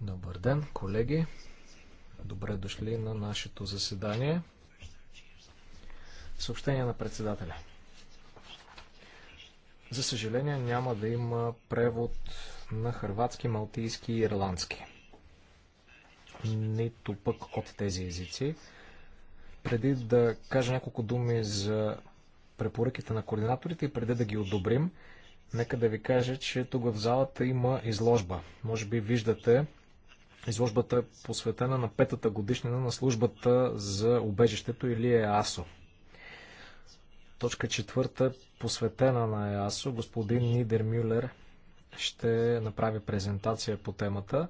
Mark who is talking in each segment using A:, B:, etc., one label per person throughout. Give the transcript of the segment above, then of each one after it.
A: Добър ден, колеги. Добре дошли на нашето заседание. Съобщение на председателя. За съжаление няма да има превод на хрватски, малтийски и ирландски. Нито пък от тези езици. Преди да кажа няколко думи за препоръките на координаторите и преди да ги одобрим, Нека да ви кажа, че тук в залата има изложба. Може би виждате, изложбата е посветена на петата годишнина на службата за убежището или ЕАСО. Точка четвърта, посветена на ЕАСО, господин Нидер Мюлер ще направи презентация по темата.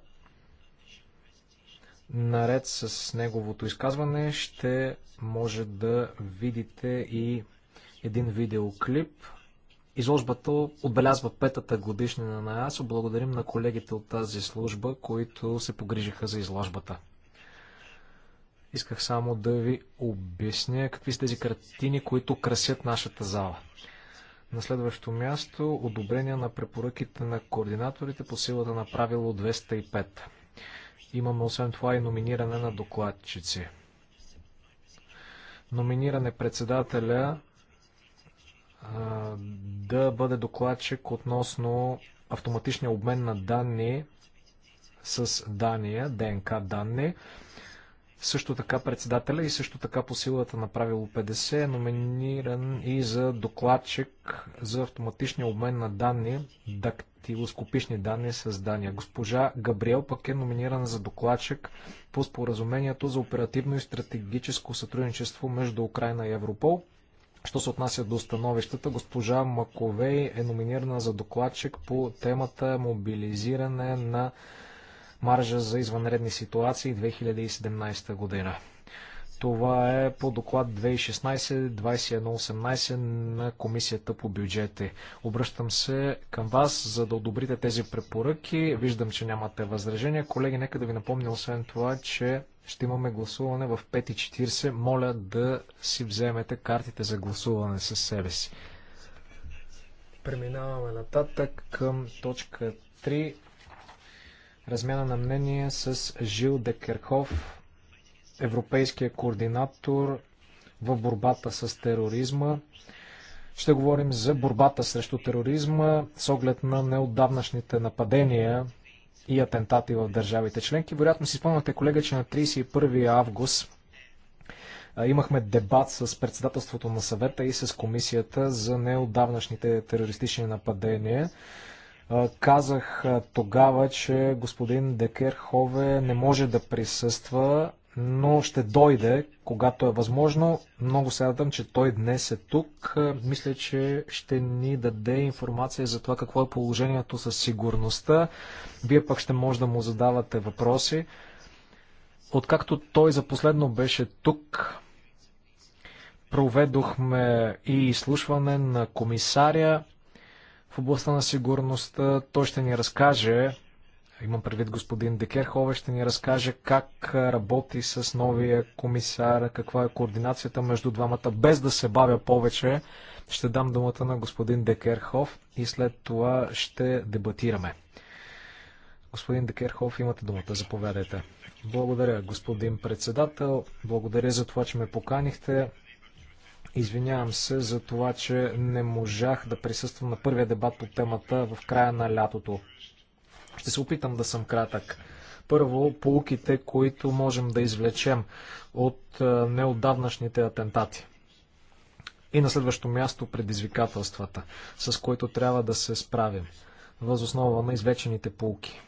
A: Наред с неговото изказване ще може да видите и един видеоклип Изложбата отбелязва петата годишнина на нас. Благодарим на колегите от тази служба, които се погрижиха за изложбата. Исках само да ви обясня какви са тези картини, които красят нашата зала. На следващо място одобрение на препоръките на координаторите по силата на правило 205. Имаме освен това и номиниране на докладчици. Номиниране председателя да бъде докладчик относно автоматичния обмен на данни с Дания, ДНК данни. Също така председателя и също така по силата на правило 50 е номиниран и за докладчик за автоматичния обмен на данни, дактилоскопични данни с Дания. Госпожа Габриел пък е номинирана за докладчик по споразумението за оперативно и стратегическо сътрудничество между Украина и Европол. Що се отнася до становищата, госпожа Маковей е номинирана за докладчик по темата мобилизиране на маржа за извънредни ситуации 2017 година. Това е по доклад 2016-2118 на Комисията по бюджети. Обръщам се към вас, за да одобрите тези препоръки. Виждам, че нямате възражения. Колеги, нека да ви напомня освен това, че ще имаме гласуване в 5.40. Моля да си вземете картите за гласуване със себе си. Преминаваме нататък към точка 3. Размяна на мнение с Жил Декерхов, европейския координатор в борбата с тероризма. Ще говорим за борбата срещу тероризма с оглед на неотдавнашните нападения и атентати в държавите членки. Вероятно си спомняте, колега, че на 31 август имахме дебат с председателството на съвета и с комисията за неодавнашните терористични нападения. Казах тогава, че господин Декерхове не може да присъства но ще дойде, когато е възможно. Много се радвам, че той днес е тук. Мисля, че ще ни даде информация за това какво е положението със сигурността. Вие пък ще може да му задавате въпроси. Откакто той за последно беше тук, проведохме и изслушване на комисаря в областта на сигурността. Той ще ни разкаже Имам предвид господин Декерхове, ще ни разкаже как работи с новия комисар, каква е координацията между двамата, без да се бавя повече. Ще дам думата на господин Декерхов и след това ще дебатираме. Господин Декерхов, имате думата, заповядайте. Благодаря, господин председател. Благодаря за това, че ме поканихте. Извинявам се за това, че не можах да присъствам на първия дебат по темата в края на лятото. Ще се опитам да съм кратък. Първо, полуките, които можем да извлечем от е, неотдавнашните атентати. И на следващо място предизвикателствата, с които трябва да се справим, възоснова на извлечените полки.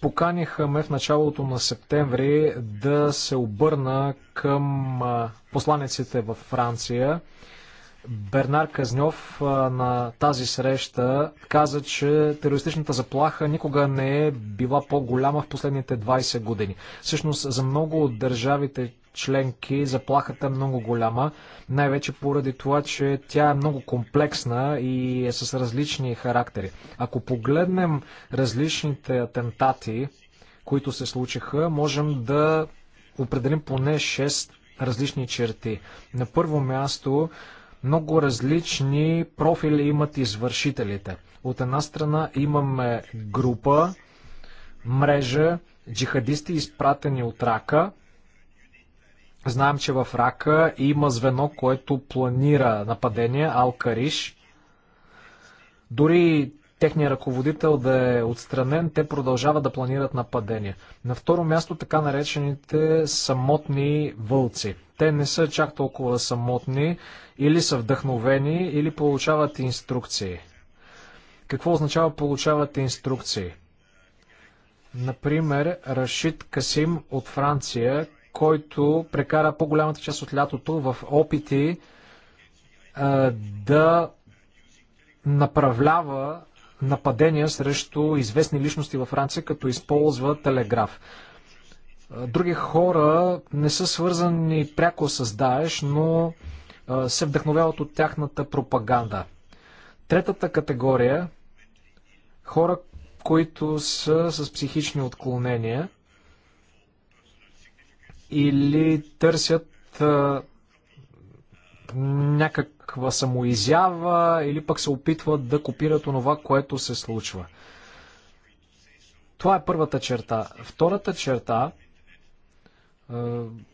A: Поканиха ме в началото на септември да се обърна към е, посланиците във Франция Бернар Казньов на тази среща каза, че терористичната заплаха никога не е била по-голяма в последните 20 години. Всъщност за много от държавите членки заплахата е много голяма, най-вече поради това, че тя е много комплексна и е с различни характери. Ако погледнем различните атентати, които се случиха, можем да определим поне 6 различни черти. На първо място много различни профили имат извършителите. От една страна имаме група, мрежа, джихадисти изпратени от рака. Знаем, че в рака има звено, което планира нападение, Алкариш. Дори техния ръководител да е отстранен, те продължават да планират нападения. На второ място така наречените самотни вълци. Те не са чак толкова самотни, или са вдъхновени, или получават инструкции. Какво означава получават инструкции? Например, Рашид Касим от Франция, който прекара по-голямата част от лятото в опити а, да направлява нападения срещу известни личности във Франция, като използва телеграф. Други хора не са свързани пряко с Даеш, но се вдъхновяват от тяхната пропаганда. Третата категория хора, които са с психични отклонения или търсят някаква самоизява или пък се опитват да копират онова, което се случва. Това е първата черта. Втората черта е,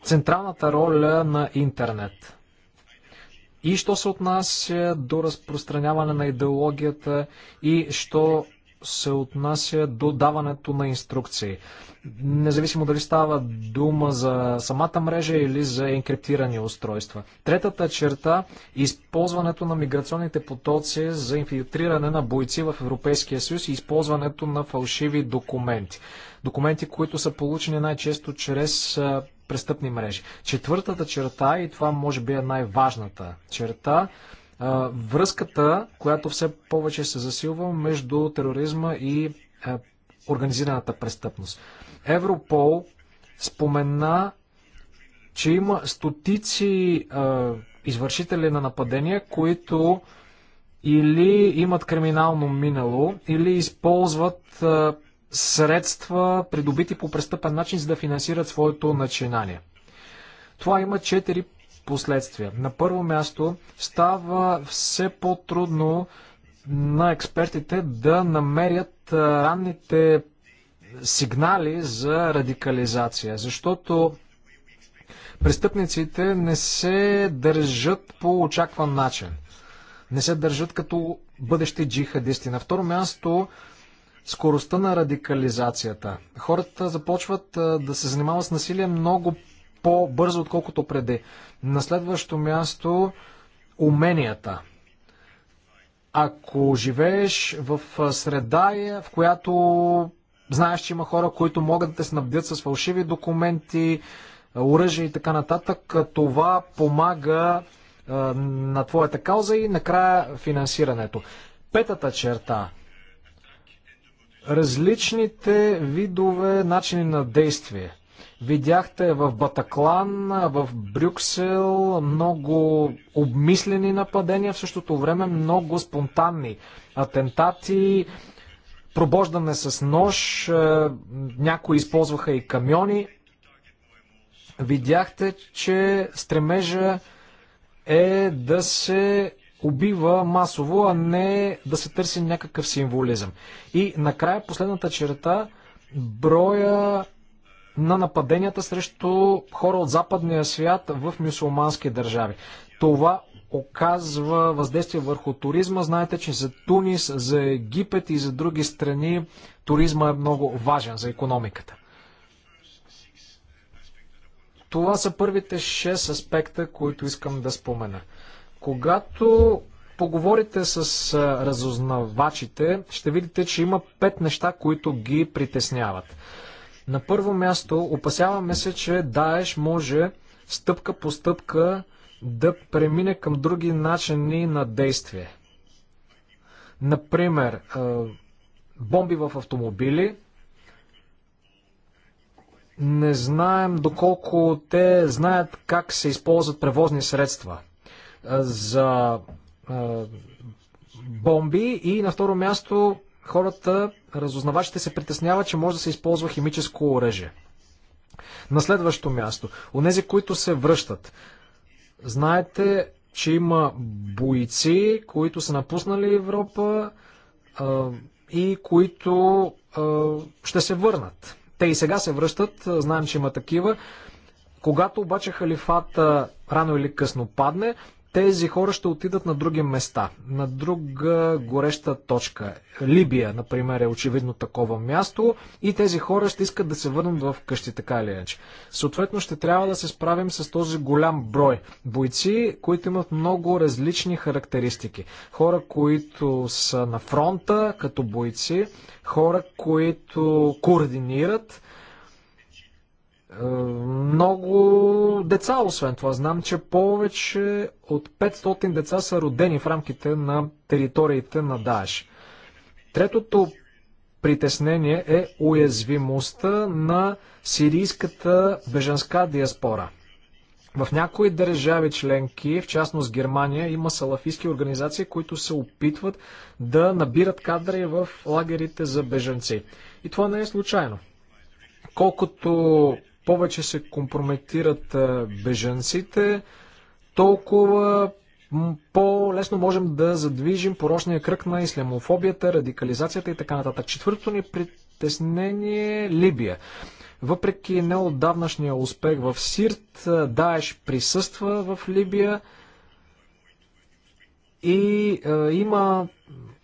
A: централната роля на интернет. И що се отнася до разпространяване на идеологията и що се отнася до даването на инструкции. Независимо дали става дума за самата мрежа или за енкриптирани устройства. Третата черта е използването на миграционните потоци за инфилтриране на бойци в Европейския съюз и използването на фалшиви документи. Документи, които са получени най-често чрез престъпни мрежи. Четвъртата черта, и това може би е най-важната черта, връзката, която все повече се засилва между тероризма и организираната престъпност. Европол спомена, че има стотици извършители на нападения, които или имат криминално минало, или използват средства, придобити по престъпен начин, за да финансират своето начинание. Това има четири последствия. На първо място става все по-трудно на експертите да намерят ранните сигнали за радикализация, защото престъпниците не се държат по очакван начин. Не се държат като бъдещи джихадисти. На второ място скоростта на радикализацията. Хората започват да се занимават с насилие много по-бързо, отколкото преди. На следващо място уменията. Ако живееш в среда, е, в която знаеш, че има хора, които могат да те снабдят с фалшиви документи, оръжие и така нататък, това помага на твоята кауза и накрая финансирането. Петата черта. Различните видове начини на действие – Видяхте в Батаклан, в Брюксел много обмислени нападения, в същото време много спонтанни атентати, пробождане с нож, е, някои използваха и камиони. Видяхте, че стремежа е да се убива масово, а не да се търси някакъв символизъм. И накрая последната черта, броя на нападенията срещу хора от западния свят в мюсулмански държави. Това оказва въздействие върху туризма. Знаете, че за Тунис, за Египет и за други страни туризма е много важен за економиката. Това са първите 6 аспекта, които искам да спомена. Когато поговорите с разузнавачите, ще видите, че има 5 неща, които ги притесняват. На първо място, опасяваме се, че Даеш може стъпка по стъпка да премине към други начини на действие. Например, бомби в автомобили. Не знаем доколко те знаят как се използват превозни средства за бомби и на второ място хората, разузнавачите се притесняват, че може да се използва химическо оръжие. На следващо място, онези, които се връщат. Знаете, че има бойци, които са напуснали Европа а, и които а, ще се върнат. Те и сега се връщат, знаем, че има такива. Когато обаче халифата рано или късно падне, тези хора ще отидат на други места, на друга гореща точка. Либия, например, е очевидно такова място и тези хора ще искат да се върнат в къщи, така или иначе. Съответно, ще трябва да се справим с този голям брой бойци, които имат много различни характеристики. Хора, които са на фронта като бойци, хора, които координират, е, много деца, освен това. Знам, че повече от 500 деца са родени в рамките на териториите на Даеш. Третото притеснение е уязвимостта на сирийската беженска диаспора. В някои държави членки, в частност Германия, има салафистски организации, които се опитват да набират кадри в лагерите за беженци. И това не е случайно. Колкото повече се компрометират бежанците, толкова по-лесно можем да задвижим порочния кръг на ислямофобията, радикализацията и така нататък. Четвъртото ни притеснение е Либия. Въпреки неотдавнашния успех в Сирт, Даеш присъства в Либия и е, има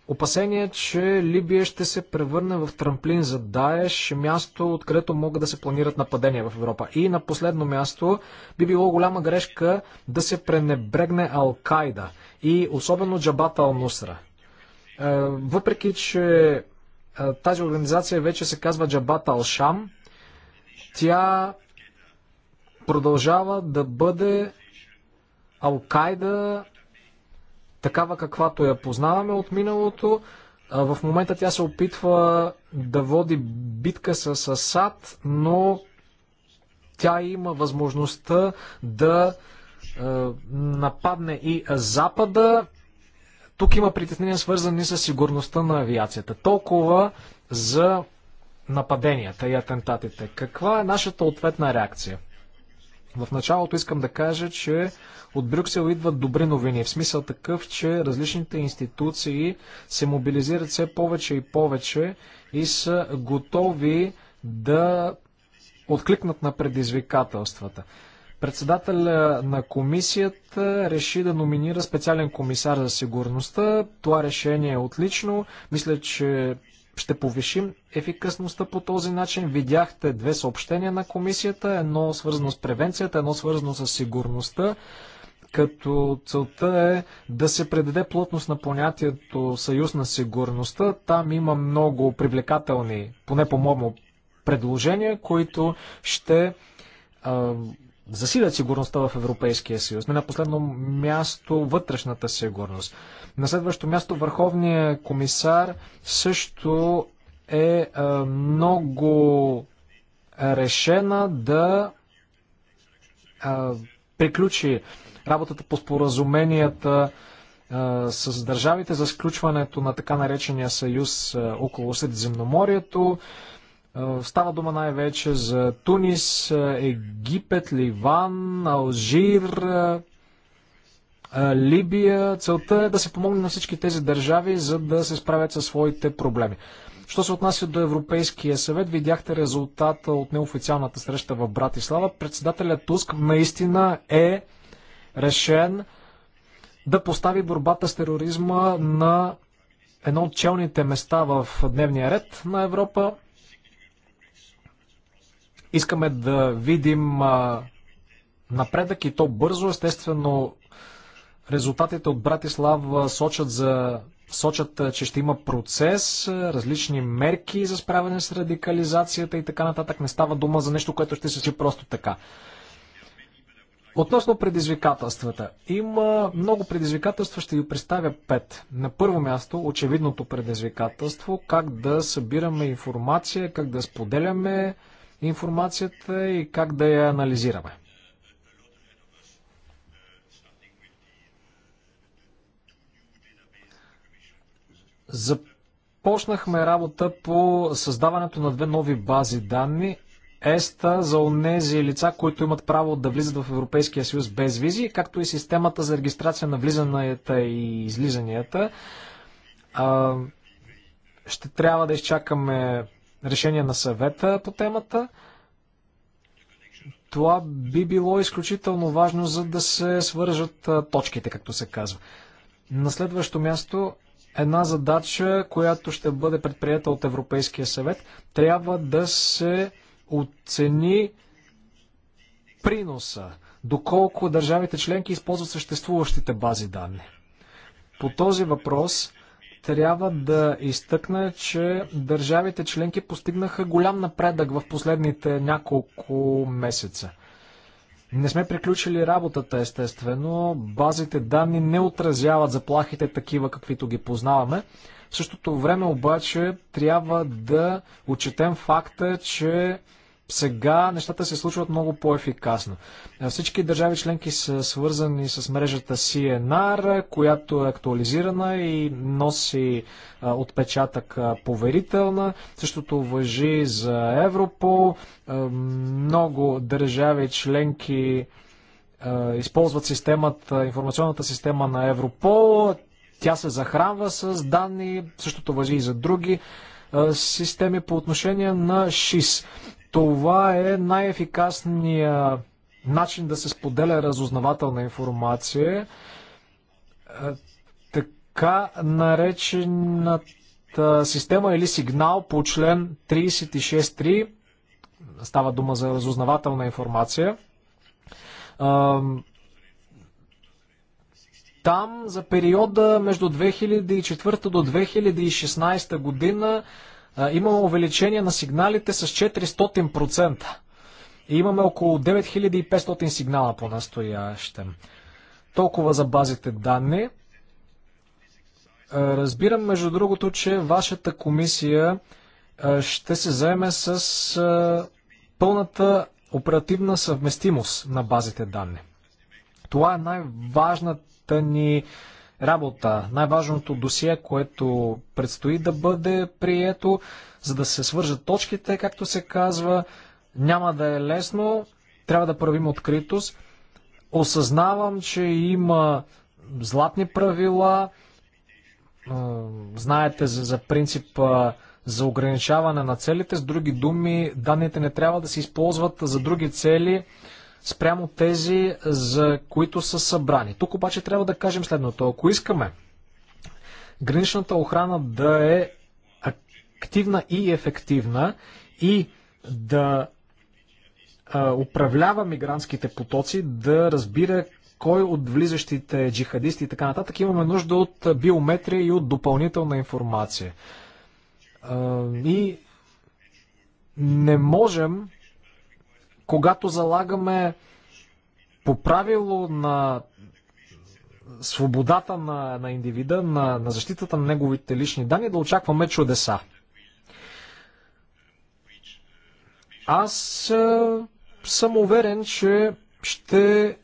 A: опасение, че Либия ще се превърне в трамплин за Даеш, място, откъдето могат да се планират нападения в Европа. И на последно място би било голяма грешка да се пренебрегне Ал-Кайда и особено Джабата Ал-Нусра. Е, въпреки, че е, тази организация вече се казва Джабата Ал-Шам, тя продължава да бъде Ал-Кайда такава каквато я познаваме от миналото. В момента тя се опитва да води битка с Асад, но тя има възможността да е, нападне и Запада. Тук има притеснения свързани с сигурността на авиацията. Толкова за нападенията и атентатите. Каква е нашата ответна реакция? В началото искам да кажа, че от Брюксел идват добри новини. В смисъл такъв, че различните институции се мобилизират все повече и повече и са готови да откликнат на предизвикателствата. Председателя на комисията реши да номинира специален комисар за сигурността. Това решение е отлично. Мисля, че ще повишим ефикасността по този начин. Видяхте две съобщения на комисията, едно свързано с превенцията, едно свързано с сигурността, като целта е да се предаде плотност на понятието съюз на сигурността. Там има много привлекателни, поне по-моему, предложения, които ще засилят сигурността в Европейския съюз. Не на последно място вътрешната сигурност. На следващо място Върховният комисар също е, е много решена да е, приключи работата по споразуменията е, с държавите за сключването на така наречения съюз около Средиземноморието. Е, става дума най-вече за Тунис, е, Египет, Ливан, Алжир, е, Либия. Целта е да се помогне на всички тези държави, за да се справят със своите проблеми. Що се отнася до Европейския съвет, видяхте резултата от неофициалната среща в Братислава. Председателят Туск наистина е решен да постави борбата с тероризма на едно от челните места в дневния ред на Европа. Искаме да видим напредък и то бързо. Естествено, резултатите от Братислава сочат за сочат, че ще има процес, различни мерки за справяне с радикализацията и така нататък. Не става дума за нещо, което ще се си просто така. Относно предизвикателствата. Има много предизвикателства, ще ви представя пет. На първо място, очевидното предизвикателство, как да събираме информация, как да споделяме информацията и как да я анализираме. Започнахме работа по създаването на две нови бази данни. ЕСТА за онези лица, които имат право да влизат в Европейския съюз без визи, както и системата за регистрация на влизанията и излизанията. Ще трябва да изчакаме решение на съвета по темата. Това би било изключително важно, за да се свържат точките, както се казва. На следващо място, една задача, която ще бъде предприята от Европейския съвет, трябва да се оцени приноса, доколко държавите членки използват съществуващите бази данни. По този въпрос трябва да изтъкна, че държавите членки постигнаха голям напредък в последните няколко месеца. Не сме приключили работата, естествено. Базите данни не отразяват заплахите такива, каквито ги познаваме. В същото време обаче трябва да отчетем факта, че сега нещата се случват много по-ефикасно. Е, всички държави членки са свързани с мрежата CNR, която е актуализирана и носи е, отпечатък е, поверителна. Същото въжи за Европол. Много държави членки използват системата, информационната система на Европол. Тя се захранва с данни, същото въжи и за други системи по отношение на ШИС. Това е най ефикасния начин да се споделя разузнавателна информация. Е, така наречената система или сигнал по член 36.3 става дума за разузнавателна информация. Е, там за периода между 2004 до 2016 година Имаме увеличение на сигналите с 400%. И имаме около 9500 сигнала по настоящем. Толкова за базите данни. Разбирам, между другото, че вашата комисия ще се заеме с пълната оперативна съвместимост на базите данни. Това е най-важната ни работа, най-важното досие, което предстои да бъде прието, за да се свържат точките, както се казва. Няма да е лесно, трябва да правим откритост. Осъзнавам, че има златни правила, знаете за, за принципа за ограничаване на целите. С други думи, данните не трябва да се използват за други цели, спрямо тези, за които са събрани. Тук обаче трябва да кажем следното. Ако искаме граничната охрана да е активна и ефективна и да а, управлява мигрантските потоци, да разбира кой от влизащите джихадисти и така нататък, имаме нужда от биометрия и от допълнителна информация. А, и не можем когато залагаме по правило на свободата на, на индивида, на, на защитата на неговите лични данни, да очакваме чудеса. Аз е, съм уверен, че ще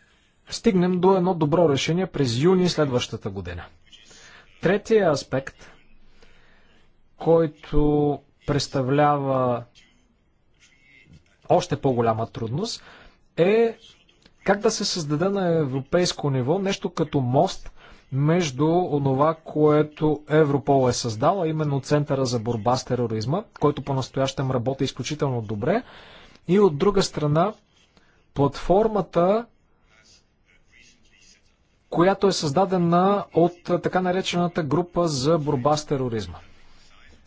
A: стигнем до едно добро решение през юни следващата година. Третия аспект, който представлява още по-голяма трудност, е как да се създаде на европейско ниво нещо като мост между онова, което Европол е създала, именно Центъра за борба с тероризма, който по-настоящем работи изключително добре, и от друга страна платформата, която е създадена от така наречената група за борба с тероризма.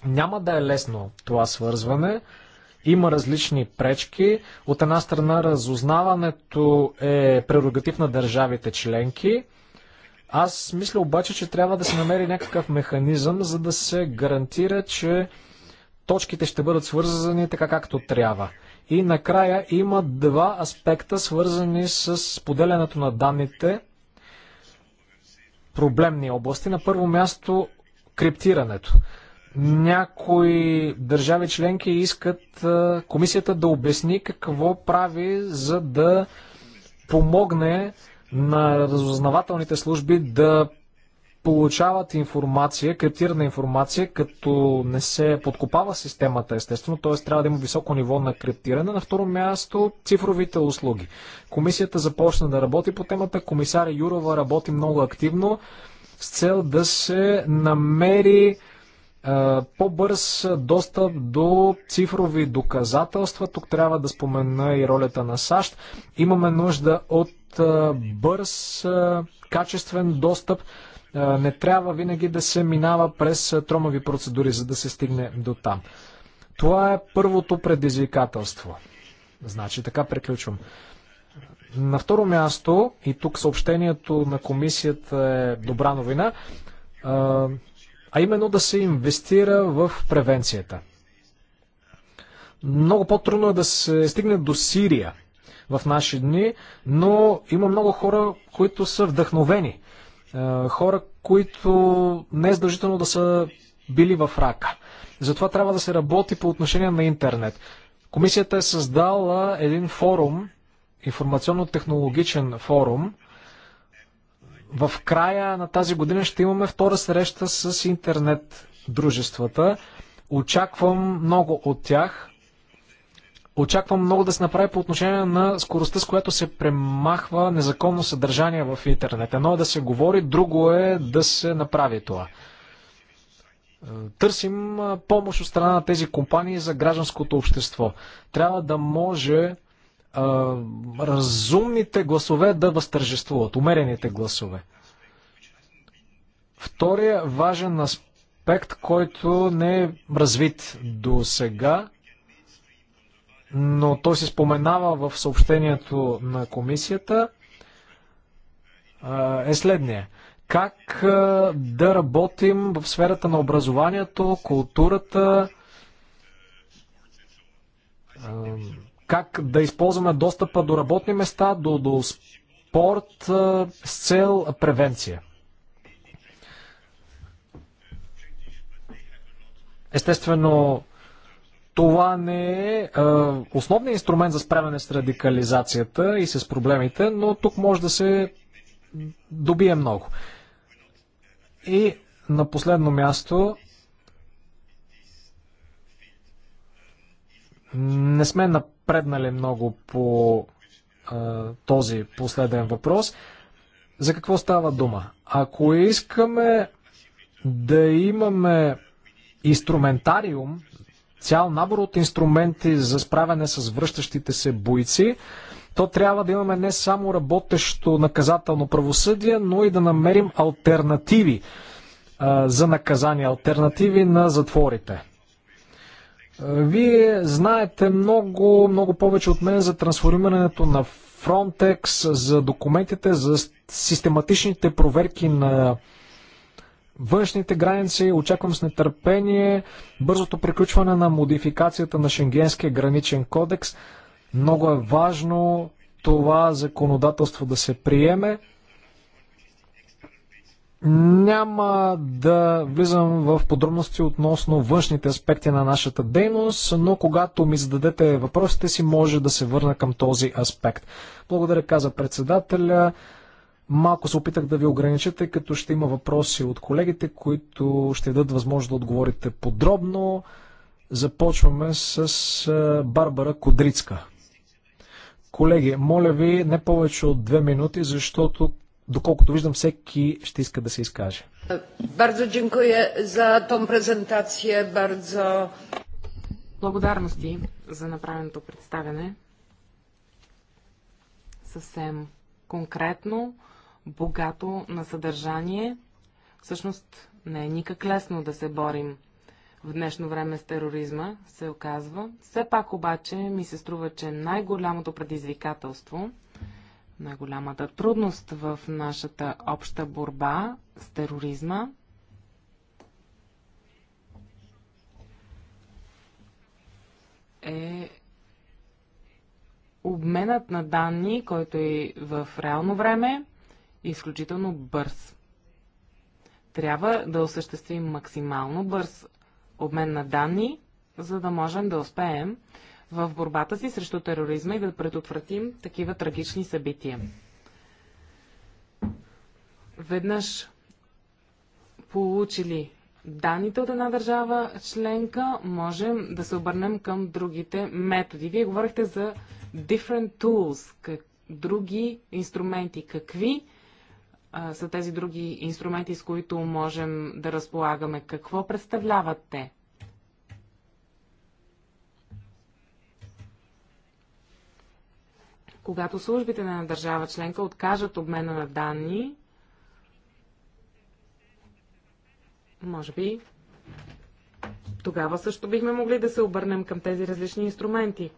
A: Няма да е лесно това свързване. Има различни пречки. От една страна разузнаването е прерогатив на държавите членки. Аз мисля обаче, че трябва да се намери някакъв механизъм, за да се гарантира, че точките ще бъдат свързани така както трябва. И накрая има два аспекта, свързани с поделянето на данните, проблемни области. На първо място криптирането. Някои държави членки искат комисията да обясни какво прави, за да помогне на разузнавателните служби да получават информация, криптирана информация, като не се подкопава системата, естествено, т.е. трябва да има високо ниво на криптиране. На второ място цифровите услуги. Комисията започна да работи по темата, комисаря Юрова работи много активно с цел да се намери е, по-бърз достъп до цифрови доказателства. Тук трябва да спомена и ролята на САЩ. Имаме нужда от е, бърз, е, качествен достъп. Не трябва винаги да се минава през тромави процедури, за да се стигне до там. Това е първото предизвикателство. Значи, така приключвам. На второ място, и тук съобщението на комисията е добра новина, а именно да се инвестира в превенцията. Много по-трудно е да се стигне до Сирия в наши дни, но има много хора, които са вдъхновени. Е, хора, които не е задължително да са били в рака. Затова трябва да се работи по отношение на интернет. Комисията е създала един форум, информационно-технологичен форум, в края на тази година ще имаме втора среща с интернет дружествата. Очаквам много от тях. Очаквам много да се направи по отношение на скоростта, с която се премахва незаконно съдържание в интернет. Едно е да се говори, друго е да се направи това. Търсим помощ от страна на тези компании за гражданското общество. Трябва да може а, разумните гласове да възтържествуват, умерените гласове. Втория важен аспект, който не е развит до сега, но той се споменава в съобщението на комисията, е следния. Как да работим в сферата на образованието, културата, как да използваме достъпа до работни места, до, до спорт с цел превенция. Естествено, това не е, е основният инструмент за справяне с радикализацията и с проблемите, но тук може да се добие много. И на последно място, не сме на напреднали много по а, този последен въпрос. За какво става дума? Ако искаме да имаме инструментариум, цял набор от инструменти за справяне с връщащите се бойци, то трябва да имаме не само работещо наказателно правосъдие, но и да намерим альтернативи а, за наказания, альтернативи на затворите. Вие знаете много, много повече от мен за трансформирането на Frontex, за документите, за систематичните проверки на външните граници. Очаквам с нетърпение бързото приключване на модификацията на Шенгенския граничен кодекс. Много е важно това законодателство да се приеме. Няма да влизам в подробности относно външните аспекти на нашата дейност, но когато ми зададете въпросите си, може да се върна към този аспект. Благодаря, каза председателя. Малко се опитах да ви огранича, тъй като ще има въпроси от колегите, които ще дадат възможност да отговорите подробно. Започваме с Барбара Кодрицка. Колеги, моля ви не повече от две минути, защото Доколкото виждам, всеки ще иска да се изкаже.
B: Бързо дякую за тон
C: презентация, бързо... Благодарности за направеното представяне. Съвсем конкретно, богато на съдържание. Всъщност не е никак лесно да се борим в днешно време с тероризма, се оказва. Все пак обаче ми се струва, че най-голямото предизвикателство – най-голямата трудност в нашата обща борба с тероризма. е обменът на данни, който е в реално време, изключително бърз. Трябва да осъществим максимално бърз обмен на данни, за да можем да успеем в борбата си срещу тероризма и да предотвратим такива трагични събития. Веднъж получили данните от една държава членка, можем да се обърнем към другите методи. Вие говорихте за different tools, как, други инструменти. Какви а, са тези други инструменти, с които можем да разполагаме? Какво представляват те? Когато службите на държава членка откажат обмена на данни, може би тогава също бихме могли да се обърнем към тези различни инструменти.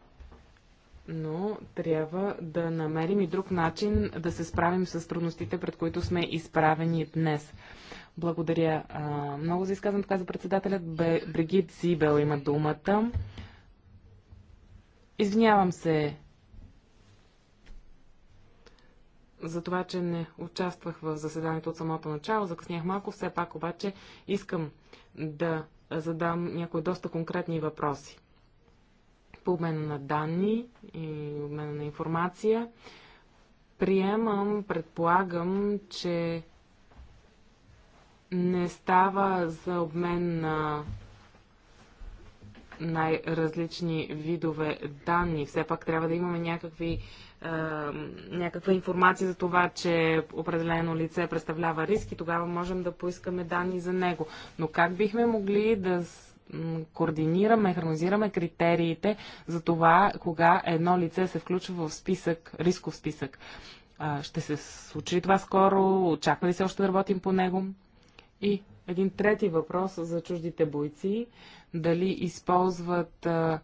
C: Но трябва да намерим и друг начин да се справим с трудностите, пред които сме изправени днес. Благодаря а, много за изказването, каза председателят. Бригит Зибел има думата. Извинявам се за това, че не участвах в заседанието от самото начало. Закъснях малко, все пак обаче искам да задам някои доста конкретни въпроси. По обмена на данни и обмена на информация. Приемам, предполагам, че не става за обмен на най-различни видове данни. Все пак трябва да имаме някакви, е, някаква информация за това, че определено лице представлява риск и тогава можем да поискаме данни за него. Но как бихме могли да координираме, хармонизираме критериите за това, кога едно лице се включва в списък, рисков списък. А, ще се случи това скоро? Очаква ли се още да работим по него? И един трети въпрос за чуждите бойци дали използват а,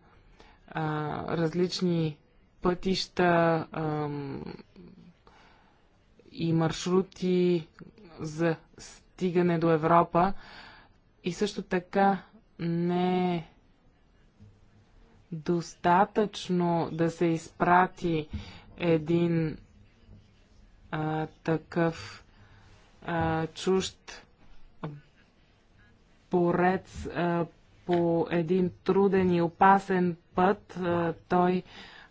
C: а, различни пътища а, и маршрути за стигане до Европа. И също така не е достатъчно да се изпрати един а, такъв а, чужд борец а, по един труден и опасен път, той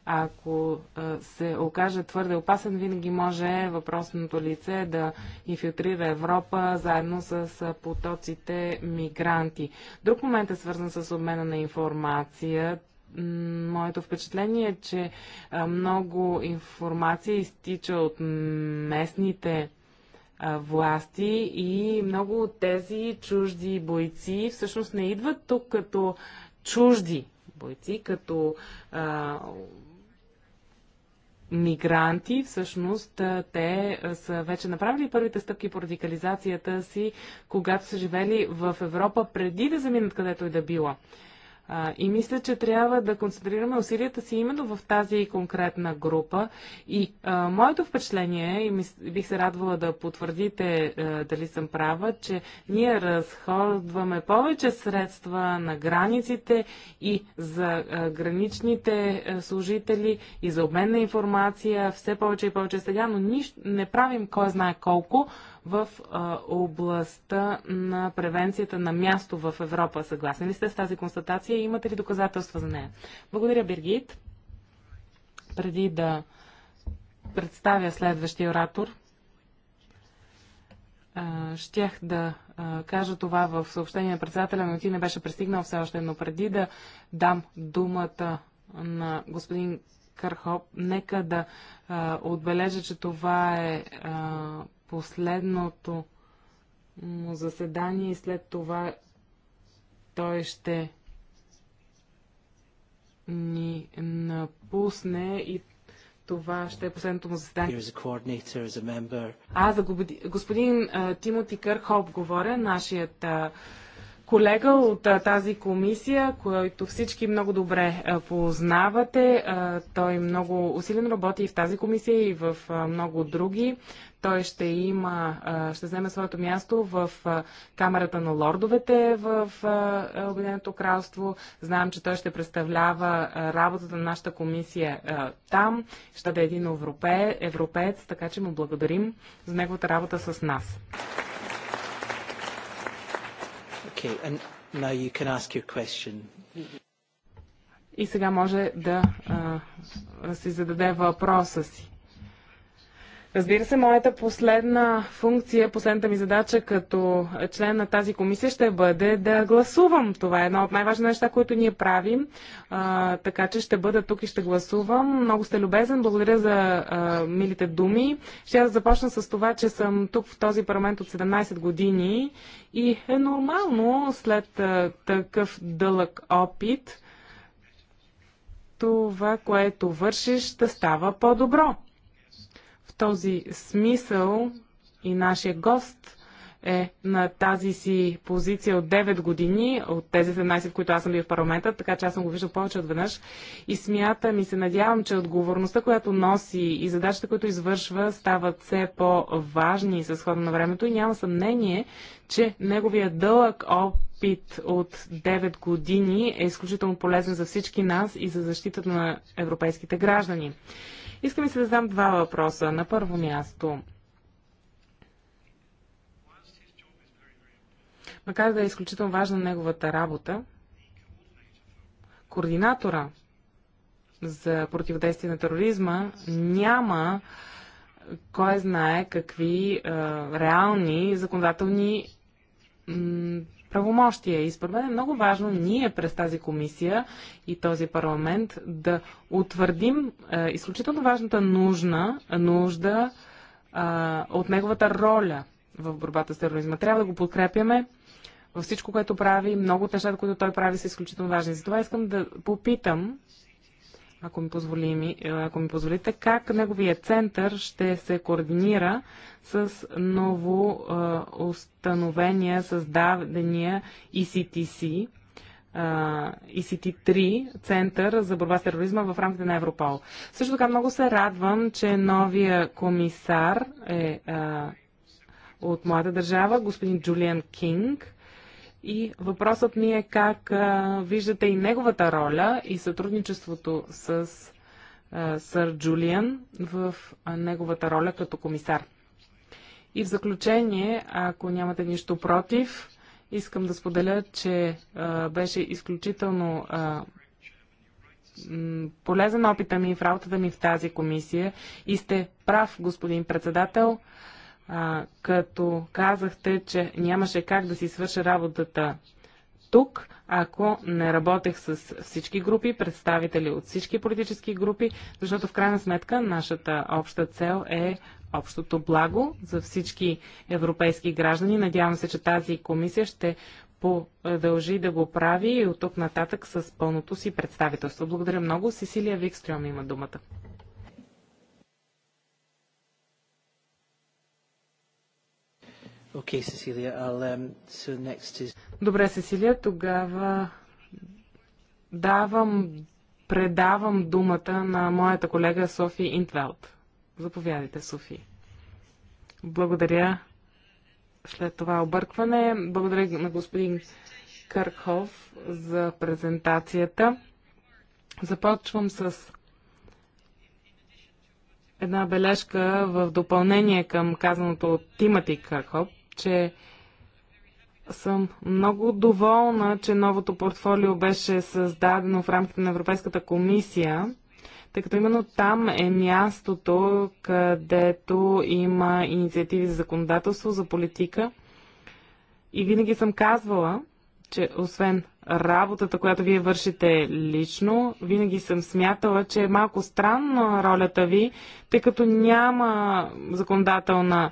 C: ако се окаже твърде опасен, винаги може въпросното лице да инфилтрира Европа заедно с потоците мигранти. Друг момент е свързан с обмена на информация. Моето впечатление е, че много информация изтича от местните власти и много от тези чужди бойци всъщност не идват тук като чужди бойци, като а, мигранти, всъщност те са вече направили първите стъпки по радикализацията си, когато са живели в Европа преди да заминат където и да било. А, и мисля, че трябва да концентрираме усилията си именно в тази конкретна група. И а, моето впечатление, и мис, бих се радвала да потвърдите а, е, дали съм права, че ние разходваме повече средства на границите и за а, граничните а, е, служители и за обмен на информация, все повече и повече сега, но нищо не правим кой знае колко в а, областта на превенцията на място в Европа. Съгласни ли сте с тази констатация и имате ли доказателства за нея? Благодаря, Бергит. Преди да представя следващия оратор, а, щях да а, кажа това в съобщение на председателя, но ти не беше пристигнал все още, но преди да дам думата на господин Кърхоп, нека да а, отбележа, че това е а, последното му заседание и след това той ще ни напусне и това ще е последното му заседание. Аз за господин Тимоти Кърхоп говоря, нашият колега от а, тази комисия, който всички много добре а, познавате. А, той много усилено работи и в тази комисия, и в много други. Той ще има, ще вземе своето място в Камерата на лордовете в е, Обединеното кралство. Знам, че той ще представлява работата на нашата комисия там. Ще да е един европе, европеец, така че му благодарим за неговата работа с нас.
D: Okay, and now you can ask your question.
C: И сега може да а, си зададе въпроса си. Разбира се, моята последна функция, последната ми задача като член на тази комисия ще бъде да гласувам. Това е едно от най-важните неща, които ние правим. А, така че ще бъда тук и ще гласувам. Много сте любезен. Благодаря за а, милите думи. Ще да започна с това, че съм тук в този парламент от 17 години и е нормално след а, такъв дълъг опит това, което вършиш, да става по-добро този смисъл и нашия гост е на тази си позиция от 9 години, от тези 17, в които аз съм бил в парламента, така че аз съм го виждал повече от веднъж. И смятам и се надявам, че отговорността, която носи и задачите, които извършва, стават все по-важни с хода на времето и няма съмнение, че неговия дълъг опит от 9 години е изключително полезен за всички нас и за защитата на европейските граждани. Искам и се да задам два въпроса. На първо място, макар да е изключително важна неговата работа, координатора за противодействие на тероризма няма кой знае какви а, реални законодателни правомощия. И според мен е много важно ние през тази комисия и този парламент да утвърдим е, изключително важната нужна, нужда е, от неговата роля в борбата с тероризма. Трябва да го подкрепяме във всичко, което прави. Много от нещата, които той прави, са изключително важни. Затова искам да попитам ако ми, позволи, е, ако ми позволите, как неговия център ще се координира с ново а, е, установения, създадения ECTC, а, ECT3 център за борба с тероризма в рамките на Европол. Също така много се радвам, че новия комисар е а, е, от моята държава, господин Джулиан Кинг и въпросът ми е как а, виждате и неговата роля и сътрудничеството с а, сър Джулиан в а, неговата роля като комисар. И в заключение, ако нямате нищо против, искам да споделя, че а, беше изключително а, полезен опита ми в работата ми в тази комисия и сте прав, господин председател. А, а, като казахте, че нямаше как да си свърша работата тук, ако не работех с всички групи, представители от всички политически групи, защото в крайна сметка нашата обща цел е общото благо за всички европейски граждани. Надявам се, че тази комисия ще продължи да го прави и от тук нататък с пълното си представителство. Благодаря много. Сесилия Викстрюм има думата.
D: Okay, Cecilia, I'll, um, so next is...
C: Добре, Сесилия, тогава давам, предавам думата на моята колега Софи Интвелт. Заповядайте, Софи. Благодаря. След това объркване. Благодаря на господин Кърхов за презентацията. Започвам с една бележка в допълнение към казаното от Тимати Кърхов че съм много доволна, че новото портфолио беше създадено в рамките на Европейската комисия, тъй като именно там е мястото, където има инициативи за законодателство, за политика. И винаги съм казвала, че освен работата, която вие вършите лично, винаги съм смятала, че е малко странна ролята ви, тъй като няма законодателна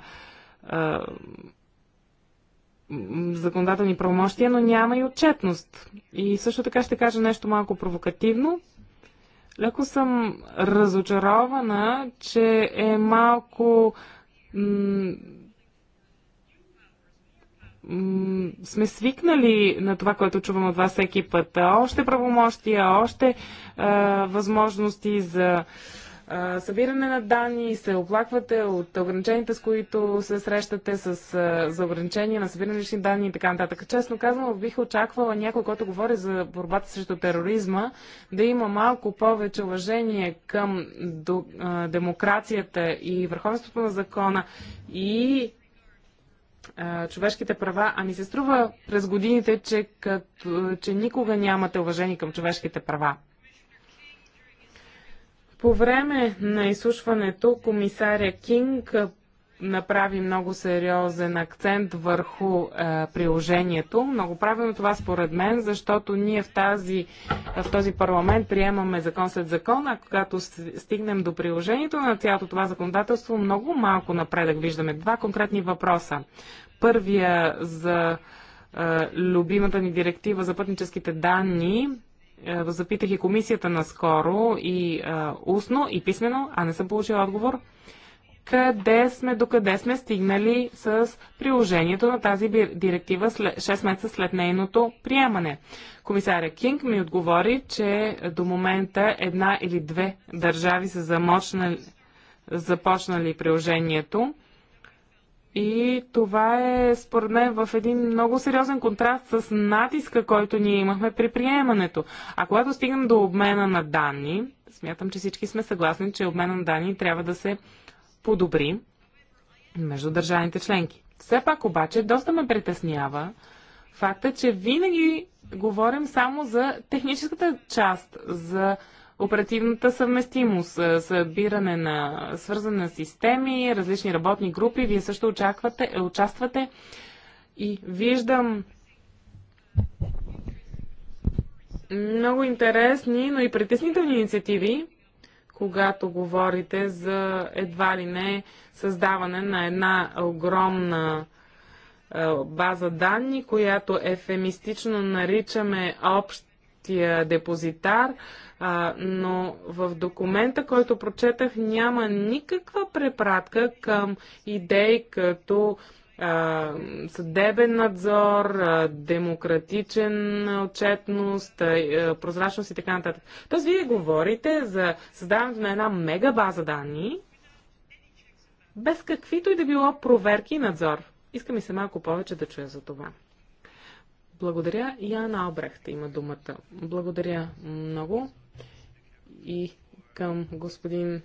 C: законодателни правомощия, но няма и отчетност. И също така ще кажа нещо малко провокативно. Леко съм разочарована, че е малко сме свикнали на това, което чувам от вас всеки път. Още правомощия, още е, възможности за събиране на данни, се оплаквате от ограниченията, с които се срещате, с, а, за ограничения на събиране лични данни и така нататък. Честно казвам, бих очаквала някой, който говори за борбата срещу тероризма, да има малко повече уважение към до, а, демокрацията и върховенството на закона и човешките права, а ми се струва през годините, че, като, че никога нямате уважение към човешките права. По време на изслушването комисаря Кинг направи много сериозен акцент върху е, приложението. Много правилно това според мен, защото ние в, тази, в този парламент приемаме закон след закон, а когато стигнем до приложението на цялото това законодателство, много малко напредък виждаме. Два конкретни въпроса. Първия за е, любимата ни директива за пътническите данни. Е, запитах и комисията наскоро и а, е, устно и писмено, а не съм получила отговор. Къде сме, докъде сме стигнали с приложението на тази директива след, 6 месеца след нейното приемане? Комисаря Кинг ми отговори, че до момента една или две държави са замочнали, започнали приложението и това е, според мен, в един много сериозен контраст с натиска, който ние имахме при приемането. А когато стигнем до обмена на данни, смятам, че всички сме съгласни, че обмена на данни трябва да се подобри между държавните членки. Все пак обаче доста ме притеснява факта, че винаги говорим само за техническата част, за Оперативната съвместимост, събиране на свързане на системи, различни работни групи. Вие също очаквате, участвате и виждам много интересни, но и притеснителни инициативи, когато говорите за едва ли не създаване на една огромна е, база данни, която ефемистично наричаме общия депозитар. А, но в документа, който прочетах, няма никаква препратка към идеи като а, съдебен надзор, а, демократичен отчетност, а, прозрачност и така нататък. Тоест, вие говорите за създаването на една мега база данни, без каквито и да било проверки и надзор. Иска ми се малко повече да чуя за това. Благодаря. Яна Обрехта има думата. Благодаря много и към господин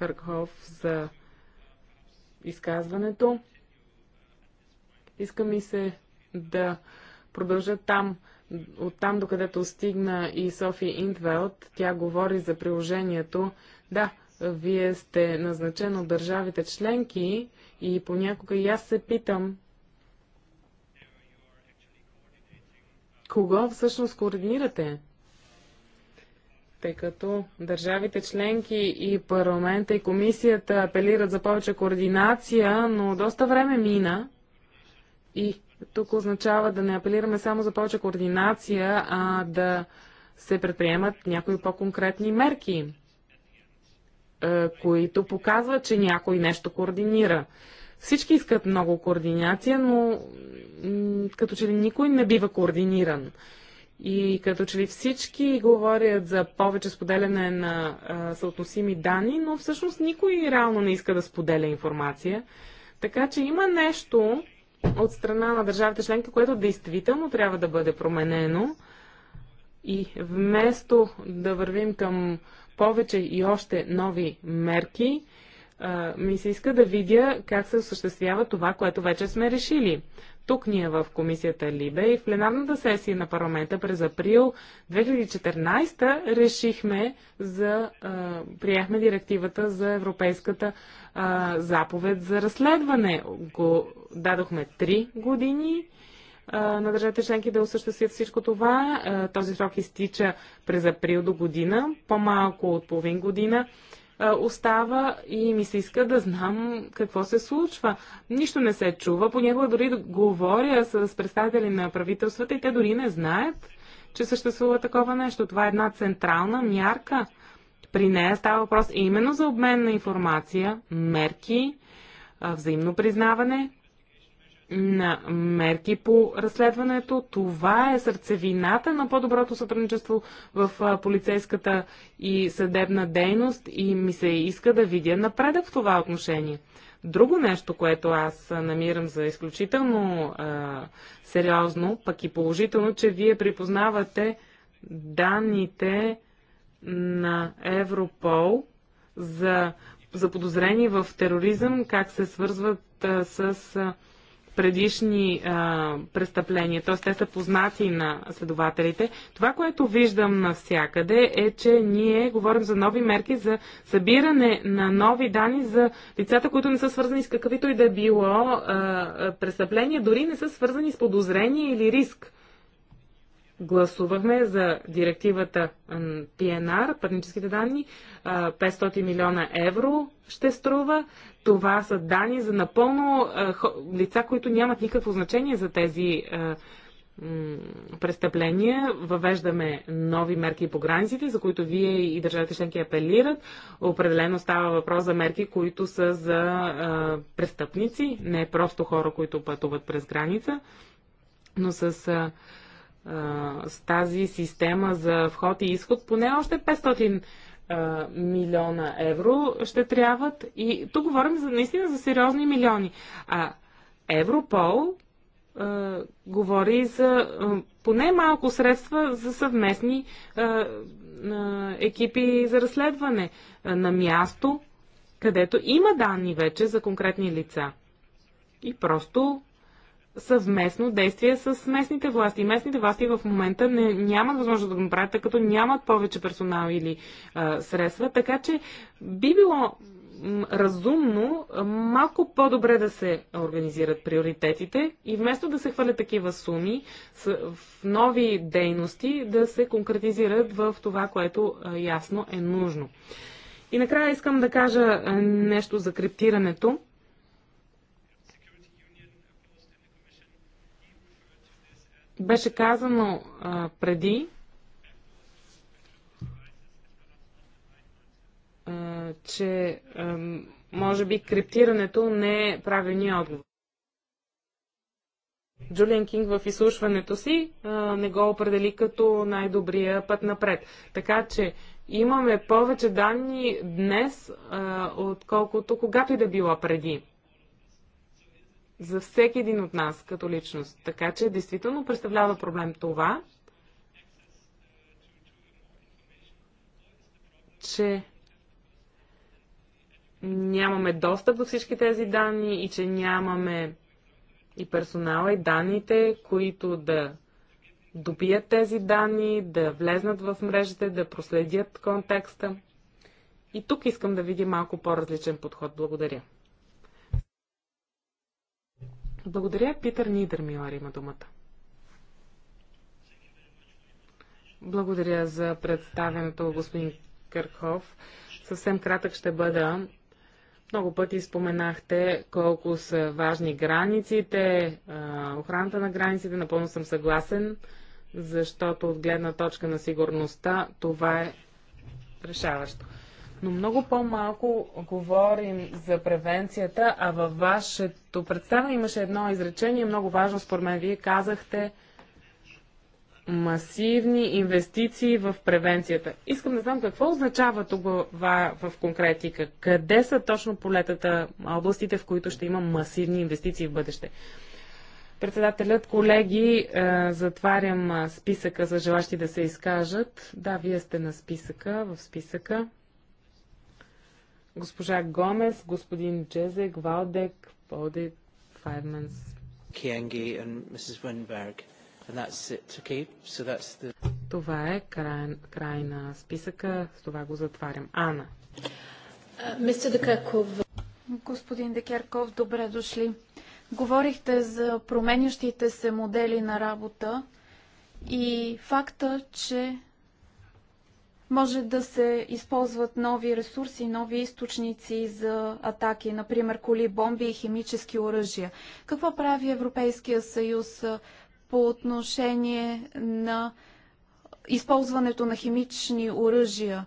C: а, за изказването. Иска ми се да продължа там, от там до където стигна и Софи Индвелт. Тя говори за приложението. Да, вие сте назначен от държавите членки и понякога и аз се питам кого всъщност координирате? тъй като държавите членки и парламента и комисията апелират за повече координация, но доста време мина и тук означава да не апелираме само за повече координация, а да се предприемат някои по-конкретни мерки, е, които показват, че някой нещо координира. Всички искат много координация, но като че ли никой не бива координиран. И като че ли всички говорят за повече споделяне на а, съотносими данни, но всъщност никой реално не иска да споделя информация. Така че има нещо от страна на държавите членки, което действително трябва да бъде променено. И вместо да вървим към повече и още нови мерки, ми се иска да видя как се осъществява това, което вече сме решили тук ние в комисията Либе и в пленарната сесия на парламента през април 2014 решихме за, а, приехме директивата за европейската а, заповед за разследване. Го дадохме 3 години а, на държавите членки да осъществят всичко това. А, този срок изтича през април до година, по-малко от половин година остава и ми се иска да знам какво се случва. Нищо не се чува. Понякога дори да говоря с представители на правителствата и те дори не знаят, че съществува такова нещо. Това е една централна мярка. При нея става въпрос именно за обмен на информация, мерки, взаимно признаване, на мерки по разследването. Това е сърцевината на по-доброто сътрудничество в полицейската и съдебна дейност и ми се иска да видя напредък в това отношение. Друго нещо, което аз намирам за изключително е, сериозно, пък и положително, че вие припознавате данните на Европол за заподозрени в тероризъм, как се свързват е, с Е, предишни а, престъпления, т.е. те са познати на следователите. Това, което виждам навсякъде е, че ние говорим за нови мерки за събиране на нови данни за лицата, които не са свързани с каквито и да било а, престъпления, дори не са свързани с подозрение или риск гласувахме за директивата PNR, пътническите данни, 500 милиона евро ще струва. Това са данни за напълно лица, които нямат никакво значение за тези престъпления. Въвеждаме нови мерки по границите, за които вие и държавите членки апелират. Определено става въпрос за мерки, които са за престъпници, не просто хора, които пътуват през граница, но с с тази система за вход и изход, поне още 500 милиона евро ще трябват. И тук говорим за, наистина за сериозни милиони. А Европол а, говори за а, поне малко средства за съвместни а, екипи за разследване на място, където има данни вече за конкретни лица. И просто съвместно действие с местните власти. Местните власти в момента не, нямат възможност да го направят, тъй като нямат повече персонал или а, средства, така че би било разумно малко по-добре да се организират приоритетите и вместо да се хвалят такива суми в нови дейности, да се конкретизират в това, което ясно е нужно. И накрая искам да кажа нещо за криптирането. Беше казано а, преди, а, че а, може би криптирането не е правилният отговор. Джулиан Кинг в изслушването си а, не го определи като най-добрия път напред. Така че имаме повече данни днес, а, отколкото когато и да било преди за всеки един от нас като личност. Така че действително представлява проблем това, че нямаме достъп до всички тези данни и че нямаме и персонала и данните, които да добият тези данни, да влезнат в мрежите, да проследят контекста. И тук искам да видя малко по-различен подход. Благодаря. Благодаря. Питър Нидермилар има думата. Благодаря за представенето, господин Кърхов. Съвсем кратък ще бъда. Много пъти споменахте колко са важни границите, охраната на границите. Напълно съм съгласен, защото от гледна точка на сигурността това е решаващо но много по-малко говорим за превенцията, а във вашето представа имаше едно изречение, много важно според мен. Вие казахте масивни инвестиции в превенцията. Искам да знам какво означава това в конкретика. Къде са точно полетата, областите, в които ще има масивни инвестиции в бъдеще? Председателят, колеги, е, затварям списъка за желащи да се изкажат. Да, вие сте на списъка, в списъка госпожа Гомес, господин Джезек, Валдек, Боди, Файвманс.
D: Кенги и мисис Винберг. And that's it, okay? So that's the...
C: Това е край, край на списъка. С това го затварям. Ана.
B: Е, мистер Декерков. Господин Декерков, добре дошли. Говорихте за променящите се модели на работа и факта, че може да се използват нови ресурси, нови източници за атаки, например коли, бомби и химически оръжия. Какво прави Европейския съюз по отношение на използването на химични оръжия,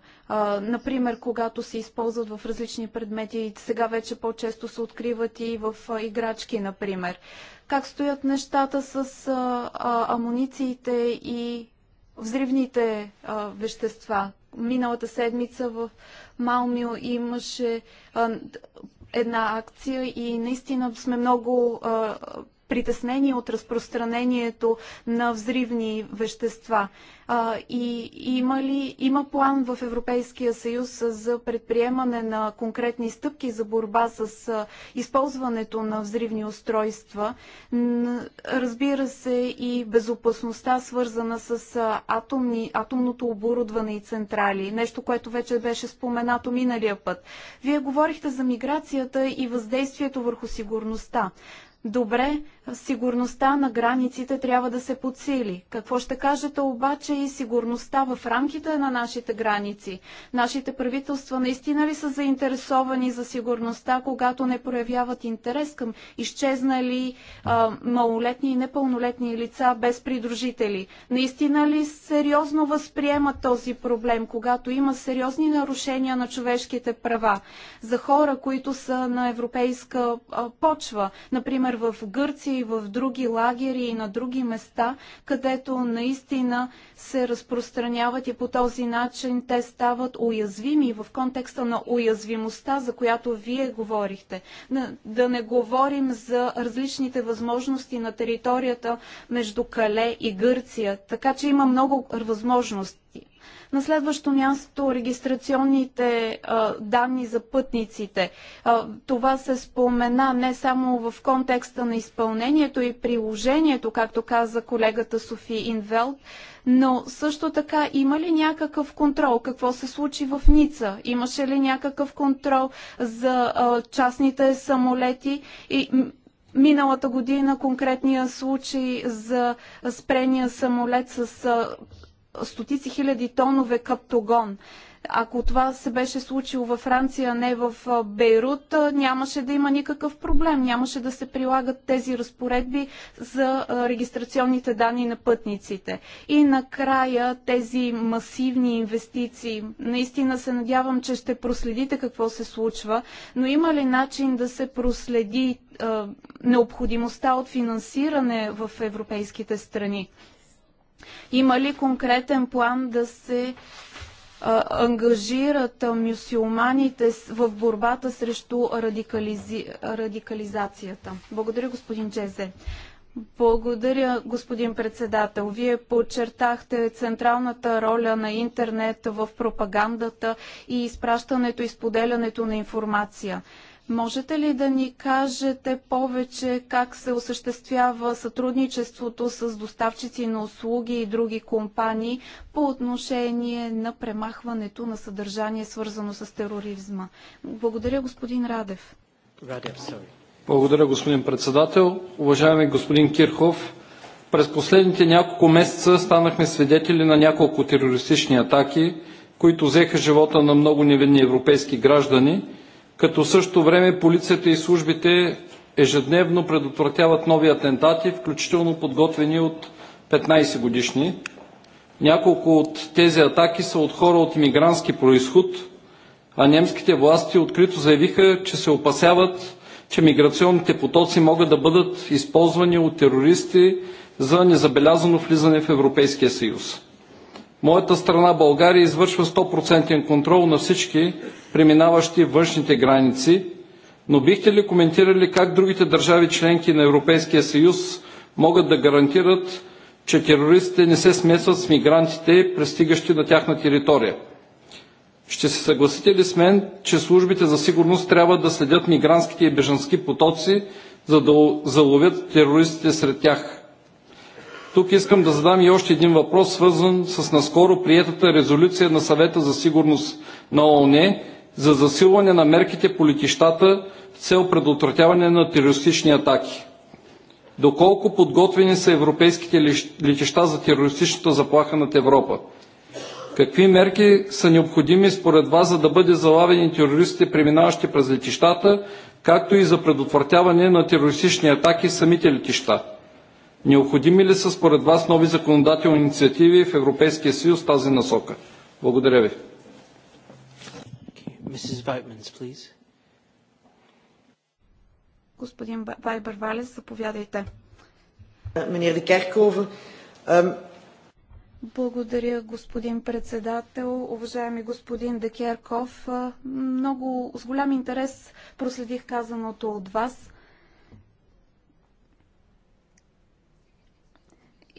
B: например, когато се използват в различни предмети, сега вече по-често се откриват и в играчки, например. Как стоят нещата с амунициите и взривните а, вещества. Миналата седмица в Малмио имаше а, една акция и наистина сме много а, притеснение от разпространението на взривни вещества? А, и има ли има план в Европейския съюз за предприемане на конкретни стъпки за борба с използването на взривни устройства? Разбира се и безопасността, свързана с атомни, атомното оборудване и централи. Нещо, което вече беше споменато миналия път. Вие говорихте за миграцията и въздействието върху сигурността. Добре, сигурността на границите трябва да се подсили. Какво ще кажете обаче и сигурността в рамките на нашите граници? Нашите правителства наистина ли са заинтересовани за сигурността, когато не проявяват интерес към изчезнали а, малолетни и непълнолетни лица без придружители? Наистина ли сериозно възприемат този проблем, когато има сериозни нарушения на човешките права за хора, които са на европейска а, почва, например в Гърция и в други лагери и на други места, където наистина се разпространяват и по този начин те стават уязвими в контекста на уязвимостта, за която вие говорихте. Да не говорим за различните възможности на територията между Кале и Гърция. Така че има много възможности. На следващо място регистрационните а, данни за пътниците. А, това се спомена не само в контекста на изпълнението и приложението, както каза колегата Софи Инвелт, но също така има ли някакъв контрол? Какво се случи в Ница? Имаше ли някакъв контрол за а, частните самолети? И, Миналата година конкретния случай за спрения самолет с стотици хиляди тонове каптогон. Ако това се беше случило във Франция, а не в Бейрут, нямаше да има никакъв проблем. Нямаше да се прилагат тези разпоредби за регистрационните данни на пътниците. И накрая тези масивни инвестиции. Наистина се надявам, че ще проследите какво се случва, но има ли начин да се проследи необходимостта от финансиране в европейските страни? Има ли конкретен план да се а, ангажират мюсюлманите в борбата срещу радикализи... радикализацията? Благодаря, господин Чезе. Благодаря, господин председател. Вие подчертахте централната роля на интернет в пропагандата и изпращането и споделянето на информация. Можете ли да ни кажете повече как се осъществява сътрудничеството с доставчици на услуги и други компании по отношение на премахването на съдържание, свързано с тероризма? Благодаря, господин Радев.
D: Благодаря, господин председател. Уважаеми господин Кирхов, през последните няколко месеца станахме свидетели на няколко терористични атаки, които взеха живота на много невинни европейски граждани – като също същото време полицията и службите ежедневно предотвратяват нови атентати, включително подготвени от 15-годишни. Няколко от тези атаки са от хора от иммигрантски происход, а немските власти открито заявиха, че се опасяват, че миграционните потоци могат да бъдат използвани от терористи за незабелязано влизане в Европейския съюз. Моята страна България извършва 100% контрол на всички преминаващи външните граници, но бихте ли коментирали как другите държави членки на Европейския съюз могат да гарантират, че терористите не се смесват с мигрантите, пристигащи на тяхна територия? Ще се съгласите ли с мен, че службите за сигурност трябва да следят мигрантските и бежански потоци, за да заловят терористите сред тях? Тук искам да задам и още един въпрос, свързан с наскоро приетата резолюция на съвета за сигурност на ООН, за засилване на мерките по летищата с цел предотвратяване на терористични атаки. Доколко подготвени са европейските летища за терористичната заплаха над Европа? Какви мерки са необходими според вас, за да бъде залавени терористите, преминаващи през летищата, както и за предотвратяване на терористични атаки в самите летища? Необходими ли са според вас нови законодателни инициативи в Европейския съюз в тази насока? Благодаря ви. Mrs. please.
B: Господин заповядайте.
C: Е, de Kerkhoven,
B: благодаря, господин председател. Уважаеми господин Декерков, много с голям интерес проследих казаното от вас.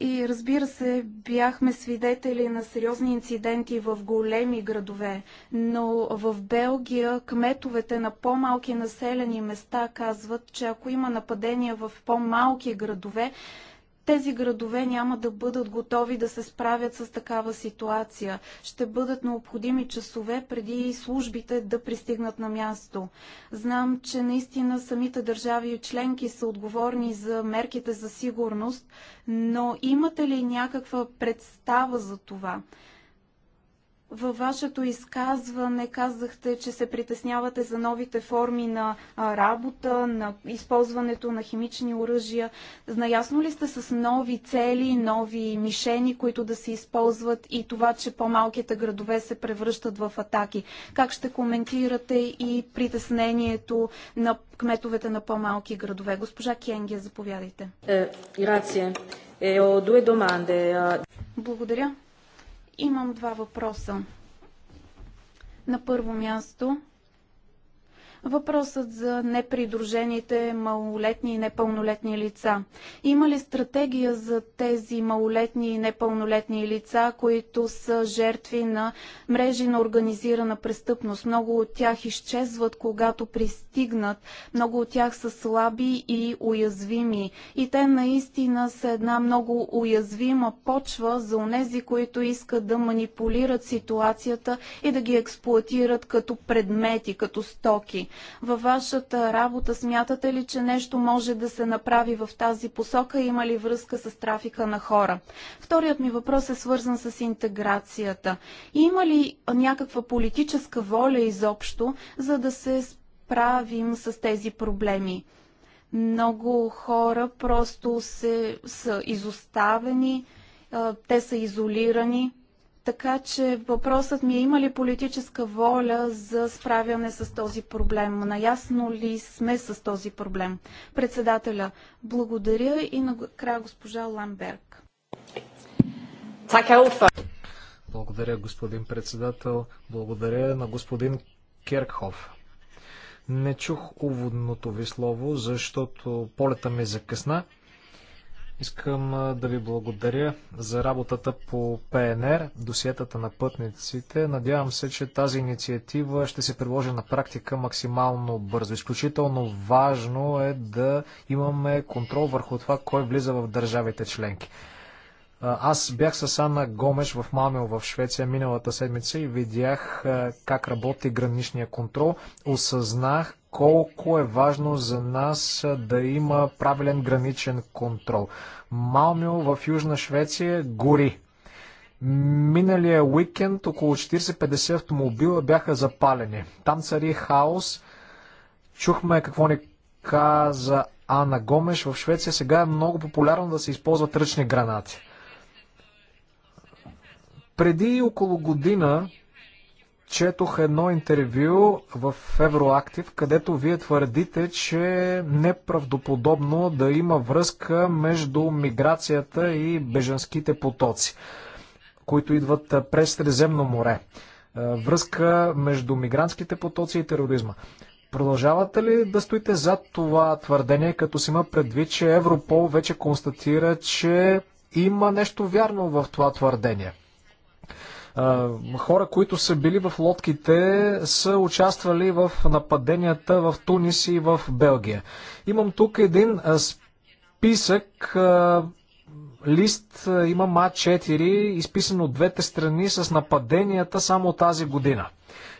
B: И разбира се, бяхме свидетели на сериозни инциденти в големи градове, но в Белгия кметовете на по-малки населени места казват, че ако има нападения в по-малки градове, тези градове няма да бъдат готови да се справят с такава ситуация. Ще бъдат необходими часове преди службите да пристигнат на място. Знам, че наистина самите държави и членки са отговорни за мерките за сигурност, но имате ли някаква представа за това? Във вашето изказване казахте, че се притеснявате за новите форми на работа, на използването на химични оръжия. Наясно ли сте с нови цели, нови мишени, които да се използват и това, че по-малките градове се превръщат в атаки? Как ще коментирате и притеснението на кметовете на по-малки градове? Госпожа Кенге, заповядайте. Е, е, Благодаря. Имам два въпроса. На първо място, Въпросът за непридружените малолетни и непълнолетни лица. Има ли стратегия за тези малолетни и непълнолетни лица, които са жертви на мрежи на организирана престъпност? Много от тях изчезват, когато пристигнат. Много от тях са слаби и уязвими. И те наистина са една много уязвима почва за онези, които искат да манипулират ситуацията и да ги експлуатират като предмети, като стоки. Във вашата работа смятате ли, че нещо може да се направи в тази посока? Има ли връзка с трафика на хора? Вторият ми въпрос е свързан с интеграцията. Има ли някаква политическа воля изобщо, за да се справим с тези проблеми? Много хора просто се, са изоставени, те са изолирани. Така че въпросът ми е има ли политическа воля за справяне с този проблем? Наясно ли сме с този проблем? Председателя, благодаря и накрая госпожа Ламберг.
A: Благодаря, господин председател. Благодаря на господин Керкхов. Не чух уводното ви слово, защото полета ми закъсна. Искам да ви благодаря за работата по ПНР, досиетата на пътниците. Надявам се, че тази инициатива ще се приложи на практика максимално бързо. Изключително важно е да имаме контрол върху това, кой влиза в държавите членки. Аз бях с Анна Гомеш в Мамел в Швеция миналата седмица и видях как работи граничния контрол. Осъзнах колко е важно за нас да има правилен граничен контрол. Малмио в Южна Швеция гори. Миналия уикенд около 40-50 автомобила бяха запалени. Там цари хаос. Чухме какво ни каза Ана Гомеш. В Швеция сега е много популярно да се използват ръчни гранати. Преди около година четох едно интервю в Евроактив, където вие твърдите, че е неправдоподобно да има връзка между миграцията и беженските потоци, които идват през Средиземно море. Връзка между мигрантските потоци и тероризма. Продължавате ли да стоите зад това твърдение, като си има предвид, че Европол вече констатира, че има нещо вярно в това твърдение? Хора, които са били в лодките, са участвали в нападенията в Тунис и в Белгия. Имам тук един списък, лист, има ма 4 изписан от двете страни с нападенията само тази година.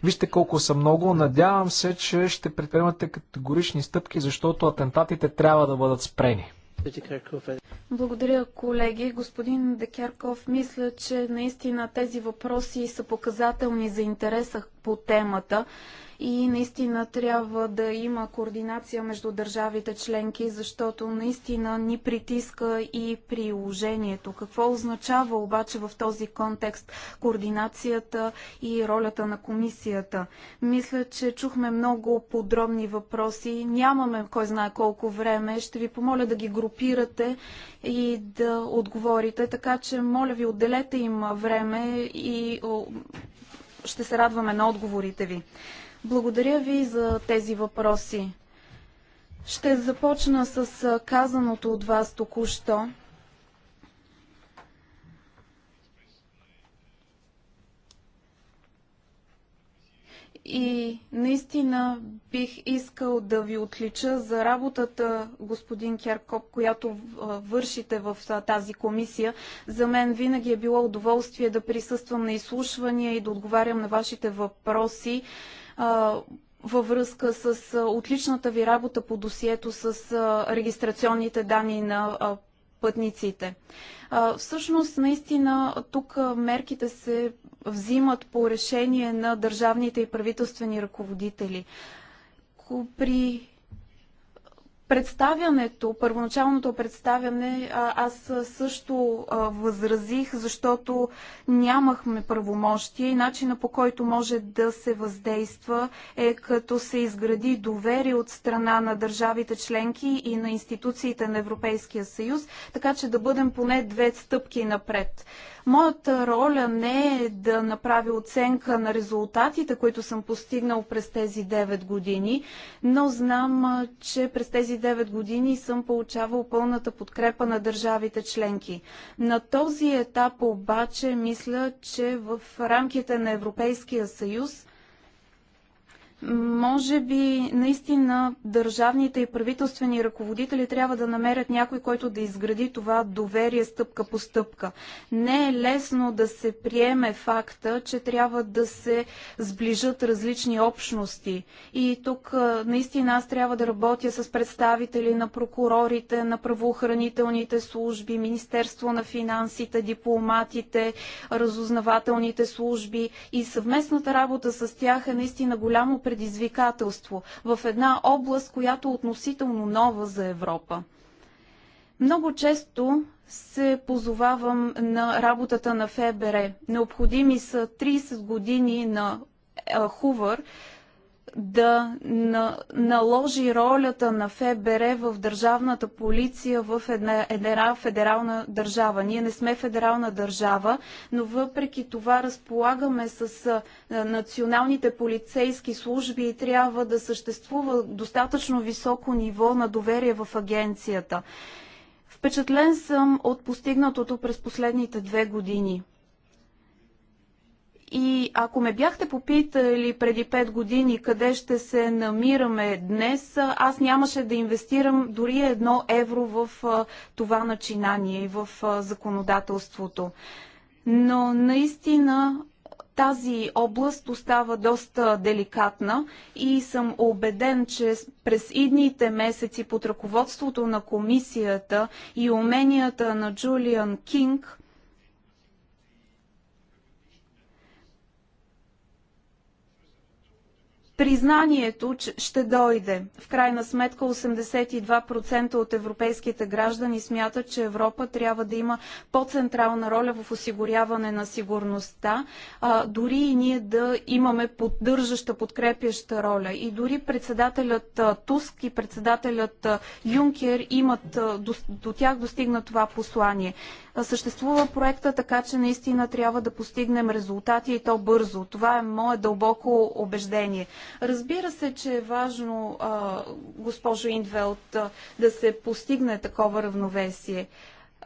A: Вижте колко са много. Надявам се, че ще предприемате категорични стъпки, защото атентатите трябва да бъдат спрени.
B: Благодаря, колеги. Господин Декерков, мисля, че наистина тези въпроси са показателни за интереса по темата и наистина трябва да има координация между държавите членки, защото наистина ни притиска и приложението. Какво означава обаче в този контекст координацията и ролята на комисията? Мисля, че чухме много подробни въпроси. Нямаме кой знае колко време. Ще ви помоля да ги групирате и да отговорите. Така че, моля ви, отделете им време и ще се радваме на отговорите ви. Благодаря ви за тези въпроси. Ще започна с казаното от вас току-що. И наистина бих искал да ви отлича за работата, господин Кяркоп, която вършите в тази комисия. За мен винаги е било удоволствие да присъствам на изслушвания и да отговарям на вашите въпроси във връзка с отличната ви работа по досието с регистрационните данни на пътниците. Всъщност, наистина, тук мерките се взимат по решение на държавните и правителствени ръководители. При Представянето, първоначалното представяне, аз също възразих, защото нямахме правомощия и начина по който може да се въздейства е като се изгради доверие от страна на държавите членки и на институциите на Европейския съюз, така че да бъдем поне две стъпки напред. Моята роля не е да направя оценка на резултатите, които съм постигнал през тези 9 години, но знам, че през тези 9 години съм получавал пълната подкрепа на държавите членки. На този етап обаче мисля, че в рамките на Европейския съюз може би наистина държавните и правителствени ръководители трябва да намерят някой, който да изгради това доверие стъпка по стъпка. Не е лесно да се приеме факта, че трябва да се сближат различни общности. И тук наистина аз трябва да работя с представители на прокурорите, на правоохранителните служби, Министерство на финансите, дипломатите, разузнавателните служби. И съвместната работа с тях е наистина голямо предизвикателство в една област, която е относително нова за Европа. Много често се позовавам на работата на ФБР. Необходими са 30 години на Хувър, да на, наложи ролята на ФБР в държавната полиция в една, една федерална държава. Ние не сме федерална държава, но въпреки това разполагаме с а, националните полицейски служби и трябва да съществува достатъчно високо ниво на доверие в агенцията. Впечатлен съм от постигнатото през последните две години. И ако ме бяхте попитали преди 5 години къде ще се намираме днес, аз нямаше да инвестирам дори едно евро в това начинание и в законодателството. Но наистина тази област остава доста деликатна и съм убеден, че през идните месеци под ръководството на комисията и уменията на Джулиан Кинг признанието ще дойде. В крайна сметка 82% от европейските граждани смятат, че Европа трябва да има по-централна роля в осигуряване на сигурността, дори и ние да имаме поддържаща, подкрепяща роля. И дори председателят Туск и председателят Юнкер имат до, до тях достигна това послание. Съществува проекта, така че наистина трябва да постигнем резултати и то бързо. Това е мое дълбоко убеждение. Разбира се, че е важно, госпожо Индвелт, да се постигне такова равновесие.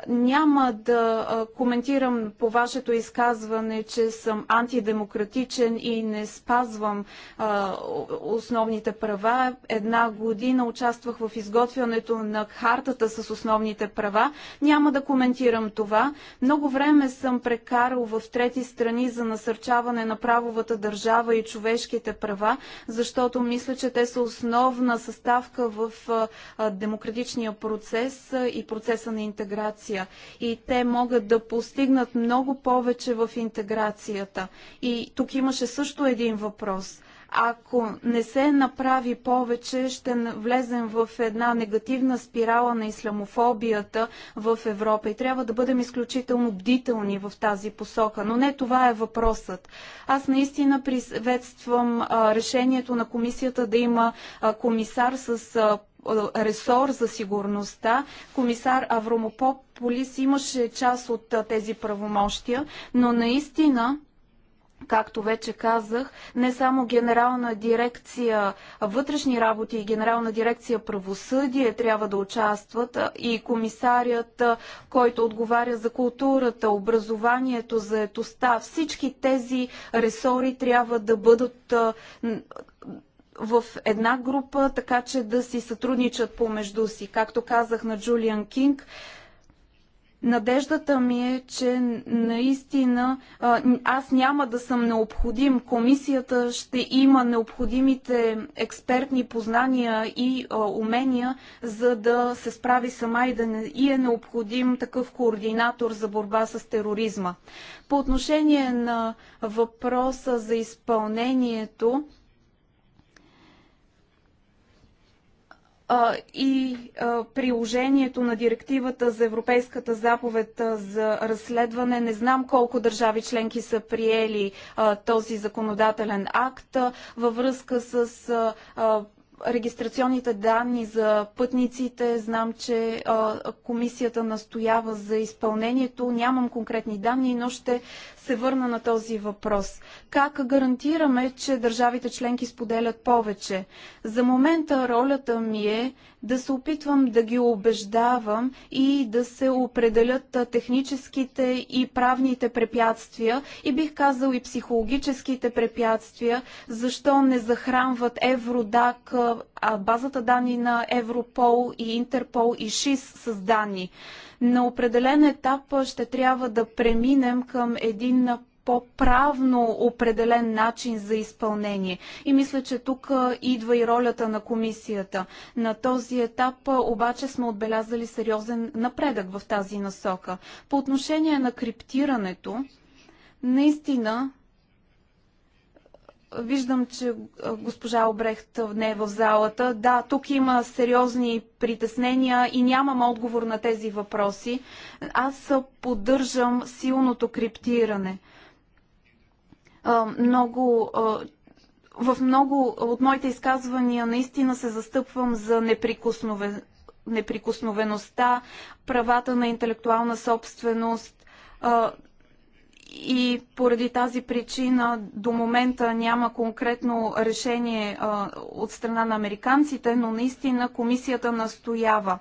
B: Няма да коментирам по вашето изказване, че съм антидемократичен и не спазвам а, основните права. Една година участвах в изготвянето на хартата с основните права. Няма да коментирам това. Много време съм прекарал в трети страни за насърчаване на правовата държава и човешките права, защото мисля, че те са основна съставка в а, демократичния процес а, и процеса на интеграция интеграция и те могат да постигнат много повече в интеграцията. И тук имаше също един въпрос – ако не се направи повече, ще влезем в една негативна спирала на исламофобията в Европа и трябва да бъдем изключително бдителни в тази посока. Но не това е въпросът. Аз наистина приветствам решението на комисията да има комисар с ресор за сигурността. Комисар Авромопополис имаше част от тези правомощия, но наистина както вече казах, не само генерална дирекция вътрешни работи и генерална дирекция правосъдие трябва да участват и комисарият, който отговаря за културата, образованието, заетостта, всички тези ресори трябва да бъдат в една група, така че да си сътрудничат помежду си. Както казах на Джулиан Кинг, Надеждата ми е, че наистина аз няма да съм необходим. Комисията ще има необходимите експертни познания и умения, за да се справи сама и да не, и е необходим такъв координатор за борба с тероризма. По отношение на въпроса за изпълнението, и приложението на директивата за Европейската заповед за разследване. Не знам колко държави членки са приели този законодателен акт във връзка с регистрационните данни за пътниците. Знам, че комисията настоява за изпълнението. Нямам конкретни данни, но ще се върна на този въпрос. Как гарантираме, че държавите членки споделят повече? За момента ролята ми е да се опитвам да ги убеждавам и да се определят техническите и правните препятствия и бих казал и психологическите препятствия, защо не захранват Евродак, базата данни на Европол и Интерпол и ШИС с данни. На определен етап ще трябва да преминем към един един по-правно определен начин за изпълнение. И мисля, че тук идва и ролята на комисията. На този етап обаче сме отбелязали сериозен напредък в тази насока. По отношение на криптирането, наистина Виждам, че госпожа Обрехт не е в залата. Да, тук има сериозни притеснения и нямам отговор на тези въпроси. Аз поддържам силното криптиране. Много в много от моите изказвания наистина се застъпвам за неприкосновеността, правата на интелектуална собственост, и поради тази причина до момента няма конкретно решение а, от страна на американците, но наистина комисията настоява.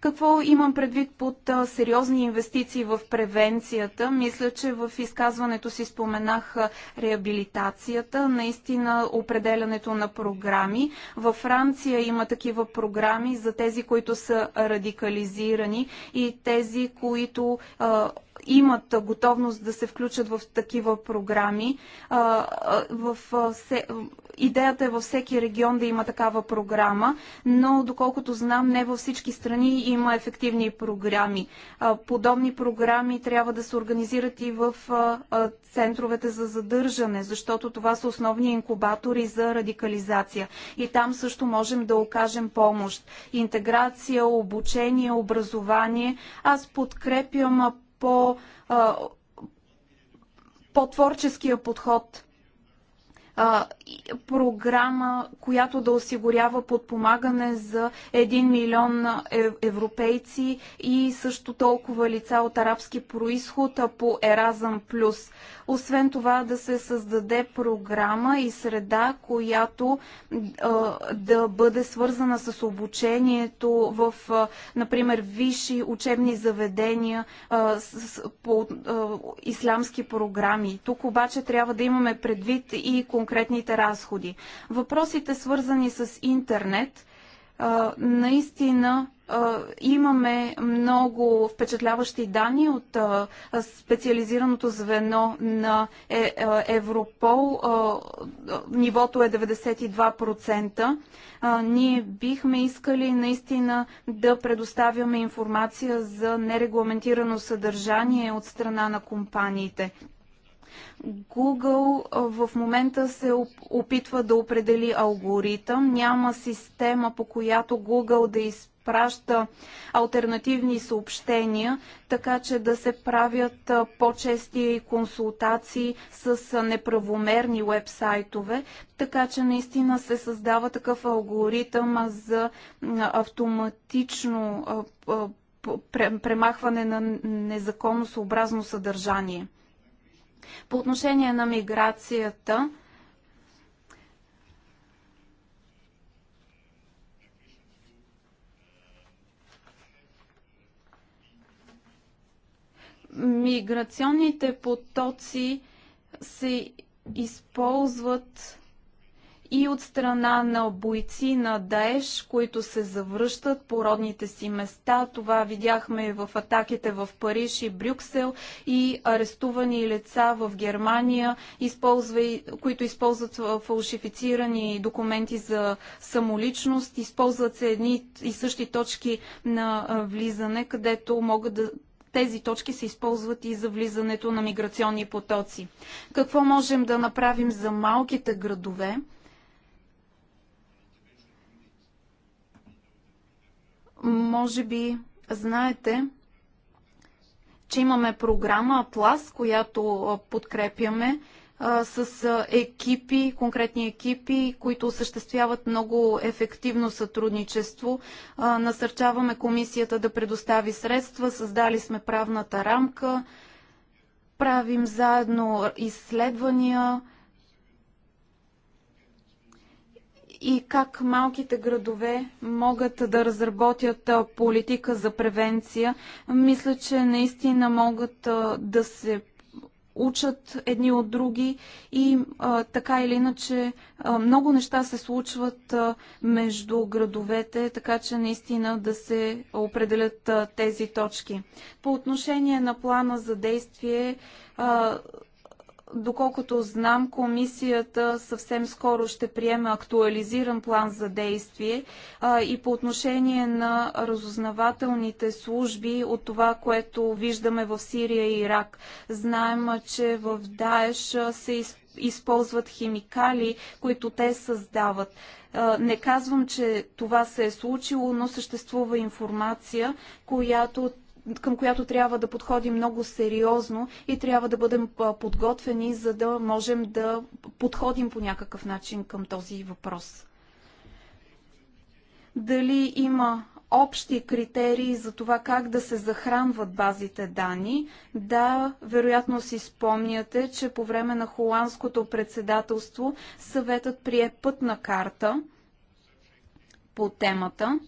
B: Какво имам предвид под а, сериозни инвестиции в превенцията? Мисля, че в изказването си споменах реабилитацията, наистина определянето на програми. Във Франция има такива програми за тези, които са радикализирани и тези, които имат готовност да се включат в такива програми. В се... Идеята е във всеки регион да има такава програма, но доколкото знам, не във всички страни има ефективни програми. Подобни програми трябва да се организират и в центровете за задържане, защото това са основни инкубатори за радикализация. И там също можем да окажем помощ. Интеграция, обучение, образование. Аз подкрепям по, по творческия подход програма, която да осигурява подпомагане за 1 милион е, европейци и също толкова лица от арабски происход по Еразъм Плюс. Освен това да се създаде програма и среда, която да бъде свързана с обучението в, например, висши учебни заведения по ислямски програми. Тук обаче трябва да имаме предвид и конкретните разходи. Въпросите свързани с интернет наистина имаме много впечатляващи данни от специализираното звено на е, Европол. Нивото е 92%. Ние бихме искали наистина да предоставяме информация за нерегламентирано съдържание от страна на компаниите. Google в момента се опитва да определи алгоритъм. Няма система, по която Google да изпраща альтернативни съобщения, така че да се правят по-чести консултации с неправомерни вебсайтове, така че наистина се създава такъв алгоритъм за автоматично премахване на незаконно съобразно съдържание. По отношение на миграцията, миграционните потоци се използват и от страна на бойци на Даеш, които се завръщат по родните си места. Това видяхме в атаките в Париж и Брюксел и арестувани лица в Германия, които използват фалшифицирани документи за самоличност. Използват се едни и същи точки на влизане, където могат да тези точки се използват и за влизането на миграционни потоци. Какво можем да направим за малките градове? Може би знаете, че имаме програма Атлас, която подкрепяме с екипи, конкретни екипи, които осъществяват много ефективно сътрудничество. Насърчаваме комисията да предостави средства, създали сме правната рамка, правим заедно изследвания, и как малките градове могат да разработят политика за превенция. Мисля, че наистина могат да се учат едни от други и а, така или иначе а, много неща се случват а, между градовете, така че наистина да се определят а, тези точки. По отношение на плана за действие, а, доколкото знам, комисията съвсем скоро ще приеме актуализиран план за действие а, и по отношение на разузнавателните служби от това, което виждаме в Сирия и Ирак. Знаем, че в Даеш се използват химикали, които те създават. Не казвам, че това се е случило, но съществува информация, която към която трябва да подходим много сериозно и трябва да бъдем подготвени, за да можем да подходим по някакъв начин към този въпрос. Дали има общи критерии за това как да се захранват базите данни. Да, вероятно си спомняте, че по време на холандското председателство съветът прие пътна карта по темата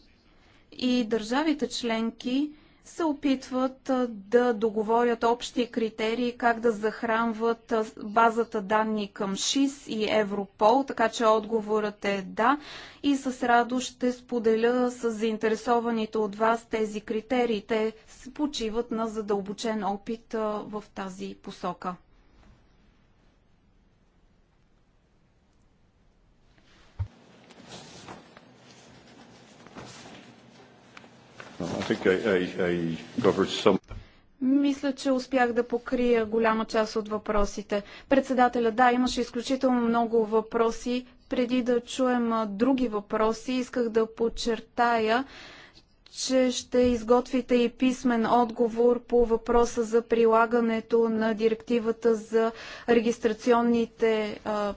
B: и държавите членки се опитват да договорят общи критерии как да захранват базата данни към ШИС и Европол, така че отговорът е да и с радост ще споделя с заинтересованите от вас тези критерии. Те почиват на задълбочен опит в тази посока. Мисля, че успях да покрия голяма част от въпросите. Председателя, да, имаше изключително много въпроси. Преди да чуем други въпроси, исках да подчертая, че ще изготвите и писмен отговор по въпроса за прилагането на директивата за регистрационните а,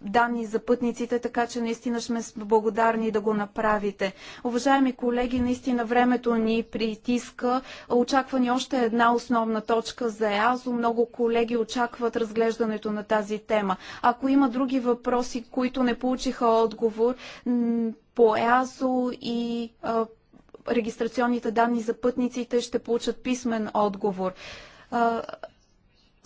B: данни за пътниците, така че наистина сме благодарни да го направите. Уважаеми колеги, наистина времето ни притиска. Очаква ни още една основна точка за ЕАЗО. Много колеги очакват разглеждането на тази тема. Ако има други въпроси, които не получиха отговор по ЕАЗО и регистрационните данни за пътниците, ще получат писмен отговор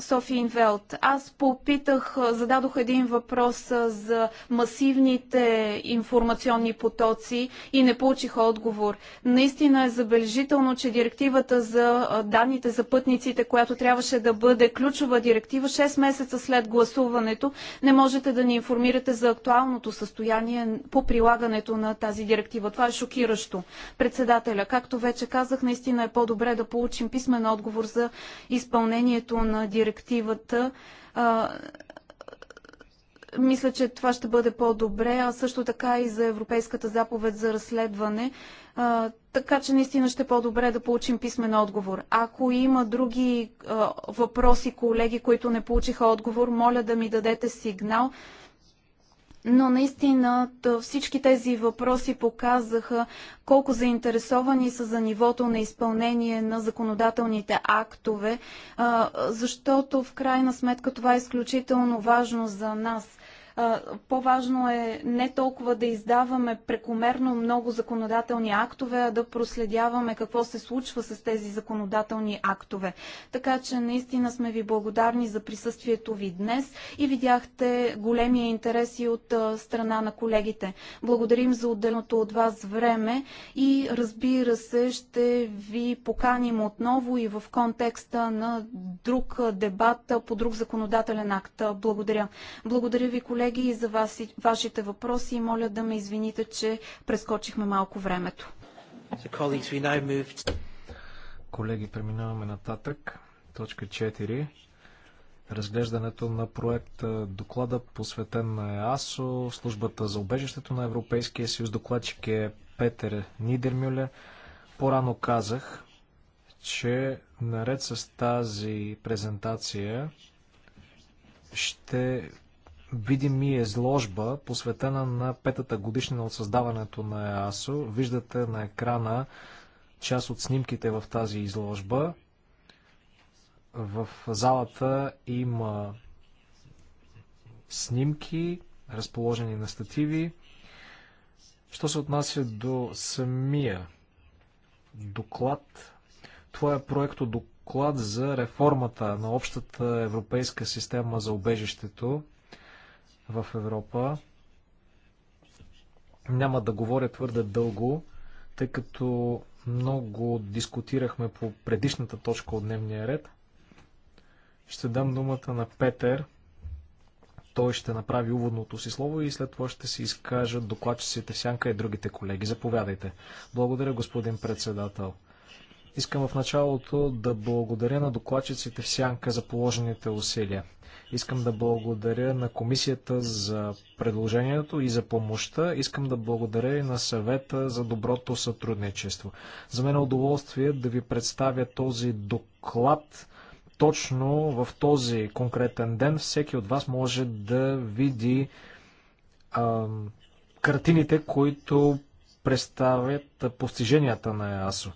B: Софи Инвелт. Аз попитах, зададох един въпрос за масивните информационни потоци и не получих отговор. Наистина е забележително, че директивата за данните за пътниците, която трябваше да бъде ключова директива 6 месеца след гласуването, не можете да ни информирате за актуалното състояние по прилагането на тази директива. Това е шокиращо. Председателя, както вече казах, наистина е по-добре да получим писмен отговор за изпълнението на директивата директивата. А, мисля, че това ще бъде по-добре, а също така и за Европейската заповед за разследване. А, така че наистина ще е по-добре да получим писмен отговор. Ако има други а, въпроси, колеги, които не получиха отговор, моля да ми дадете сигнал но наистина всички тези въпроси показаха колко заинтересовани са за нивото на изпълнение на законодателните актове, защото в крайна сметка това е изключително важно за нас – по-важно е не толкова да издаваме прекомерно много законодателни актове, а да проследяваме какво се случва с тези законодателни актове. Така че наистина сме ви благодарни за присъствието ви днес и видяхте големия интерес и от страна на колегите. Благодарим за отделното от вас време и разбира се ще ви поканим отново и в контекста на друг дебат по друг законодателен акт. Благодаря. Благодаря ви, колеги колеги, и за вас, и вашите въпроси. Моля да ме извините, че прескочихме малко времето.
A: Колеги, преминаваме нататък. Точка 4 разглеждането на проект доклада посветен на ЕАСО, службата за убежището на Европейския съюз. Докладчик е Петър Нидермюле. По-рано казах, че наред с тази презентация ще видими изложба, посветена на петата годишнина от създаването на ЕАСО. Виждате на екрана част от снимките в тази изложба. В залата има снимки, разположени на стативи. Що се отнася до самия доклад, това е от доклад за реформата на общата европейска система за обежището в Европа. Няма да говоря твърде дълго, тъй като много дискутирахме по предишната точка от дневния ред. Ще дам думата на Петър. Той ще направи уводното си слово и след това ще се изкажат докладчиците Сянка и другите колеги. Заповядайте. Благодаря, господин председател. Искам в началото да благодаря на докладчиците в Сянка за положените усилия. Искам да благодаря на комисията за предложението и за помощта. Искам да благодаря и на съвета за доброто сътрудничество. За мен е удоволствие да ви представя този доклад точно в този конкретен ден. Всеки от вас може да види а, картините, които представят постиженията на ЕАСО.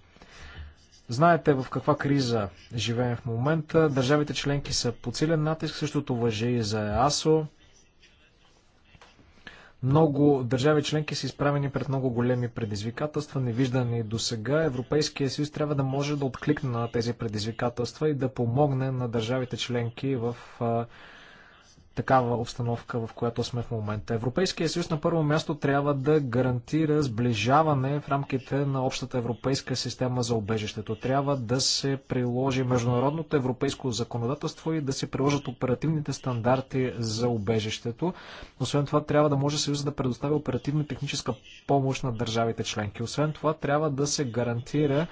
A: Знаете в каква криза живеем в момента. Държавите членки са по силен натиск, същото въже и за ЕАСО. Много държави членки са изправени пред много големи предизвикателства, невиждани до сега. Европейския съюз трябва да може да откликне на тези предизвикателства и да помогне на държавите членки в такава обстановка, в която сме в момента. Европейския съюз на първо място трябва да гарантира сближаване в рамките на общата европейска система за обежището. Трябва да се приложи международното европейско законодателство и да се приложат оперативните стандарти за обежището. Освен това, трябва да може съюз да предоставя оперативно-техническа помощ на държавите членки. Освен това, трябва да се гарантира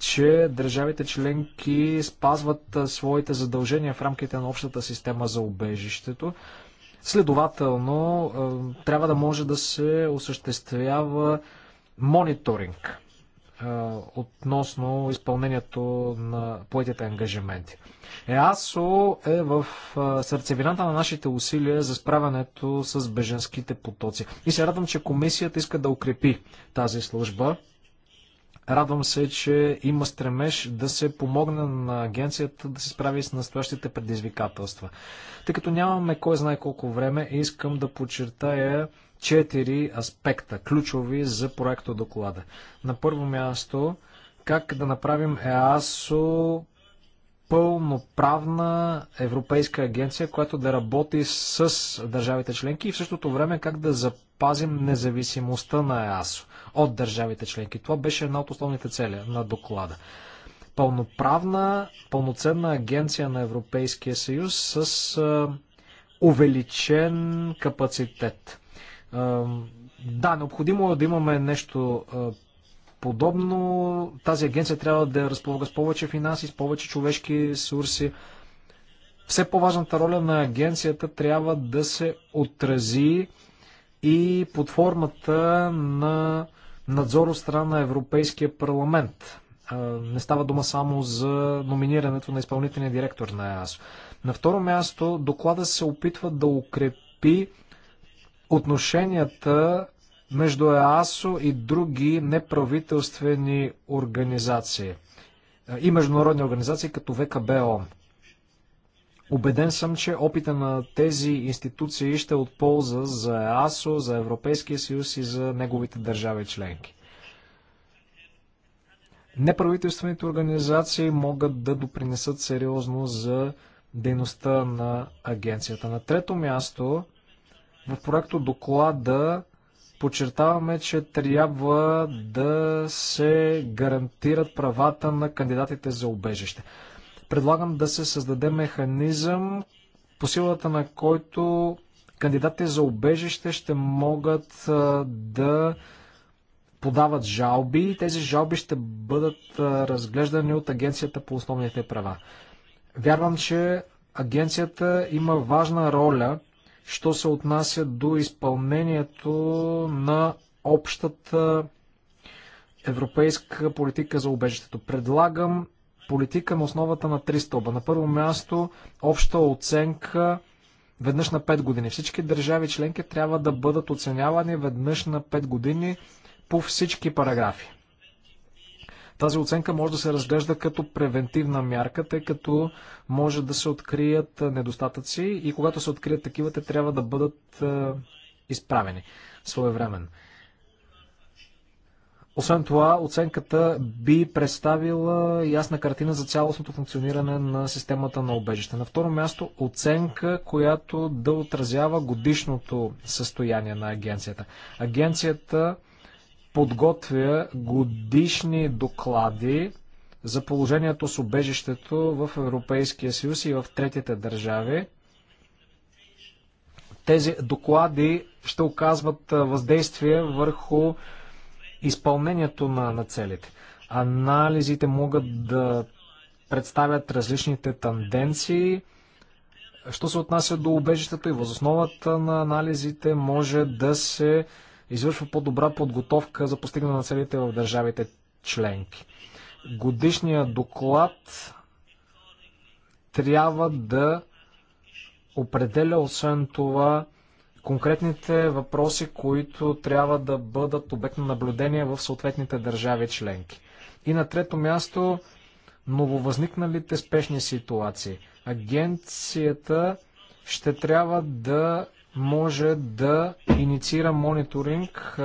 A: че държавите членки спазват своите задължения в рамките на общата система за убежището. Следователно, трябва да може да се осъществява мониторинг относно изпълнението на поетите ангажименти. ЕАСО е в сърцевината на нашите усилия за справянето с беженските потоци. И се радвам, че комисията иска да укрепи тази служба. Радвам се, че има стремеж да се помогне на агенцията да се справи с настоящите предизвикателства. Тъй като нямаме кой знае колко време, искам да подчертая четири аспекта, ключови за проекта доклада. На първо място, как да направим ЕАСО пълноправна европейска агенция, която да работи с държавите членки и в същото време как да запазим независимостта на ЕАСО от държавите членки. Това беше една от основните цели на доклада. Пълноправна, пълноценна агенция на Европейския съюз с а, увеличен капацитет. А, да, необходимо е да имаме нещо а, подобно. Тази агенция трябва да разполага с повече финанси, с повече човешки ресурси. Все по-важната роля на агенцията трябва да се отрази и под формата на надзор от страна на Европейския парламент. Не става дума само за номинирането на изпълнителния директор на ЕАСО. На второ място, доклада се опитва да укрепи отношенията между ЕАСО и други неправителствени организации и международни организации като ВКБО. Обеден съм, че опита на тези институции ще е от полза за АСО, за Европейския съюз и за неговите държави членки. Неправителствените организации могат да допринесат сериозно за дейността на агенцията. На трето място, в проекто доклада подчертаваме, че трябва да се гарантират правата на кандидатите за убежище предлагам да се създаде механизъм, по силата на който кандидатите за убежище ще могат да подават жалби и тези жалби ще бъдат разглеждани от Агенцията по основните права. Вярвам, че агенцията има важна роля, що се отнася до изпълнението на общата европейска политика за убежището. Предлагам политика на основата на три стълба. На първо място обща оценка веднъж на 5 години. Всички държави членки трябва да бъдат оценявани веднъж на 5 години по всички параграфи. Тази оценка може да се разглежда като превентивна мярка, тъй като може да се открият недостатъци и когато се открият такива, те трябва да бъдат изправени своевременно. Освен това, оценката би представила ясна картина за цялостното функциониране на системата на обежище. На второ място, оценка, която да отразява годишното състояние на агенцията. Агенцията подготвя годишни доклади за положението с обежището в Европейския съюз и в третите държави. Тези доклади ще оказват въздействие върху изпълнението на, на целите. Анализите могат да представят различните тенденции. Що се отнася до убежището и възосновата на анализите може да се извършва по-добра подготовка за постигане на целите в държавите членки. Годишният доклад трябва да определя освен това конкретните въпроси, които трябва да бъдат обект на наблюдение в съответните държави членки. И на трето място, нововъзникналите спешни ситуации. Агенцията ще трябва да може да инициира мониторинг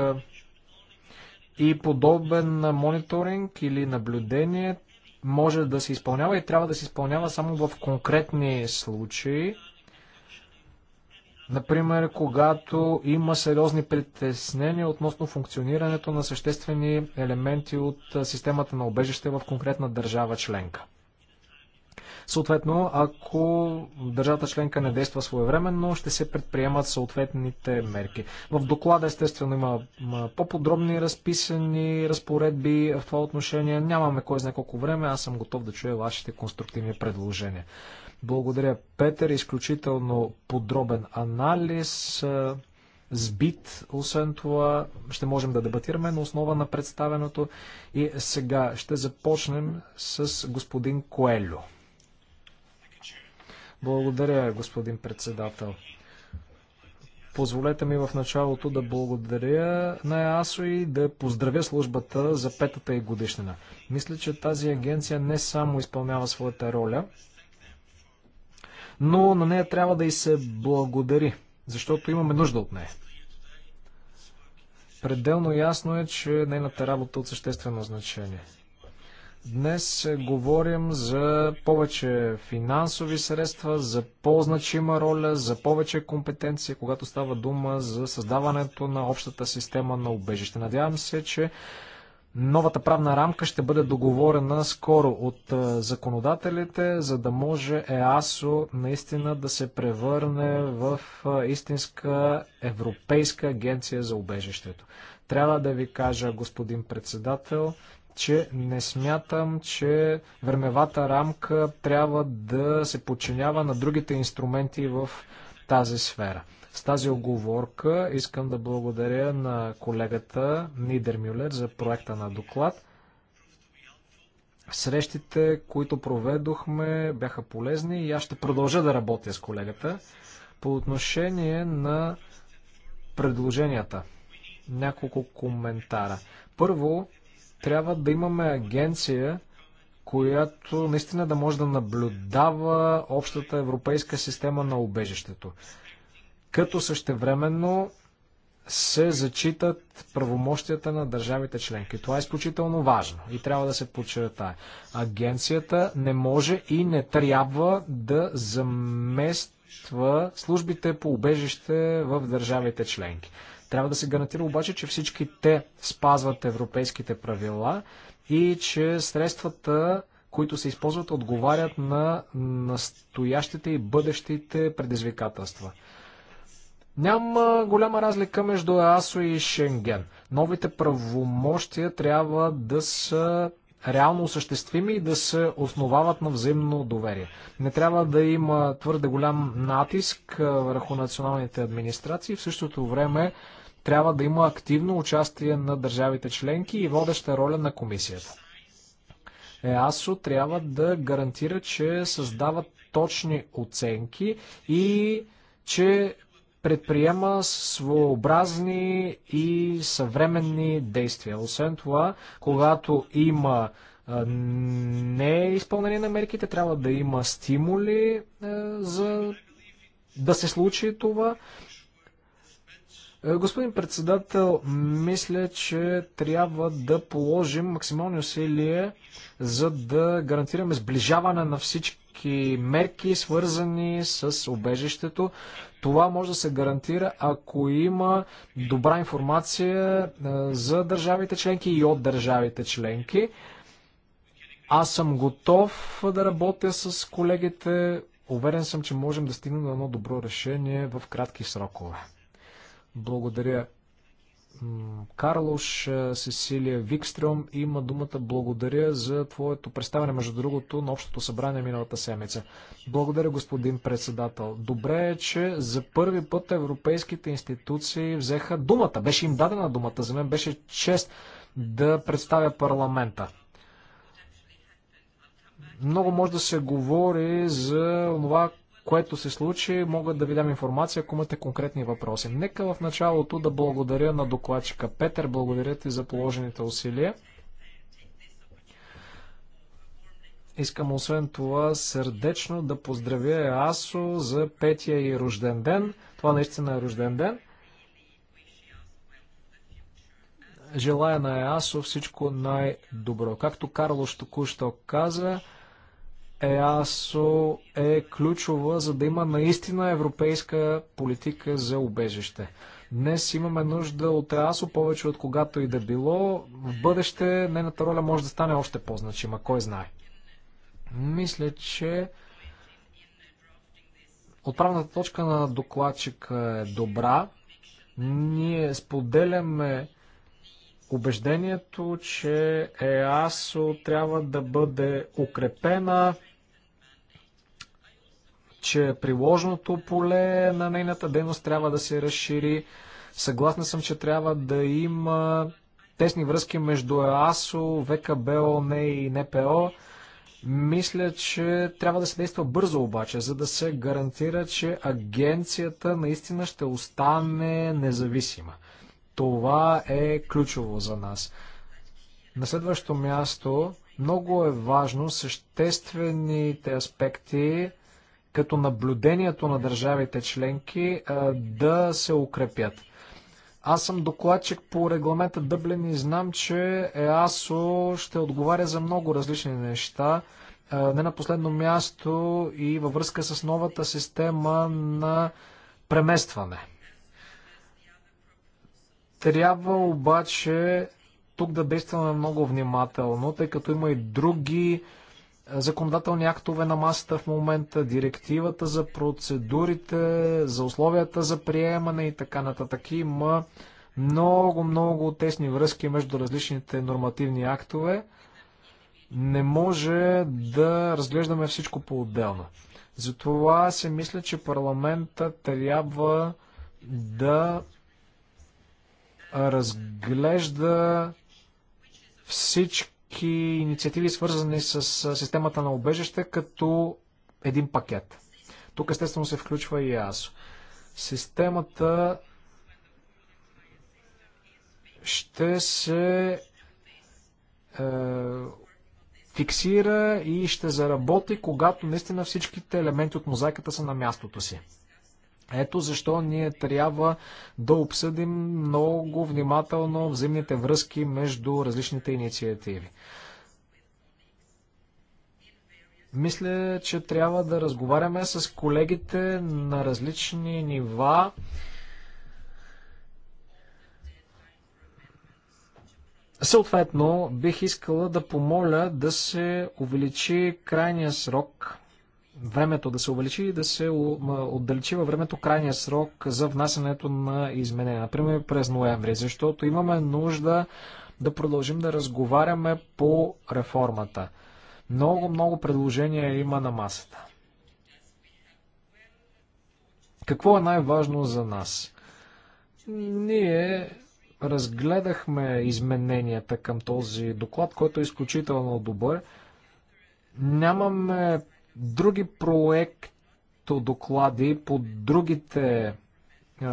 A: и подобен мониторинг или наблюдение може да се изпълнява и трябва да се изпълнява само в конкретни случаи, Например, когато има сериозни притеснения относно функционирането на съществени елементи от системата на обежище в конкретна държава членка. Съответно, ако държавата членка не действа своевременно, ще се предприемат съответните мерки. В доклада, естествено, има по-подробни разписани разпоредби в това отношение. Нямаме кой знае колко време, аз съм готов да чуя вашите конструктивни предложения. Благодаря, Петър. Изключително подробен анализ. Е, сбит, освен това, ще можем да дебатираме на основа на представеното. И сега ще започнем с господин Коелю. Благодаря, господин председател. Позволете ми в началото да благодаря на ЕАСО и да поздравя службата за петата и годишнина. Мисля, че тази агенция не само изпълнява своята роля, но на нея трябва да и се благодари, защото имаме нужда от нея. Пределно ясно е, че нейната работа е от съществено значение. Днес говорим за повече финансови средства, за по-значима роля, за повече компетенция, когато става дума за създаването на общата система на убежище. Надявам се, че Новата правна рамка ще бъде договорена скоро от е, законодателите, за да може ЕАСО наистина да се превърне в е, истинска европейска агенция за убежището. Трябва да ви кажа, господин председател, че не смятам, че времевата рамка трябва да се подчинява на другите инструменти в тази сфера. С тази оговорка искам да благодаря на колегата Нидер Мюлет за проекта на доклад. Срещите, които проведохме, бяха полезни и аз ще продължа да работя с колегата по отношение на предложенията. Няколко коментара. Първо, трябва да имаме агенция, която наистина да може да наблюдава общата европейска система на убежището като същевременно се зачитат правомощията на държавите членки. Това е изключително важно и трябва да се подчертае. Агенцията не може и не трябва да замества службите по убежище в държавите членки. Трябва да се гарантира обаче, че всички те спазват европейските правила и че средствата, които се използват, отговарят на настоящите и бъдещите предизвикателства – няма голяма разлика между ЕАСО и Шенген. Новите правомощия трябва да са реално осъществими и да се основават на взаимно доверие. Не трябва да има твърде голям натиск върху националните администрации. В същото време трябва да има активно участие на държавите членки и водеща роля на комисията. ЕАСО трябва да гарантира, че създават точни оценки и че предприема своеобразни и съвременни действия. Освен това, когато има не изпълнение на мерките, трябва да има стимули за да се случи това. Господин председател, мисля, че трябва да положим максимални усилия, за да гарантираме сближаване на всички всички мерки, свързани с обежището. Това може да се гарантира, ако има добра информация за държавите членки и от държавите членки. Аз съм готов да работя с колегите. Уверен съм, че можем да стигнем до едно добро решение в кратки срокове. Благодаря, Карлош, е, Сесилия Викстрюм има думата благодаря за твоето представяне, между другото, на Общото събрание миналата седмица. Благодаря, господин председател. Добре е, че за първи път европейските институции взеха думата. Беше им дадена думата. За мен беше чест да представя парламента. Много може да се говори за това, което се случи. Мога да ви дам информация, ако имате конкретни въпроси. Нека в началото да благодаря на докладчика Петър. Благодаря ти за положените усилия. Искам освен това сърдечно да поздравя Асо за петия и рожден ден. Това наистина е рожден ден. Желая на ЕАСО всичко най-добро. Както Карлош току-що каза, ЕАСО е ключова, за да има наистина европейска политика за убежище. Днес имаме нужда от ЕАСО повече от когато и да било. В бъдеще нейната роля може да стане още по-значима, кой знае. Мисля, че отправната точка на докладчик е добра. Ние споделяме убеждението, че ЕАСО трябва да бъде укрепена, че приложеното поле на нейната дейност трябва да се разшири. Съгласна съм, че трябва да има тесни връзки между ЕАСО, ВКБ, ОНЕ и НПО. Мисля, че трябва да се действа бързо обаче, за да се гарантира, че агенцията наистина ще остане независима. Това е ключово за нас. На следващо място, много е важно съществените аспекти, като наблюдението на държавите членки, да се укрепят. Аз съм докладчик по регламента Дъблин и знам, че ЕАСО ще отговаря за много различни неща. Не на последно място и във връзка с новата система на преместване. Трябва обаче тук да действаме много внимателно, тъй като има и други е, законодателни актове на масата в момента, директивата за процедурите, за условията за приемане и така нататък. Има много, много тесни връзки между различните нормативни актове. Не може да разглеждаме всичко по-отделно. Затова се мисля, че парламента трябва да разглежда всички инициативи, свързани с системата на обежище, като един пакет. Тук естествено се включва и аз. Системата ще се е, фиксира и ще заработи, когато наистина всичките елементи от мозайката са на мястото си. Ето защо ние трябва да обсъдим много внимателно взаимните връзки между различните инициативи. Мисля, че трябва да разговаряме с колегите на различни нива. Съответно, бих искала да помоля да се увеличи крайния срок времето да се увеличи и да се отдалечи във времето крайния срок за внасянето на изменения, например през ноември, защото имаме нужда да продължим да разговаряме по реформата. Много, много предложения има на масата. Какво е най-важно за нас? Ние разгледахме измененията към този доклад, който е изключително добър. Нямаме други проекто доклади по другите е,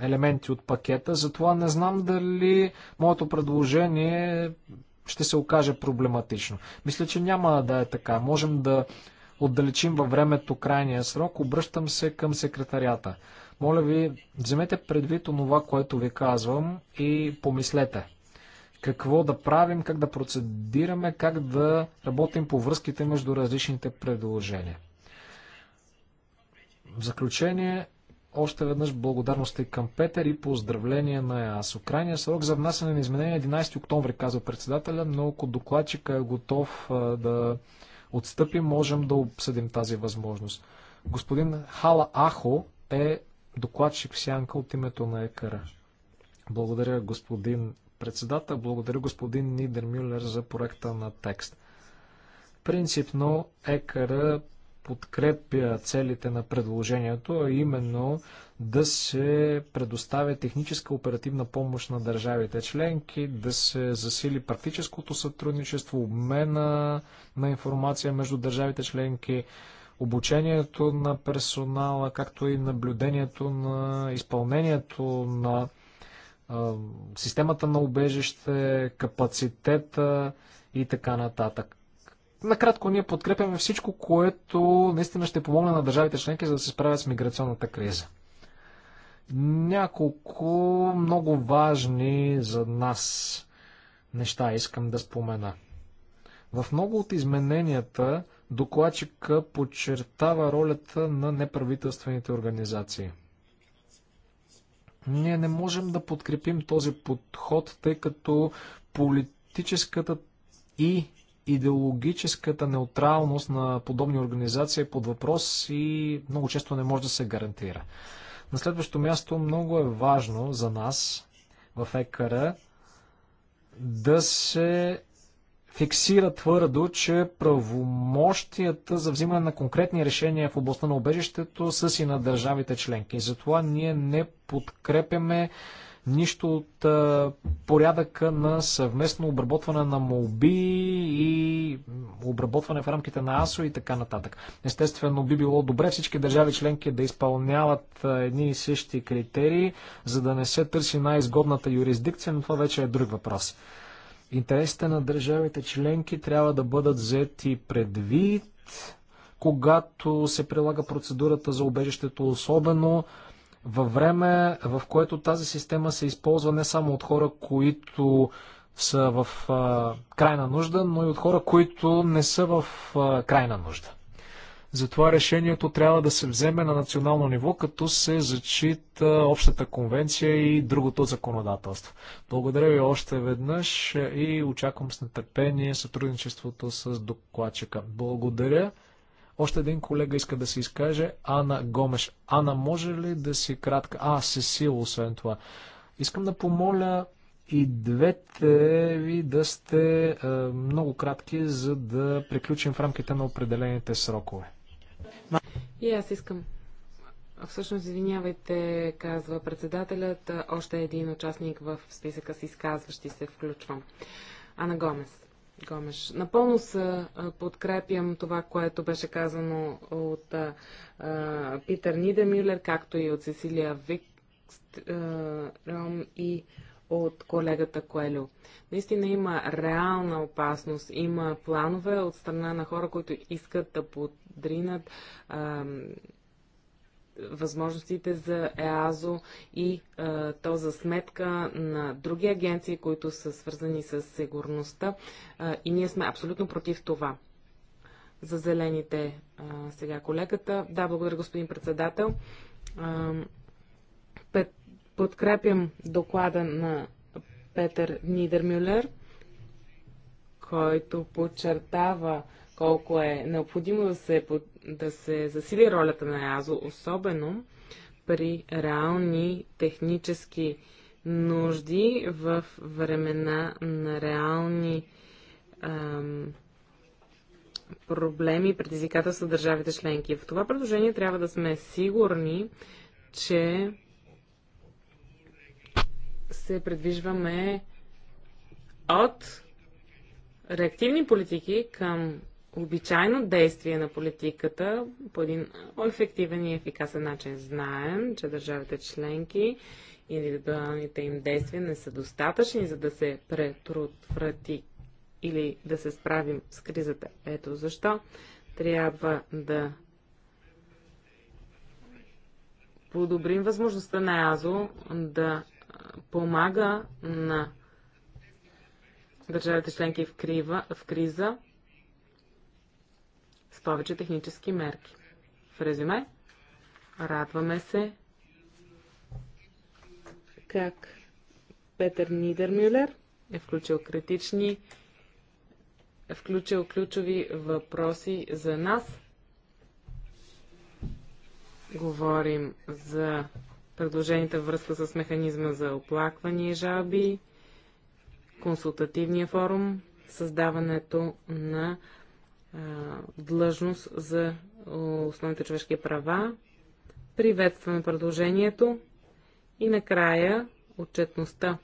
A: елементи от пакета, затова не знам дали моето предложение ще се окаже проблематично. Мисля, че няма да е така. Можем да отдалечим във времето крайния срок. Обръщам се към секретарията. Моля ви, вземете предвид онова, което ви казвам и помислете какво да правим, как да процедираме, как да работим по връзките между различните предложения. В заключение, още веднъж благодарности към Петър и поздравления на ЕАС. Крайният срок за внасяне на изменения 11 е октомври, казва председателя, но ако докладчика е готов да отстъпи, можем да обсъдим тази възможност. Господин Хала Ахо е докладчик в сянка от името на ЕКР. Благодаря, господин председател. Благодаря господин Нидер Мюллер за проекта на текст. Принципно ЕКР подкрепя целите на предложението, а именно да се предоставя техническа оперативна помощ на държавите членки, да се засили практическото сътрудничество, обмена на информация между държавите членки, обучението на персонала, както и наблюдението на изпълнението на системата на убежище, капацитета и така нататък. Накратко ние подкрепяме всичко, което наистина ще помогне на държавите членки, за да се справят с миграционната криза. Няколко много важни за нас неща искам да спомена. В много от измененията докладчика подчертава ролята на неправителствените организации – ние не можем да подкрепим този подход, тъй като политическата и идеологическата неутралност на подобни организации е под въпрос и много често не може да се гарантира. На следващо място много е важно за нас в ЕКР да се фиксира твърдо, че правомощията за взимане на конкретни решения в областта на убежището са си на държавите членки. И затова ние не подкрепяме нищо от а, порядъка на съвместно обработване на молби и обработване в рамките на АСО и така нататък. Естествено би било добре всички държави членки да изпълняват а, едни и същи критерии, за да не се търси най-изгодната юрисдикция, но това вече е друг въпрос. Интересите на държавите членки трябва да бъдат взети предвид, когато се прилага процедурата за убежището, особено във време, в което тази система се използва не само от хора, които са в а, крайна нужда, но и от хора, които не са в а, крайна нужда. Затова решението трябва да се вземе на национално ниво, като се зачита общата конвенция и другото законодателство. Благодаря ви още веднъж и очаквам с нетърпение сътрудничеството с докладчика. Благодаря. Още един колега иска да се изкаже. Ана Гомеш. Ана, може ли да си кратка? А, Сесил, освен това. Искам да помоля и двете ви да сте е, много кратки, за да приключим в рамките на определените срокове.
C: И аз искам. Всъщност, извинявайте, казва председателят, още един участник в списъка с изказващи се включвам. Ана Гомес. Гомеш. Напълно се подкрепям това, което беше казано от а, Питър Нидемюлер, както и от Сесилия Викс и от колегата Коелю. Наистина има реална опасност, има планове от страна на хора, които искат да под дринат а, възможностите за ЕАЗО и а, то за сметка на други агенции, които са свързани с сигурността. А, и ние сме абсолютно против това. За зелените а, сега колегата. Да, благодаря, господин председател. А, пет, подкрепям доклада на Петър Нидермюлер, който подчертава колко е необходимо да се, да се засили ролята на ЕАЗО, особено при реални технически нужди в времена на реални ам, проблеми и предизвикателства държавите членки. В това предложение трябва да сме сигурни, че се предвижваме от реактивни политики към обичайно действие на политиката по един ефективен и ефикасен начин. Знаем, че държавите членки, и индивидуалните им действия не са достатъчни, за да се претрудврати или да се справим с кризата. Ето защо трябва да подобрим възможността на АЗО да помага на държавите членки в, крива, в криза с повече технически мерки. В резюме, радваме се как Петър Нидермюлер е включил критични, е включил ключови въпроси за нас. Говорим за предложенията връзка с механизма за оплаквания и жалби, консултативния форум, създаването на длъжност за основните човешки права. Приветстваме предложението и накрая отчетността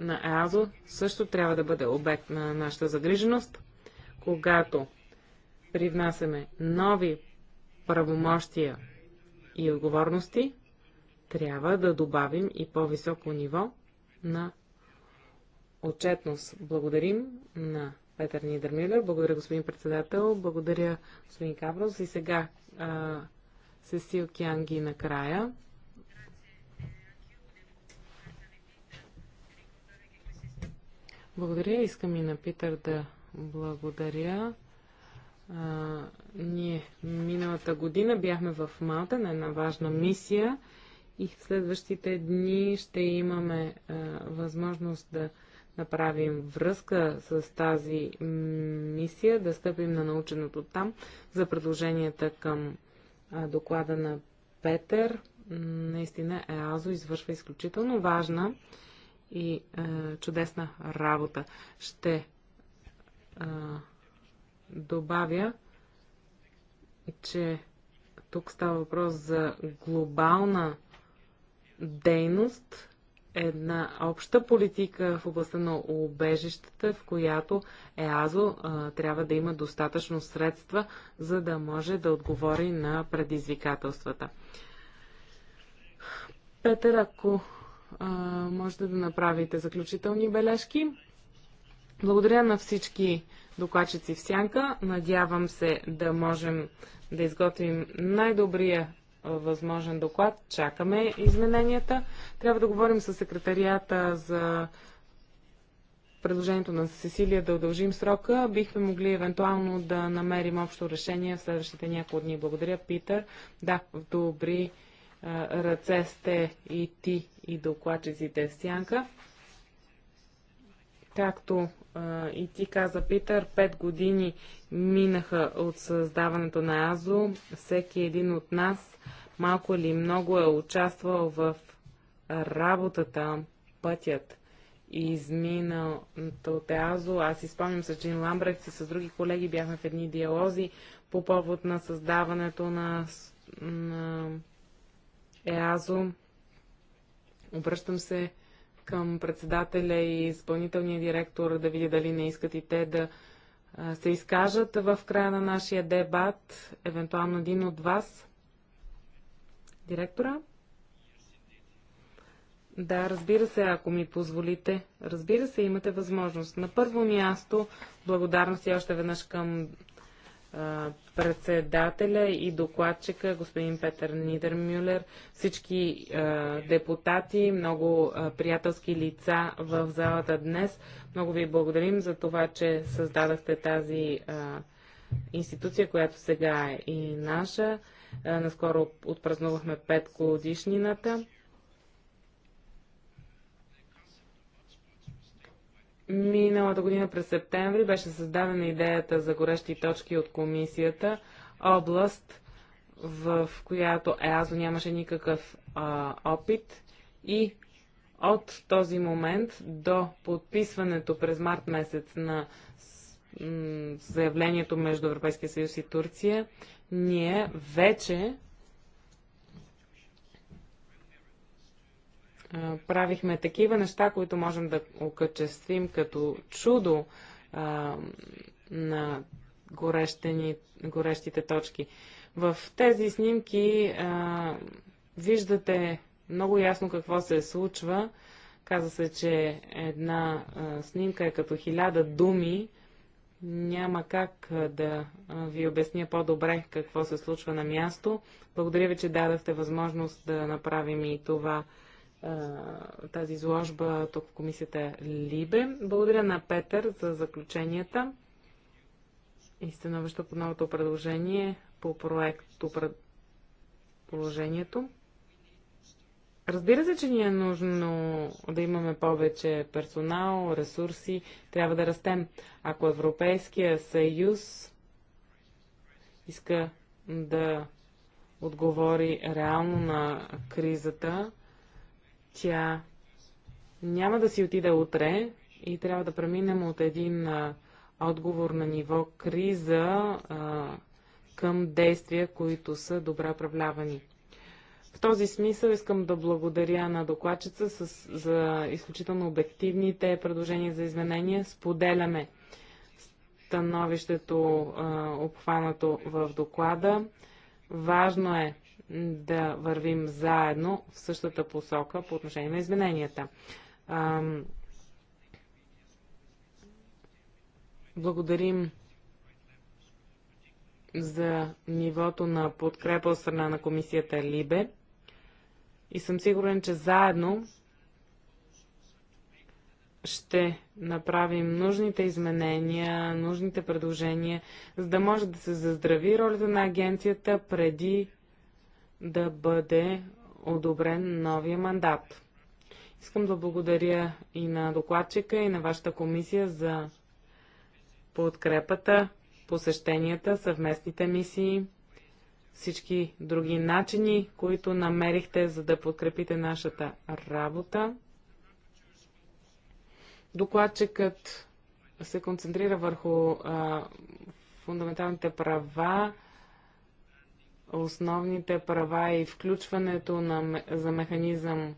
C: на ЕАЗО също трябва да бъде обект на нашата загриженост, когато привнасяме нови правомощия и отговорности, трябва да добавим и по-високо ниво на отчетност. Благодарим на Петър Нидермюлер. Благодаря, господин председател. Благодаря, господин Каврос. И сега а, Сесил Кянги накрая. Благодаря. Искам и на Питър да благодаря. А, ние миналата година бяхме в Малта на една важна мисия и в следващите дни ще имаме а, възможност да направим връзка с тази мисия, да стъпим на наученото там за предложенията към доклада на Петър. Наистина ЕАЗО извършва изключително важна и е, чудесна работа. Ще е, добавя, че тук става въпрос за глобална дейност, една обща политика в областта на убежищата, в която ЕАЗО а, трябва да има достатъчно средства, за да може да отговори на предизвикателствата. Петър, ако а, можете да направите заключителни бележки. Благодаря на всички докладчици в Сянка. Надявам се да можем да изготвим най-добрия възможен доклад. Чакаме измененията. Трябва да говорим с секретарията за предложението на Сесилия да удължим срока. Бихме могли евентуално да намерим общо решение в следващите няколко дни. Благодаря, Питър. Да, в добри ръце сте и ти и докладчиците в сянка. Както и ти каза, Питър, пет години минаха от създаването на Азо. Всеки един от нас малко или много е участвал в работата, пътят и изминал от Азо. Аз изпомням с Джин Ламбрехт и с други колеги бяхме в едни диалози по повод на създаването на, на ЕАЗО. Обръщам се към председателя и изпълнителния директор да видя дали не искат и те да се изкажат в края на нашия дебат, евентуално един от вас, директора. Да, разбира се, ако ми позволите. Разбира се, имате възможност. На първо място, благодарност и още веднъж към председателя и докладчика, господин Петър Нидермюлер, всички депутати, много приятелски лица в залата днес. Много ви благодарим за това, че създадахте тази институция, която сега е и наша. Наскоро отпразнувахме 5 годишнината. Миналата година през септември беше създадена идеята за горещи точки от комисията, област, в която ЕАЗО нямаше никакъв а, опит и от този момент до подписването през март месец на заявлението между Европейския съюз и Турция, ние вече правихме такива неща, които можем да окачествим като чудо а, на горещени, горещите точки. В тези снимки а, виждате много ясно какво се случва. Каза се, че една а, снимка е като хиляда думи. Няма как да ви обясня по-добре какво се случва на място. Благодаря ви, че дадахте възможност да направим и това тази изложба тук в комисията Либе. Благодаря на Петър за заключенията и становища по новото предложение по проект положението. Разбира се, че ни е нужно да имаме повече персонал, ресурси, трябва да растем. Ако Европейския съюз иска да отговори реално на кризата, тя няма да си отиде утре и трябва да преминем от един а, отговор на ниво криза а, към действия, които са добре управлявани. В този смисъл искам да благодаря на докладчица с, за изключително обективните предложения за изменения. Споделяме становището, а, обхванато в доклада. Важно е да вървим заедно в същата посока по отношение на измененията. Благодарим за нивото на подкрепа от страна на комисията Либе и съм сигурен, че заедно ще направим нужните изменения, нужните предложения, за да може да се заздрави ролята на агенцията преди да бъде одобрен новия мандат. Искам да благодаря и на докладчика, и на вашата комисия за подкрепата, посещенията, съвместните мисии, всички други начини, които намерихте, за да подкрепите нашата работа. Докладчикът се концентрира върху а, фундаменталните права основните права и включването на, за механизъм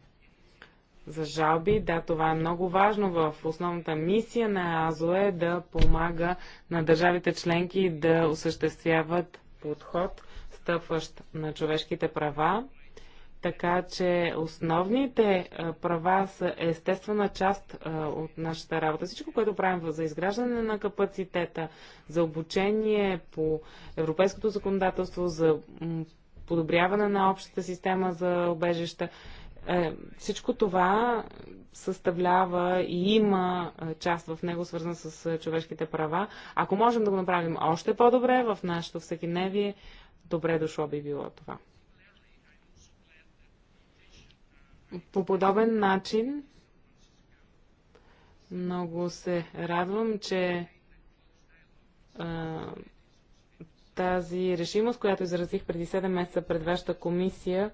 C: за жалби. Да, това е много важно в основната мисия на АЗО е да помага на държавите членки да осъществяват подход, стъпващ на човешките права така че основните права са естествена част от нашата работа. Всичко, което правим за изграждане на капацитета, за обучение по европейското законодателство, за подобряване на общата система за обежища, е, всичко това съставлява и има част в него, свързана с човешките права. Ако можем да го направим още по-добре в нашето всекидневие, добре дошло би било това. по подобен начин много се радвам, че а, тази решимост, която изразих преди 7 месеца пред вашата комисия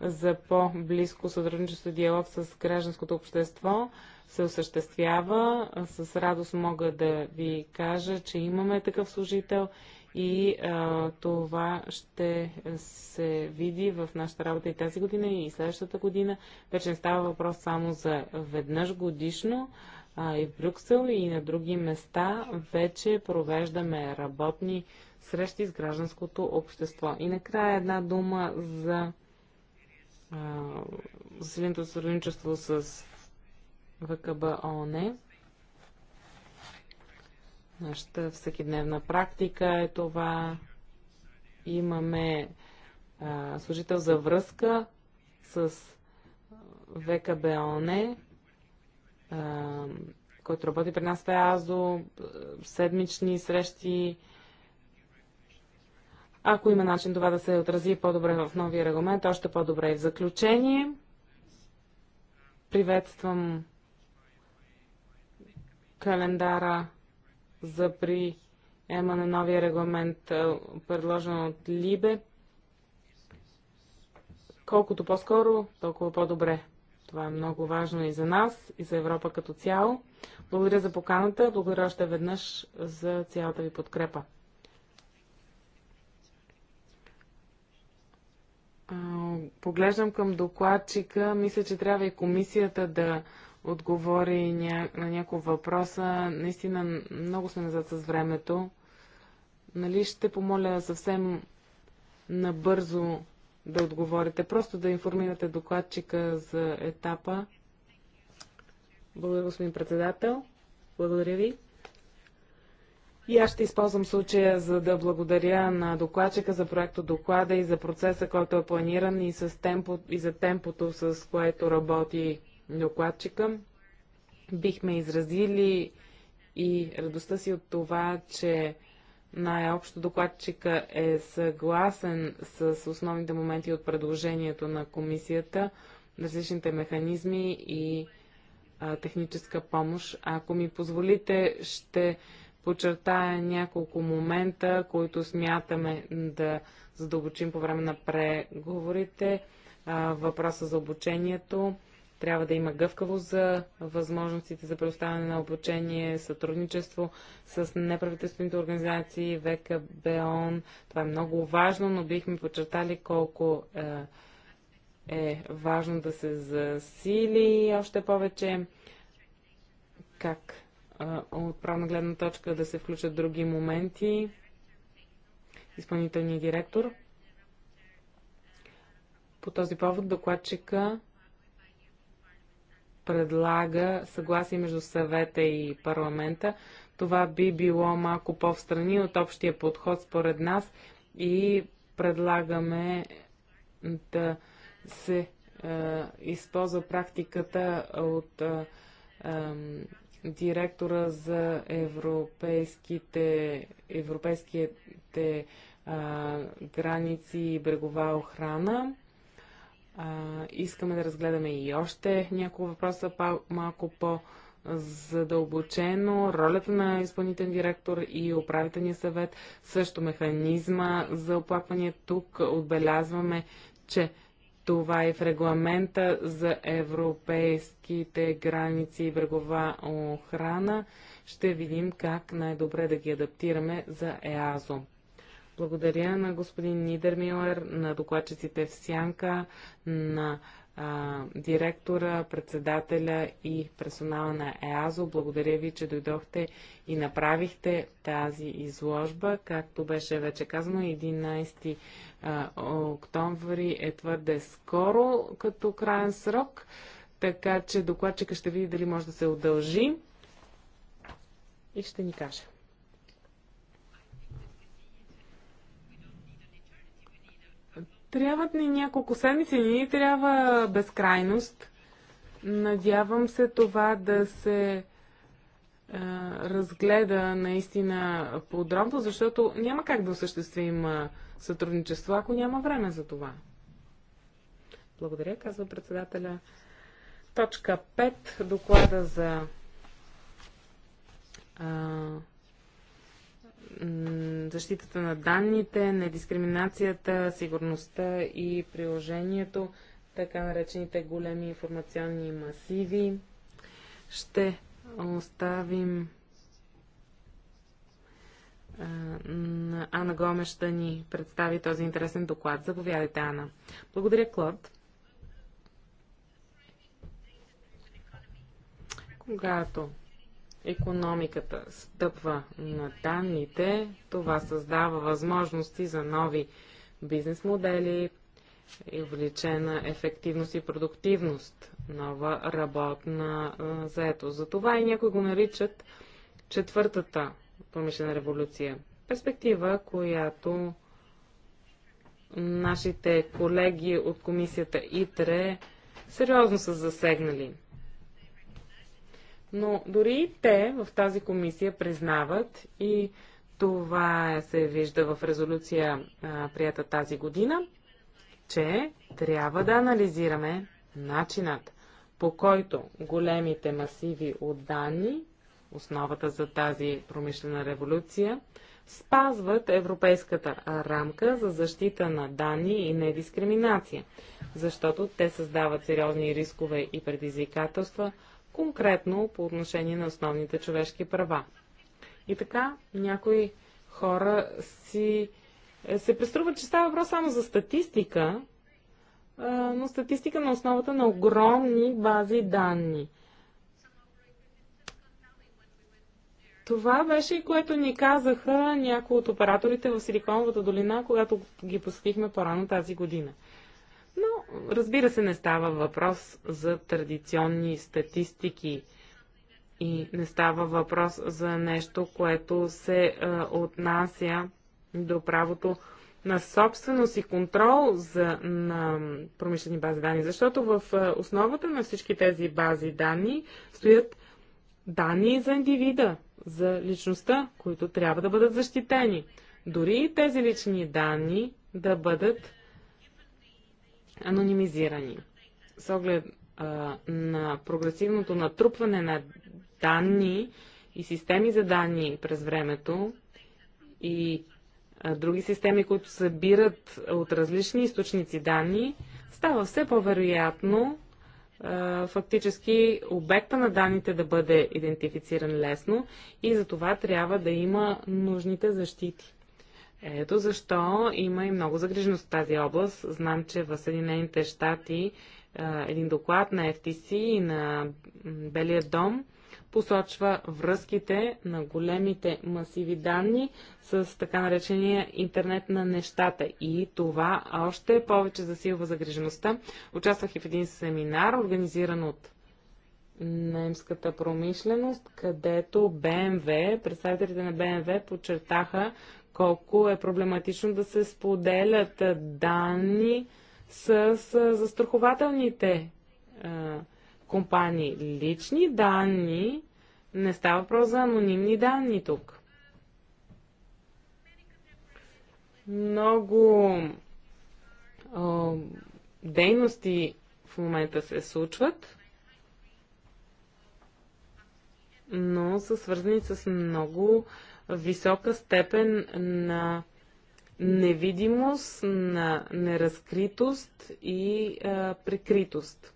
C: за по-близко сътрудничество и диалог с гражданското общество, се осъществява. С радост мога да ви кажа, че имаме такъв служител, и а, това ще се види в нашата работа и тази година, и следващата година. Вече не става въпрос само за веднъж годишно. А, и в Брюксел, и на други места вече провеждаме работни срещи с гражданското общество. И накрая една дума за засиленото сътрудничество с ВКБ ООН. Е. Нашата всекидневна практика е това. Имаме а, служител за връзка с ВКБОН, който работи при нас в ЕАЗО, седмични срещи. Ако има начин това да се отрази по-добре в новия регламент, още по-добре. и е В заключение, приветствам календара за приемане на новия регламент, предложен от Либе. Колкото по-скоро, толкова по-добре. Това е много важно и за нас, и за Европа като цяло. Благодаря за поканата, благодаря още веднъж за цялата ви подкрепа. Поглеждам към докладчика. Мисля, че трябва и комисията да отговори ня... на няколко въпроса. Наистина много сме назад с времето. Нали ще помоля съвсем набързо да отговорите. Просто да информирате докладчика за етапа. Благодаря, господин председател. Благодаря ви. И аз ще използвам случая, за да благодаря на докладчика за проекто доклада и за процеса, който е планиран и, с темпо, и за темпото, с което работи докладчика. Бихме изразили и радостта си от това, че най-общо докладчика е съгласен с основните моменти от предложението на комисията, различните механизми и а, техническа помощ. Ако ми позволите, ще подчертая няколко момента, които смятаме да задълбочим по време на преговорите. А, въпроса за обучението, трябва да има гъвкавост за възможностите за предоставяне на обучение, сътрудничество с неправителствените организации, Беон. Това е много важно, но бихме подчертали колко е, е важно да се засили още повече как е, от правна гледна точка да се включат други моменти. Изпълнителният директор. По този повод докладчика предлага съгласие между съвета и парламента. Това би било малко по-встрани от общия подход според нас и предлагаме да се е, използва практиката от е, е, директора за европейските, европейските е, граници и брегова охрана. А, искаме да разгледаме и още няколко въпроса малко по- задълбочено ролята на изпълнителен директор и управителния съвет, също механизма за оплакване. Тук отбелязваме, че това е в регламента за европейските граници и брегова охрана. Ще видим как най-добре да ги адаптираме за ЕАЗО. Благодаря на господин Нидермилер, на докладчиците в Сянка, на а, директора, председателя и персонала на ЕАЗО. Благодаря ви, че дойдохте и направихте тази изложба. Както беше вече казано, 11 а, октомври е твърде скоро като крайен срок, така че докладчика ще види дали може да се удължи и ще ни каже. Трябват ни няколко седмици, ни трябва безкрайност. Надявам се това да се разгледа наистина подробно, защото няма как да осъществим сътрудничество, ако няма време за това. Благодаря, казва председателя. Точка 5. Доклада за а, защитата на данните, дискриминацията, сигурността и приложението, така наречените големи информационни масиви. Ще оставим Ана Гомеш ще ни представи този интересен доклад. Заповядайте, Ана. Благодаря, Клод. Когато економиката стъпва на данните, това създава възможности за нови бизнес модели, увеличена ефективност и продуктивност, нова работна заето. Затова и някои го наричат четвъртата промишлена революция. Перспектива, която нашите колеги от комисията ИТРЕ сериозно са засегнали – но дори и те в тази комисия признават и това се вижда в резолюция, прията тази година, че трябва да анализираме начинът, по който големите масиви от данни, основата за тази промишлена революция, спазват европейската рамка за защита на данни и недискриминация, защото те създават сериозни рискове и предизвикателства конкретно по отношение на основните човешки права. И така, някои хора си е, се преструват, че става въпрос само за статистика, но статистика на основата на огромни бази данни. Това беше и което ни казаха някои от операторите в Силиконовата долина, когато ги посетихме по-рано тази година. Но, разбира се, не става въпрос за традиционни статистики и не става въпрос за нещо, което се а, отнася до правото на собственост и контрол за, на промишлени бази данни, защото в основата на всички тези бази данни стоят данни за индивида, за личността, които трябва да бъдат защитени. Дори тези лични данни да бъдат анонимизирани. С оглед а, на прогресивното натрупване на данни и системи за данни през времето и а, други системи, които събират от различни източници данни, става все по-вероятно фактически обекта на данните да бъде идентифициран лесно и за това трябва да има нужните защити. Ето защо има и много загриженост в тази област. Знам, че в Съединените щати един доклад на FTC и на Белия дом посочва връзките на големите масиви данни с така наречения интернет на нещата. И това още повече засилва загрижеността. Участвах и в един семинар, организиран от немската промишленост, където БМВ, представителите на БМВ подчертаха колко е проблематично да се споделят данни с застрахователните компании. Лични данни, не става въпрос за анонимни данни тук. Много о, дейности в момента се случват, но са свързани с много висока степен на невидимост, на неразкритост и а, прикритост.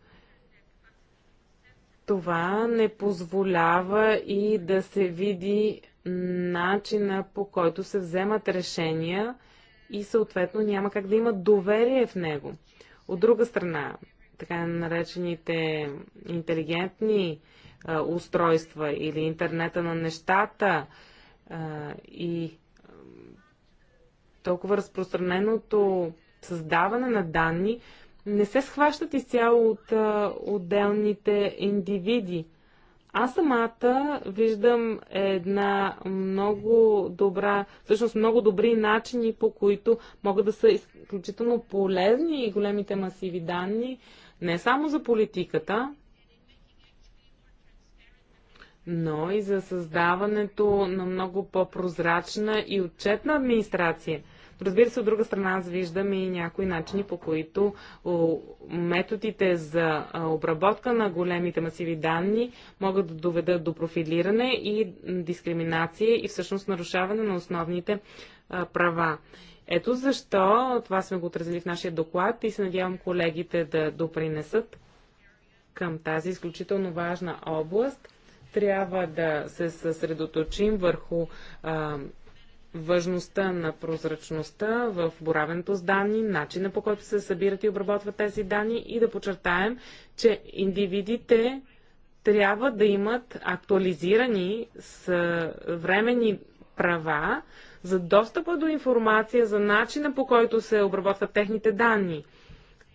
C: Това не позволява и да се види начина по който се вземат решения и съответно няма как да има доверие в него. От друга страна, така наречените интелигентни а, устройства или интернета на нещата, а, и а, толкова разпространеното създаване на данни не се схващат изцяло от а, отделните индивиди. Аз самата виждам една много добра, всъщност много добри начини, по които могат да са изключително полезни и големите масиви данни, не само за политиката, но и за създаването на много по-прозрачна и отчетна администрация. Разбира се, от друга страна аз виждам и някои начини, по които методите за обработка на големите масиви данни могат да доведат до профилиране и дискриминация и всъщност нарушаване на основните права. Ето защо това сме го отразили в нашия доклад и се надявам колегите да допринесат към тази изключително важна област трябва да се съсредоточим върху а, важността на прозрачността в боравенето с данни, начина по който се събират и обработват тези данни и да подчертаем, че индивидите трябва да имат актуализирани времени права за достъпа до информация за начина по който се обработват техните данни –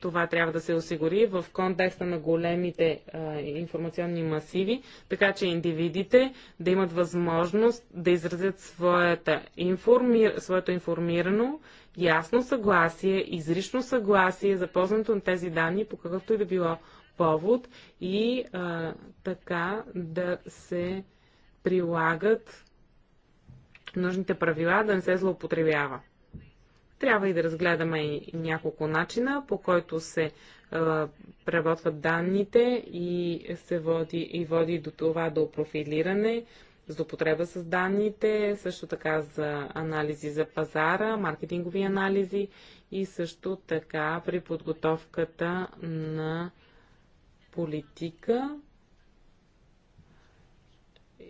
C: това трябва да се осигури в контекста на големите а, информационни масиви, така че индивидите да имат възможност да изразят своята информи... своето информирано, ясно съгласие, изрично съгласие за ползването на тези данни по какъвто и да било повод и а, така да се прилагат нужните правила, да не се злоупотребява. Трябва и да разгледаме и няколко начина, по който се а, е, преработват данните и се води, и води до това до профилиране, злоупотреба с данните, също така за анализи за пазара, маркетингови анализи и също така при подготовката на политика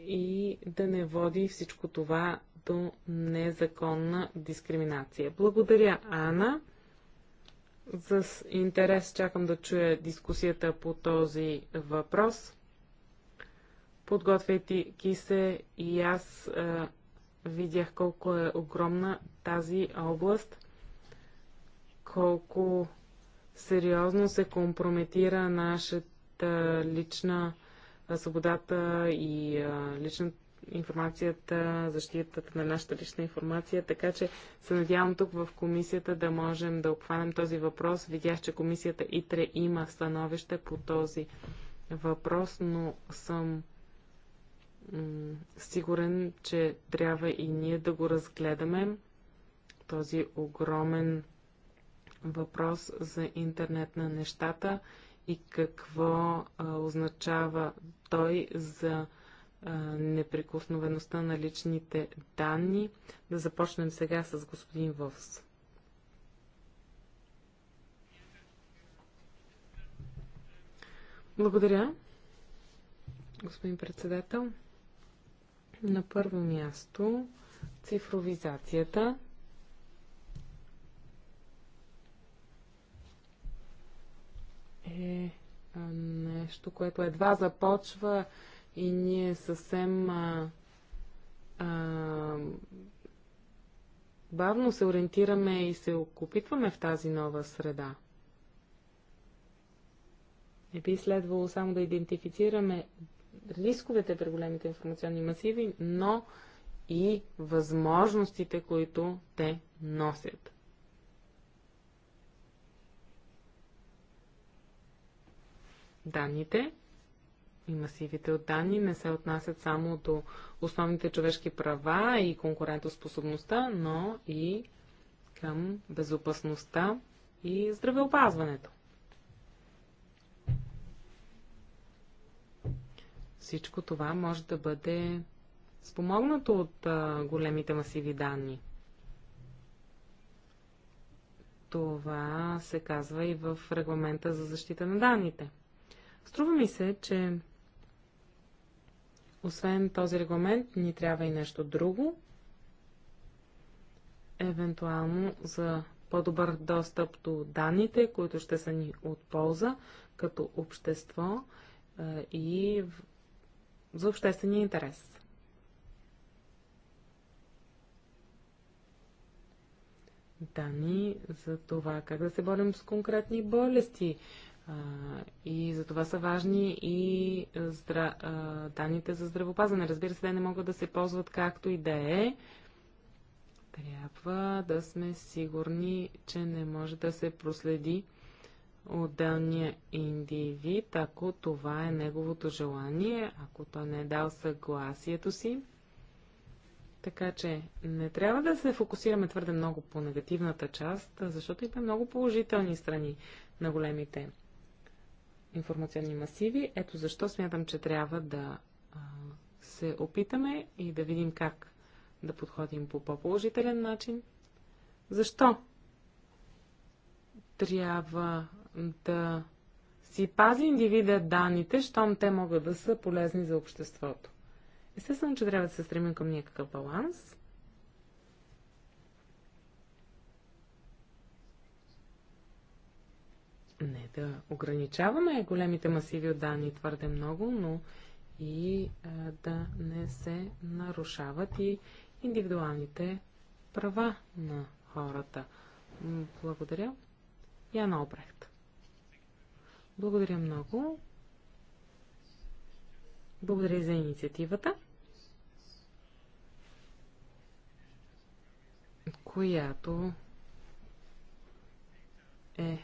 C: и да не води всичко това като незаконна дискриминация. Благодаря, Ана. С интерес чакам да чуя дискусията по този въпрос. Подготвяйки се и аз а, видях колко е огромна тази област, колко сериозно се компрометира нашата лична свободата и а, личната информацията, защитата на нашата лична информация, така че се надявам тук в комисията да можем да обхванем този въпрос. Видях, че комисията ИТРЕ има становище по този въпрос, но съм сигурен, че трябва и ние да го разгледаме. Този огромен въпрос за интернет на нещата и какво а, означава той за неприкосновеността на личните данни. Да започнем сега с господин Вълс. Благодаря, господин председател. На първо място цифровизацията. е нещо, което едва започва и ние съвсем а, а, бавно се ориентираме и се окупитваме в тази нова среда. Не би следвало само да идентифицираме рисковете при големите информационни масиви, но и възможностите, които те носят. Данните и масивите от данни не се отнасят само до основните човешки права и конкурентоспособността, но и към безопасността и здравеопазването. Всичко това може да бъде спомогнато от големите масиви данни. Това се казва и в регламента за защита на данните. Струва ми се, че освен този регламент, ни трябва и нещо друго. Евентуално за по-добър достъп до данните, които ще са ни от полза като общество е, и за обществения интерес. Дани за това как да се борим с конкретни болести, и за това са важни и здра... данните за здравопазване. Разбира се, те не могат да се ползват както и да е. Трябва да сме сигурни, че не може да се проследи отделния индивид, ако това е неговото желание, ако той не е дал съгласието си. Така че не трябва да се фокусираме твърде много по негативната част, защото има много положителни страни на големите информационни масиви. Ето защо смятам, че трябва да се опитаме и да видим как да подходим по по-положителен начин. Защо трябва да си пази индивида данните, щом те могат да са полезни за обществото? Естествено, че трябва да се стремим към някакъв баланс. не да ограничаваме големите масиви от данни твърде много, но и а, да не се нарушават и индивидуалните права на хората. Благодаря. Яна Обрехт. Благодаря много. Благодаря за инициативата, която е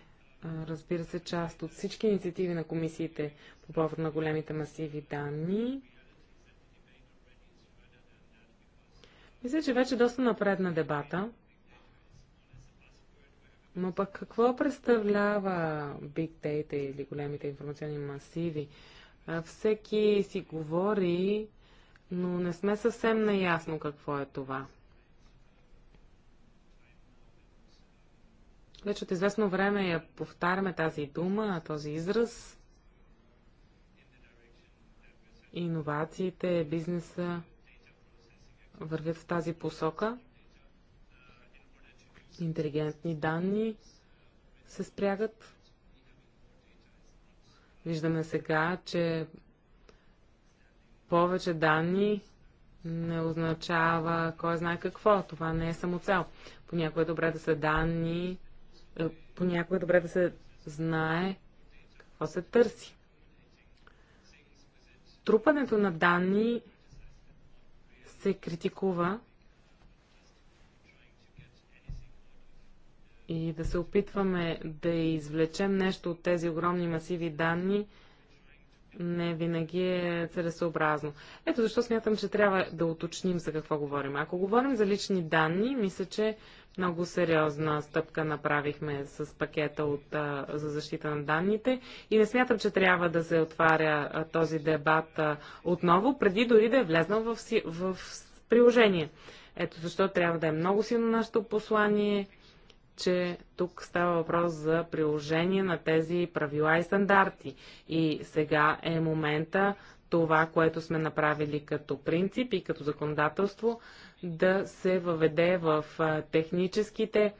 C: разбира се, част от всички инициативи на комисиите по повод на големите масиви данни. Мисля, че вече доста напредна дебата. Но пък какво представлява Big Data или големите информационни масиви? Всеки си говори, но не сме съвсем наясно какво е това. Вече от известно време я повтаряме тази дума, този израз. Иновациите, бизнеса вървят в тази посока. Интелигентни данни се спрягат. Виждаме сега, че повече данни не означава кой знае какво. Това не е само цел. Понякога е добре да са данни, е, понякога е добре да се знае какво се търси. Трупането на данни се критикува и да се опитваме да извлечем нещо от тези огромни масиви данни – не винаги е целесообразно. Ето защо смятам, че трябва да уточним за какво говорим. Ако говорим за лични данни, мисля, че много сериозна стъпка направихме с пакета от, а, за защита на данните и не смятам, че трябва да се отваря а, този дебат а, отново, преди дори да е влезнал в, в приложение. Ето защо трябва да е много силно нашето послание че тук става въпрос за приложение на тези правила и стандарти. И сега е момента това, което сме направили като принцип и като законодателство, да се въведе в техническите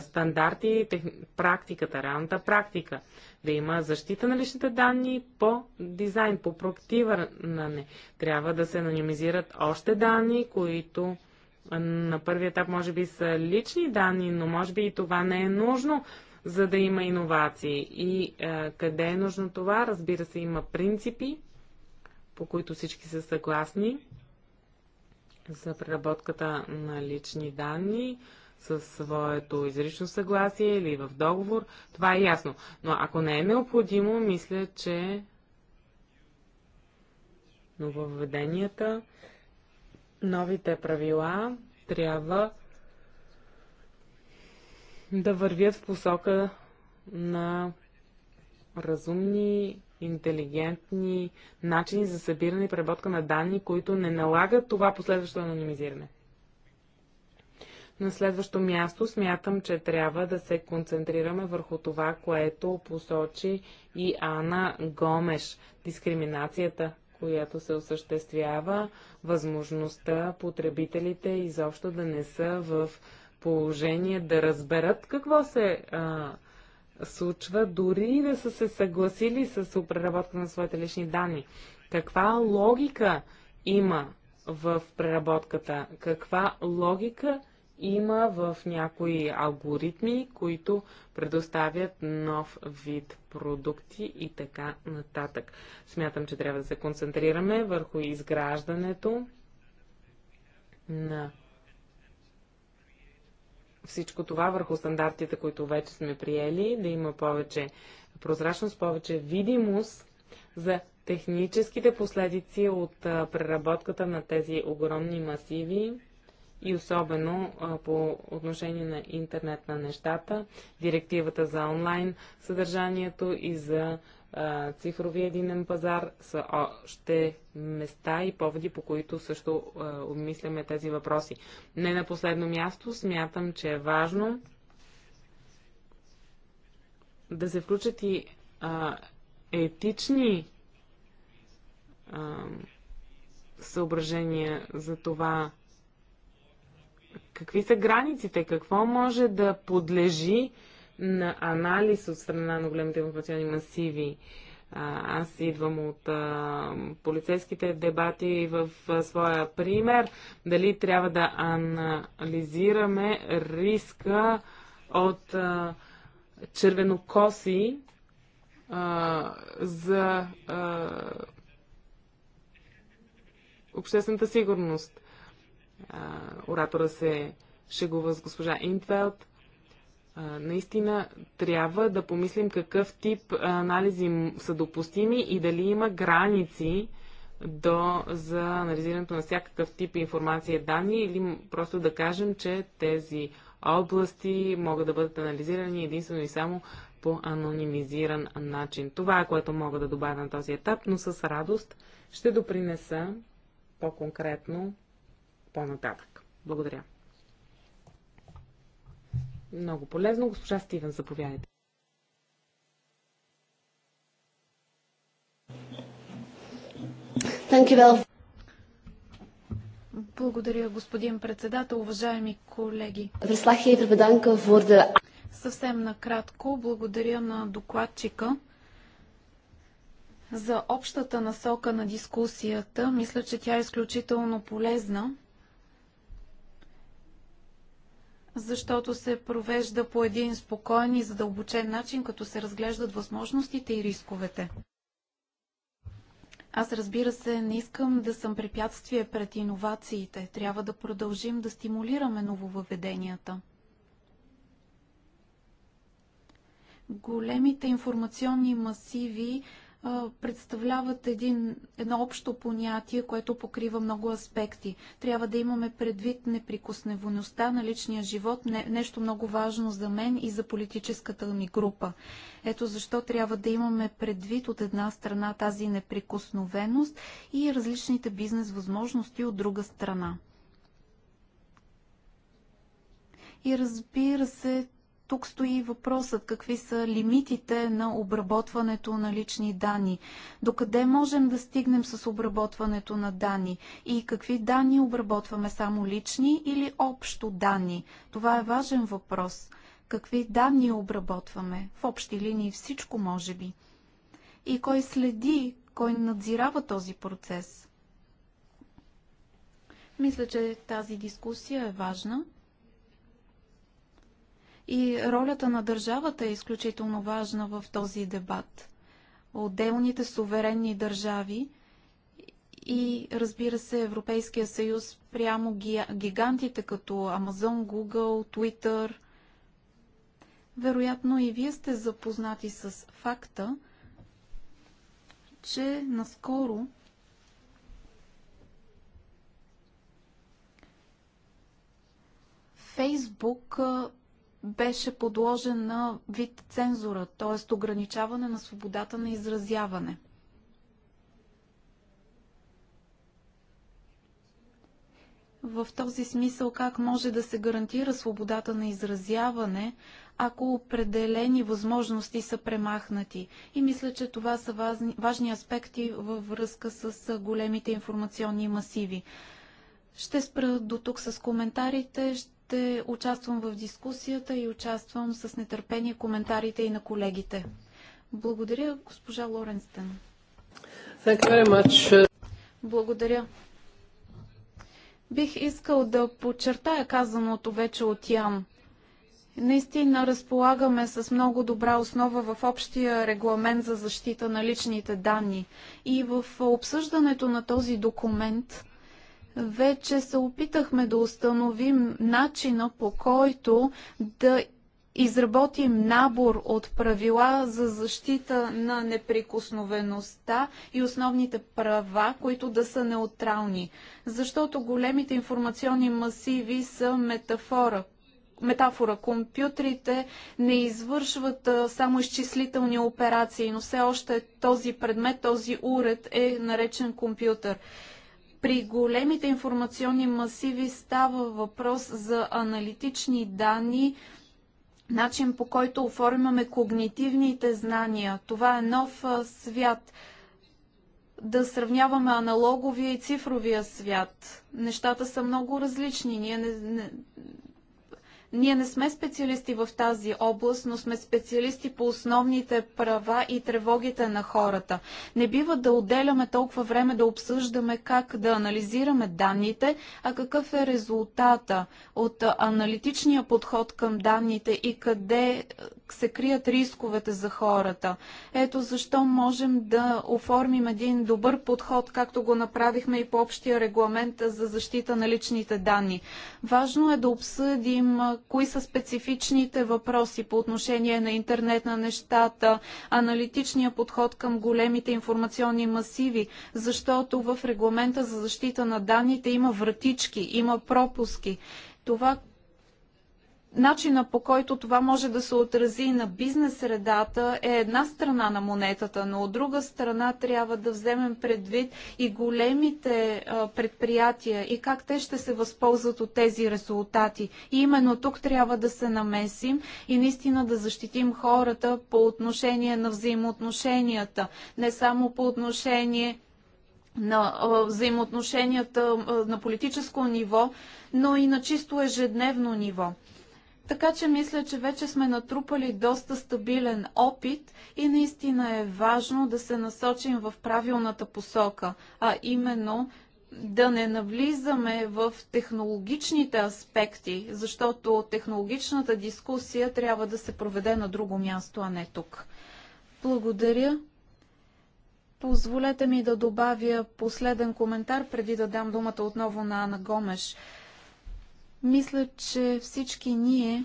C: стандарти, практиката, реалната практика. Да има защита на личните данни по дизайн, по проактиване. Трябва да се анонимизират още данни, които на първи етап може би са лични данни, но може би и това не е нужно, за да има иновации. И е, къде е нужно това? Разбира се, има принципи, по които всички са съгласни за преработката на лични данни със своето изрично съгласие или в договор. Това е ясно. Но ако не е необходимо, мисля, че нововведенията новите правила трябва да вървят в посока на разумни, интелигентни начини за събиране и преработка на данни, които не налагат това последващо анонимизиране. На следващо място смятам, че трябва да се концентрираме върху това, което посочи и Ана Гомеш – дискриминацията която се осъществява, възможността потребителите изобщо да не са в положение да разберат какво се а, случва, дори и да са се съгласили с преработка на своите лични данни. Каква логика има в преработката? Каква логика има в някои алгоритми, които предоставят нов вид продукти и така нататък. Смятам, че трябва да се концентрираме върху изграждането на всичко това върху стандартите, които вече сме приели, да има повече прозрачност, повече видимост за техническите последици от преработката на тези огромни масиви и особено по отношение на интернет на нещата, директивата за онлайн съдържанието и за цифровия единен пазар са още места и поводи, по които също обмисляме тези въпроси. Не на последно място смятам, че е важно да се включат и а, етични а, съображения за това, какви са границите, какво може да подлежи на анализ от страна на големите информационни масиви. А, аз идвам от а, полицейските дебати в а, своя пример. Дали трябва да анализираме риска от а, червенокоси а, за а, обществената сигурност оратора се шегува с госпожа Интвелт. наистина трябва да помислим какъв тип анализи са допустими и дали има граници до, за анализирането на всякакъв тип информация и данни или просто да кажем, че тези области могат да бъдат анализирани единствено и само по анонимизиран начин. Това е което мога да добавя на този етап, но с радост ще допринеса по-конкретно по-нататък. Благодаря. Много полезно. Госпожа Стивен, заповядайте.
B: Благодаря, господин председател, уважаеми колеги. Съвсем накратко, благодаря на докладчика за общата насока на дискусията. Мисля, че тя е изключително полезна защото се провежда по един спокоен и задълбочен начин, като се разглеждат възможностите и рисковете. Аз разбира се не искам да съм препятствие пред иновациите. Трябва да продължим да стимулираме нововъведенията. Големите информационни масиви представляват един, едно общо понятие, което покрива много аспекти. Трябва да имаме предвид неприкосновеността на личния живот, не, нещо много важно за мен и за политическата ми група. Ето защо трябва да имаме предвид от една страна тази неприкосновеност и различните бизнес възможности от друга страна. И разбира се, тук стои въпросът какви са лимитите на обработването на лични данни. Докъде можем да стигнем с обработването на данни и какви данни обработваме само лични или общо данни? Това е важен въпрос. Какви данни обработваме? В общи линии всичко може би. И кой следи, кой надзирава този процес? Мисля, че тази дискусия е важна. И ролята на държавата е изключително важна в този дебат. Отделните суверенни държави и разбира се Европейския съюз прямо гигантите като Amazon, Google, Twitter. Вероятно и вие сте запознати с факта, че наскоро Фейсбук беше подложен на вид цензура, т.е. ограничаване на свободата на изразяване. В този смисъл как може да се гарантира свободата на изразяване, ако определени възможности са премахнати. И мисля, че това са важни, аспекти във връзка с големите информационни масиви. Ще спра до тук с коментарите. Ще ще участвам в дискусията и участвам с нетърпение коментарите и на колегите. Благодаря, госпожа Лоренстен. Благодаря. Бих искал да подчертая казаното вече от Ян. Наистина разполагаме с много добра основа в общия регламент за защита на личните данни. И в обсъждането на този документ вече се опитахме да установим начина по който да изработим набор от правила за защита на неприкосновеността и основните права, които да са неутрални. Защото големите информационни масиви са метафора, метафора. Компютрите не извършват само изчислителни операции, но все още този предмет, този уред е наречен компютър. При големите информационни масиви става въпрос за аналитични данни, начин по който оформяме когнитивните знания. Това е нов свят. Да сравняваме аналоговия и цифровия свят. Нещата са много различни. Ние не, не, ние не сме специалисти в тази област, но сме специалисти по основните права и тревогите на хората. Не бива да отделяме толкова време да обсъждаме как да анализираме данните, а какъв е резултата от аналитичния подход към данните и къде е, се крият рисковете за хората. Ето защо можем да оформим един добър подход, както го направихме и по общия регламент за защита на личните данни. Важно е да обсъдим е, кои са специфичните въпроси по отношение на интернет на нещата, аналитичния подход към големите информационни масиви, защото в регламента за защита на данните има вратички, има пропуски. Това, начина по който това може да се отрази на бизнес средата е една страна на монетата, но от друга страна трябва да вземем предвид и големите предприятия и как те ще се възползват от тези резултати. И именно тук трябва да се намесим и наистина да защитим хората по отношение на взаимоотношенията, не само по отношение на взаимоотношенията на политическо ниво, но и на чисто ежедневно ниво. Така че мисля, че вече сме натрупали доста стабилен опит и наистина е важно да се насочим в правилната посока, а именно да не навлизаме в технологичните аспекти, защото технологичната дискусия трябва да се проведе на друго място, а не тук. Благодаря. Позволете ми да добавя последен коментар, преди да дам думата отново на Ана Гомеш. Мисля, че всички ние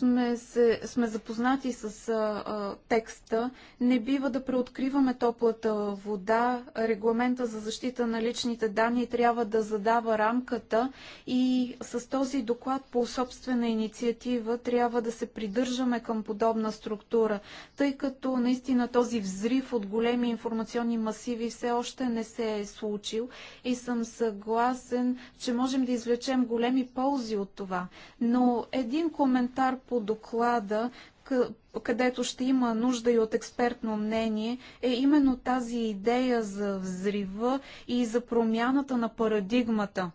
B: сме, се, сме запознати с а, а, текста. Не бива да преоткриваме топлата вода. Регламента за защита на личните данни трябва да задава рамката и с този доклад по собствена инициатива трябва да се придържаме към подобна структура, тъй като наистина този взрив от големи информационни масиви все още не се е случил и съм съгласен, че можем да извлечем големи ползи от това. Но един коментар по доклада, където ще има нужда и от експертно мнение, е именно тази идея за взрива и за промяната на парадигмата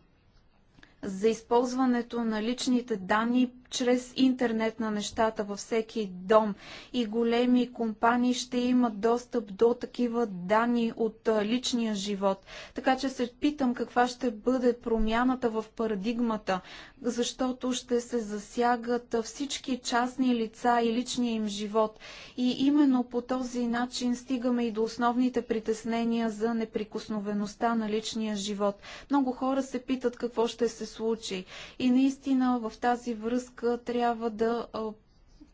B: за използването на личните данни чрез интернет на нещата във всеки дом и големи компании ще имат достъп до такива данни от личния живот. Така че се питам каква ще бъде промяната в парадигмата, защото ще се засягат всички частни лица и личния им живот. И именно по този начин стигаме и до основните притеснения за неприкосновеността на личния живот. Много хора се питат какво ще се случи. И наистина в тази връзка трябва да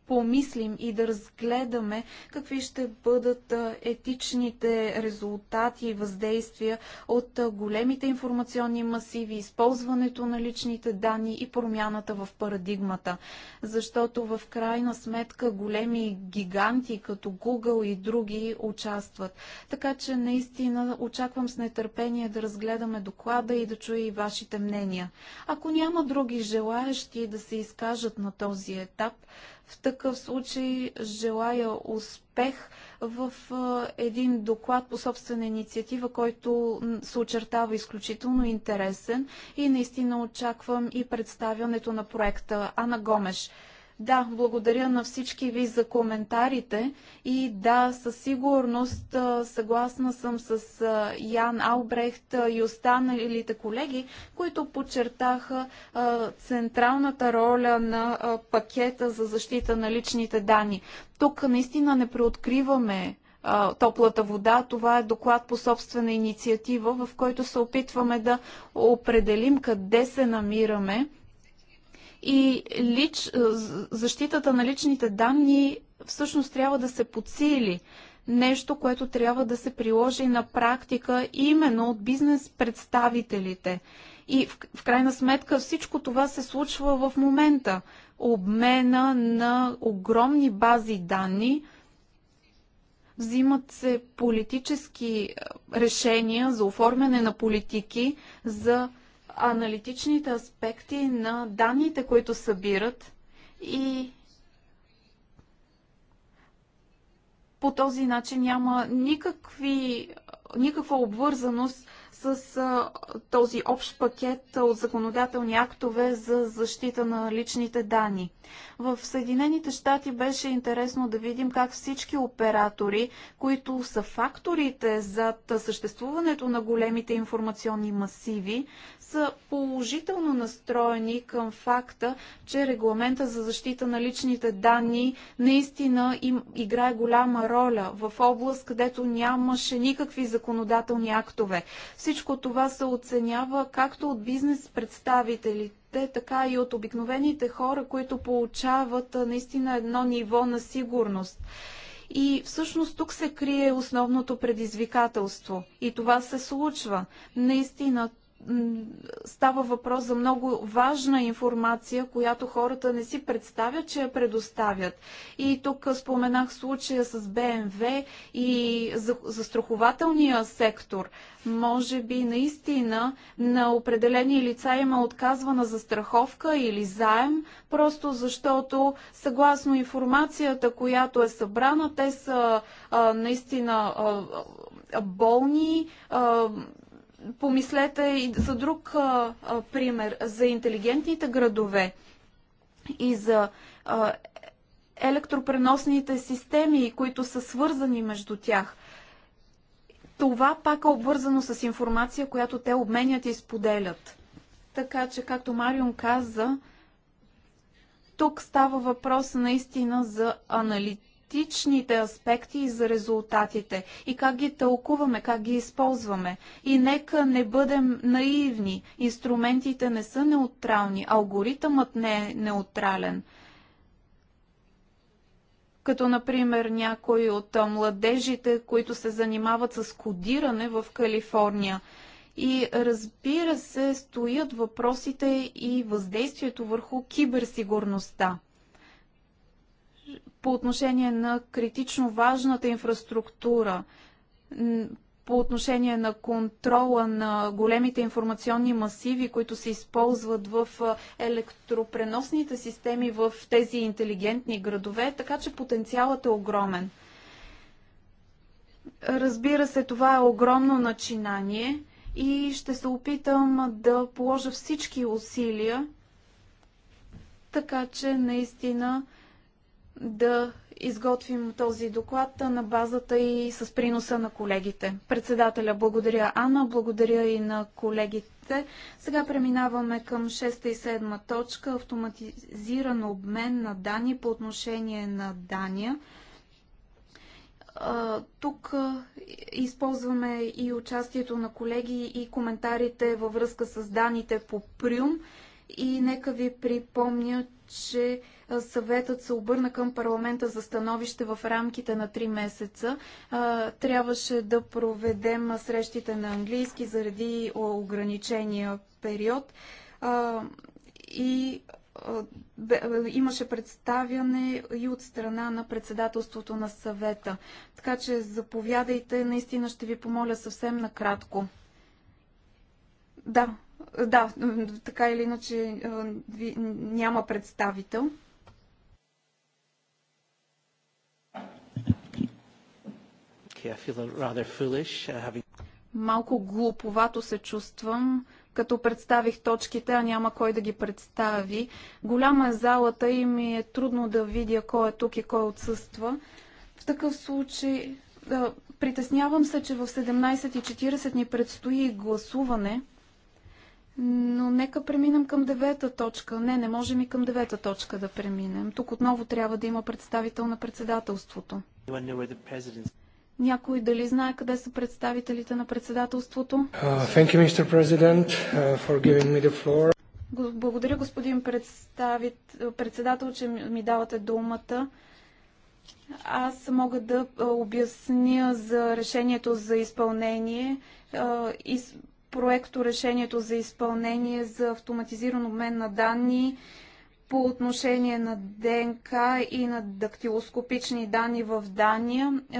B: помислим и да разгледаме какви ще бъдат етичните резултати и въздействия от големите информационни масиви, използването на личните данни и промяната в парадигмата. Защото в крайна сметка големи гиганти като Google и други участват. Така че наистина очаквам с нетърпение да разгледаме доклада и да чуя и вашите мнения. Ако няма други желаящи да се изкажат на този етап, в такъв случай желая успех в един доклад по собствена инициатива, който се очертава изключително интересен и наистина очаквам и представянето на проекта. Ана Гомеш. Да, благодаря на всички ви за коментарите и да, със сигурност съгласна съм с Ян Албрехт и останалите колеги, които подчертаха централната роля на пакета за защита на личните данни. Тук наистина не преоткриваме топлата вода. Това е доклад по собствена инициатива, в който се опитваме да определим къде се намираме и лич, е, защитата на личните данни всъщност трябва да се подсили. Нещо, което трябва да се приложи на практика именно от бизнес представителите. И в, в крайна сметка всичко това се случва в момента. Обмена на огромни бази данни, взимат се политически е, решения за оформяне на политики, за аналитичните аспекти на данните, които събират и по този начин няма никакви, никаква обвързаност с а, този общ пакет от законодателни актове за защита на личните данни. В Съединените щати беше интересно да видим как всички оператори, които са факторите за съществуването на големите информационни масиви, са положително настроени към факта, че регламента за защита на личните данни наистина им играе голяма роля в област, където нямаше никакви законодателни актове. Всички всичко това се оценява както от бизнес представителите, така и от обикновените хора, които получават наистина едно ниво на сигурност. И всъщност тук се крие основното предизвикателство. И това се случва. Наистина става въпрос за много важна информация, която хората не си представят, че я предоставят. И тук споменах случая с БМВ и за, за сектор. Може би наистина на определени лица има отказвана застраховка или заем, просто защото съгласно информацията, която е събрана, те са а, наистина а, болни, а, помислете и за друг а, а, пример, за интелигентните градове и за а, електропреносните системи, които са свързани между тях. Това пак е обвързано с информация, която те обменят и споделят. Така че, както Марион каза, тук става въпрос наистина за аналитика практичните аспекти и за резултатите и как ги тълкуваме, как ги използваме. И нека не бъдем наивни. Инструментите не са неутрални, алгоритъмът не е неутрален като например някои от младежите, които се занимават с кодиране в Калифорния. И разбира се, стоят въпросите и въздействието върху киберсигурността по отношение на критично важната инфраструктура, по отношение на контрола на големите информационни масиви, които се използват в електропреносните системи в тези интелигентни градове, така че потенциалът е огромен. Разбира се, това е огромно начинание и ще се опитам да положа всички усилия, така че наистина да изготвим този доклад на базата и с приноса на колегите. Председателя, благодаря Анна, благодаря и на колегите. Сега преминаваме към 6 и 7 точка автоматизиран обмен на данни по отношение на Дания. Тук използваме и участието на колеги и коментарите във връзка с данните по Прюм. И нека ви припомня, че съветът се обърна към парламента за становище в рамките на 3 месеца. Трябваше да проведем срещите на английски заради ограничения период. И имаше представяне и от страна на председателството на съвета. Така че заповядайте, наистина ще ви помоля съвсем накратко. Да, да, така или иначе няма представител.
D: Okay, foolish, uh, having...
B: Малко глуповато се чувствам, като представих точките, а няма кой да ги представи. Голяма е залата и ми е трудно да видя кой е тук и кой отсъства. В такъв случай да, притеснявам се, че в 17.40 ни предстои гласуване. Но нека преминем към девета точка. Не, не можем и към девета точка да преминем. Тук отново трябва да има представител на председателството. Някой дали знае къде са представителите на председателството?
A: Uh, you, uh,
B: Благодаря, господин председател, че ми давате думата. Аз мога да обясня за решението за изпълнение проекто решението за изпълнение за автоматизиран обмен на данни по отношение на ДНК и на дактилоскопични данни в Дания. Е,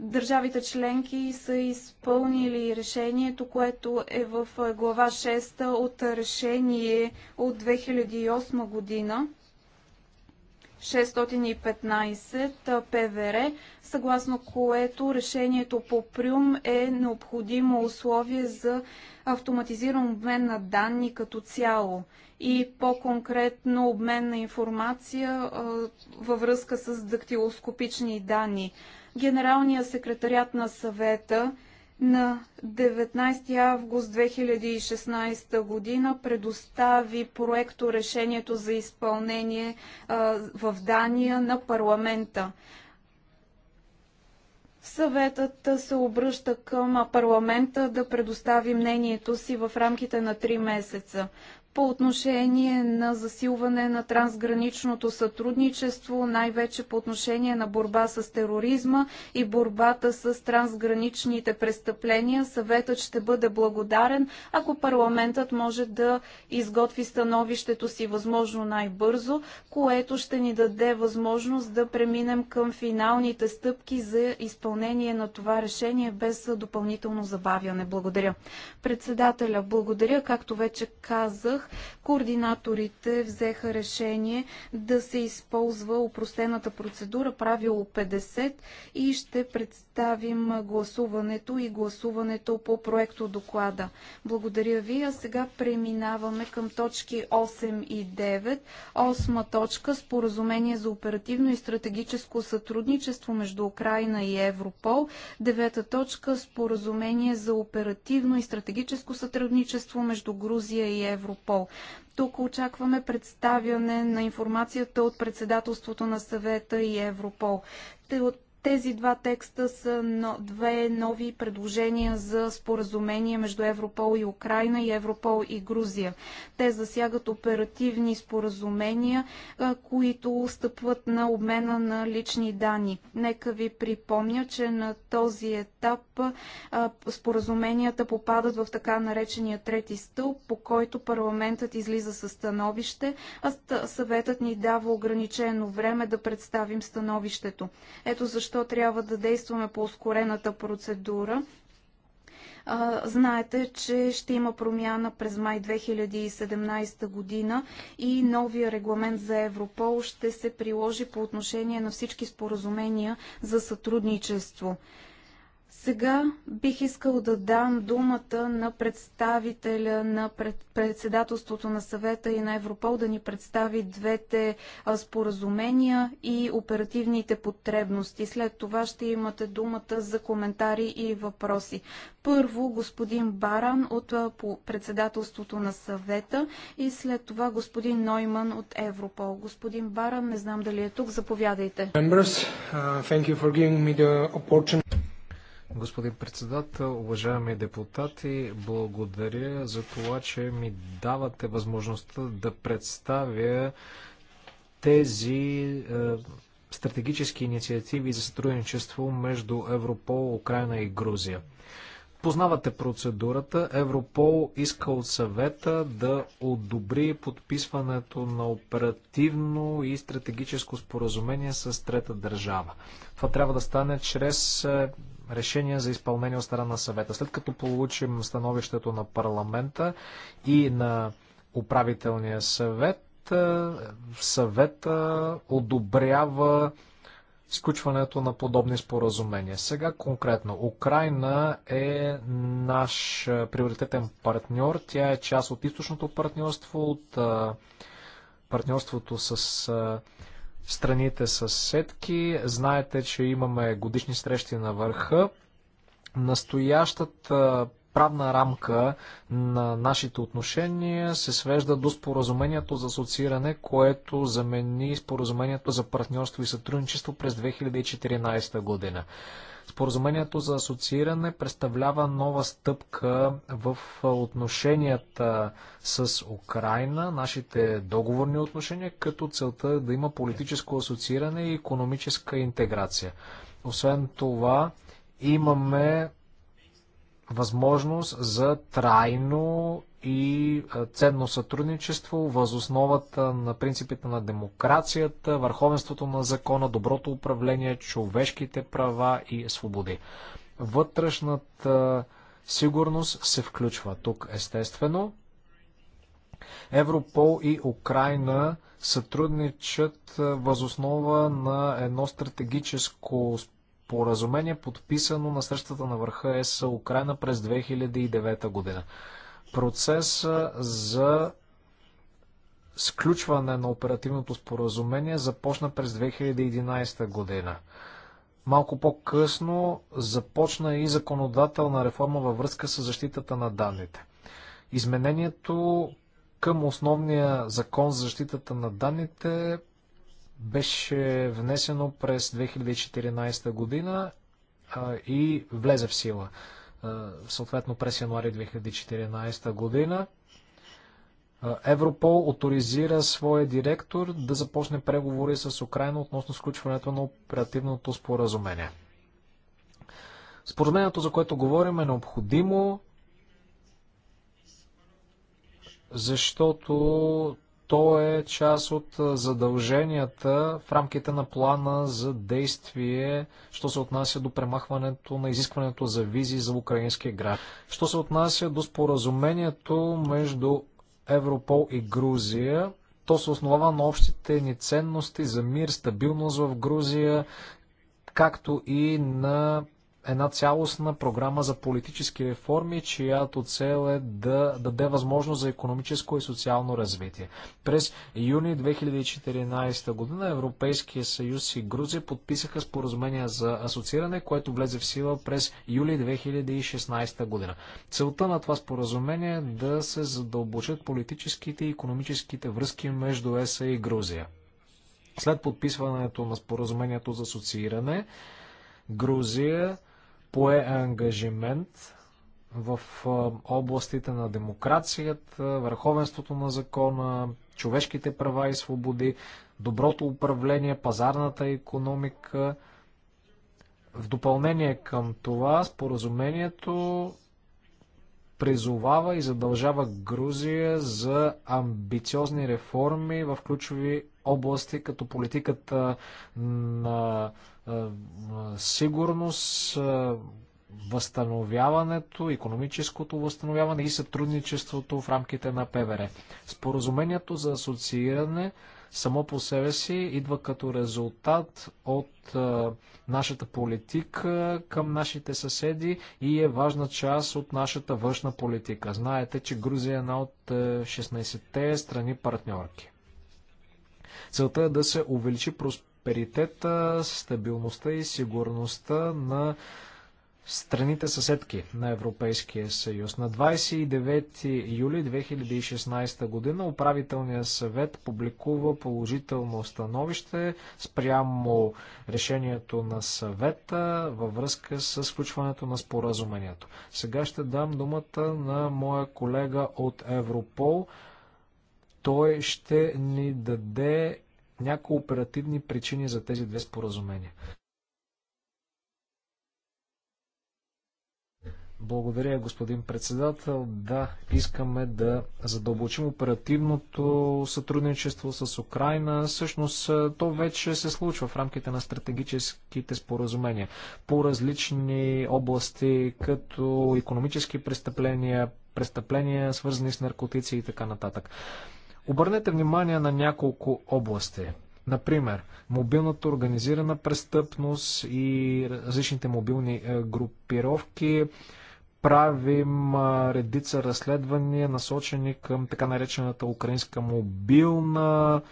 B: държавите членки са изпълнили решението, което е в е, глава 6 от решение от 2008 година 615 ПВР, съгласно което решението по Прюм е необходимо условие за автоматизиран обмен на данни като цяло и по-конкретно обмен на информация във връзка с дактилоскопични данни. Генералният секретарят на съвета на 19 август 2016 година предостави проекто решението за изпълнение в Дания на парламента. Съветът се обръща към парламента да предостави мнението си в рамките на 3 месеца по отношение на засилване на трансграничното сътрудничество, най-вече по отношение на борба с тероризма и борбата с трансграничните престъпления. Съветът ще бъде благодарен, ако парламентът може да изготви становището си възможно най-бързо, което ще ни даде възможност да преминем към финалните стъпки за изпълнение на това решение без допълнително забавяне. Благодаря. Председателя, благодаря, както вече казах координаторите взеха решение да се използва упростената процедура правило 50 и ще представим гласуването и гласуването по проекто доклада. Благодаря ви, а сега преминаваме към точки 8 и 9. Осма точка – споразумение за оперативно и стратегическо сътрудничество между Украина и Европол. Девета точка – споразумение за оперативно и стратегическо сътрудничество между Грузия и Европол протокол. Тук очакваме представяне на информацията от председателството на съвета и Европол. Те от тези два текста са две нови предложения за споразумение между Европол и Украина и Европол и Грузия. Те засягат оперативни споразумения, които стъпват на обмена на лични данни. Нека ви припомня, че на този етап споразуменията попадат в така наречения трети стълб, по който парламентът излиза със становище, а съветът ни дава ограничено време да представим становището. Ето защо защо трябва да действаме по ускорената процедура. Знаете, че ще има промяна през май 2017 година и новия регламент за Европол ще се приложи по отношение на всички споразумения за сътрудничество. Сега бих искал да дам думата на представителя на председателството на съвета и на Европол да ни представи двете споразумения и оперативните потребности. След това ще имате думата за коментари и въпроси. Първо господин Баран от председателството на съвета и след това господин Нойман от Европол. Господин Баран, не знам дали е тук, заповядайте.
A: Uh, Господин председател, уважаеми депутати, благодаря за това, че ми давате възможността да представя тези е, стратегически инициативи за сътрудничество между Европол, Украина и Грузия. Познавате процедурата. Европол иска от съвета да одобри подписването на оперативно и стратегическо споразумение с трета държава. Това трябва да стане чрез е, решение за изпълнение от страна на съвета. След като получим становището на парламента и на управителния съвет, е, съвета одобрява сключването на подобни споразумения. Сега конкретно, Украина е наш приоритетен партньор. Тя е част от източното партньорство, от партньорството с страните сетки. Знаете, че имаме годишни срещи на върха. Настоящата правна рамка на нашите отношения се свежда до споразумението за асоцииране, което замени споразумението за партньорство и сътрудничество през 2014 година. Споразумението за асоцииране представлява нова стъпка в отношенията с Украина, нашите договорни отношения, като целта е да има политическо асоцииране и економическа интеграция. Освен това, имаме възможност за трайно и ценно сътрудничество въз основата на принципите на демокрацията, върховенството на закона, доброто управление, човешките права и свободи. Вътрешната сигурност се включва тук естествено. Европол и Украина сътрудничат възоснова на едно стратегическо споразумение, подписано на срещата на върха ЕС Украина през 2009 година. Процес за сключване на оперативното споразумение започна през 2011 година. Малко по-късно започна и законодателна реформа във връзка с защитата на данните. Изменението към основния закон за защитата на данните беше внесено през 2014 година и влезе в сила съответно през януари 2014 година. Европол авторизира своя директор да започне преговори с Украина относно сключването на оперативното споразумение. Споразумението, за което говорим, е необходимо, защото то е част от задълженията в рамките на плана за действие, що се отнася до премахването на изискването за визи за украинския град. Що се отнася до споразумението между Европол и Грузия, то се основава на общите ни ценности за мир, стабилност в Грузия, както и на една цялостна програма за политически реформи, чиято цел е да даде възможност за економическо и социално развитие. През юни 2014 година Европейския съюз и Грузия подписаха споразумение за асоцииране, което влезе в сила през юли 2016 година. Целта на това споразумение е да се задълбочат политическите и економическите връзки между ЕСА и Грузия. След подписването на споразумението за асоцииране, Грузия пое ангажимент в областите на демокрацията, върховенството на закона, човешките права и свободи, доброто управление, пазарната економика. В допълнение към това, споразумението призовава и задължава Грузия за амбициозни реформи в ключови области, като политиката на е, сигурност, е, възстановяването, економическото възстановяване и сътрудничеството в рамките на ПВР. Споразумението за асоцииране само по себе си идва като резултат от е, нашата политика към нашите съседи и е важна част от нашата външна политика. Знаете, че Грузия е една от 16-те страни партньорки. Целта е да се увеличи просперитета просперитета, стабилността и сигурността на страните съседки на Европейския съюз. На 29 юли 2016 година управителният съвет публикува положително становище спрямо решението на съвета във връзка с включването на споразумението. Сега ще дам думата на моя колега от Европол. Той ще ни даде някои оперативни причини за тези две споразумения. Благодаря, господин председател. Да, искаме да задълбочим оперативното сътрудничество с Украина. Всъщност, е, то вече се случва в рамките на стратегическите споразумения по различни области, като економически престъпления, престъпления свързани с наркотици и така нататък. Обърнете внимание на няколко области. Например, мобилната организирана престъпност и различните мобилни е, групировки. Правим редица разследвания, насочени към така наречената украинска мобилна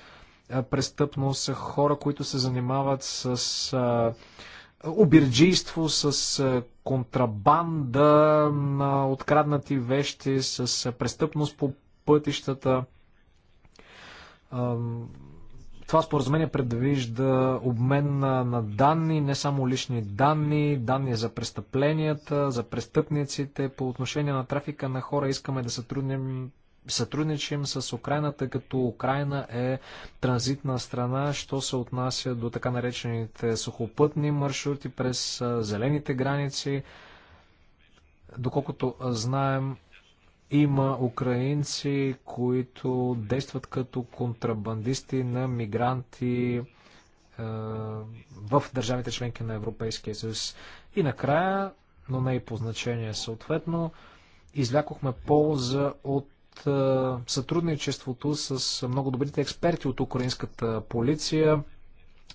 A: престъпност, хора, които се занимават с обирджийство, с контрабанда на откраднати вещи, с престъпност по пътищата това споразумение предвижда обмен на, на данни, не само лични данни, данни за престъпленията, за престъпниците. По отношение на трафика на хора искаме да сътрудним, сътрудничим с Украина, тъй като Украина е транзитна страна, що се отнася до така наречените сухопътни маршрути през зелените граници. Доколкото знаем, има украинци, които действат като контрабандисти на мигранти е, в държавите членки на Европейския съюз. И накрая, но не и по значение съответно, извлякохме полза от сътрудничеството с много добрите експерти от украинската полиция.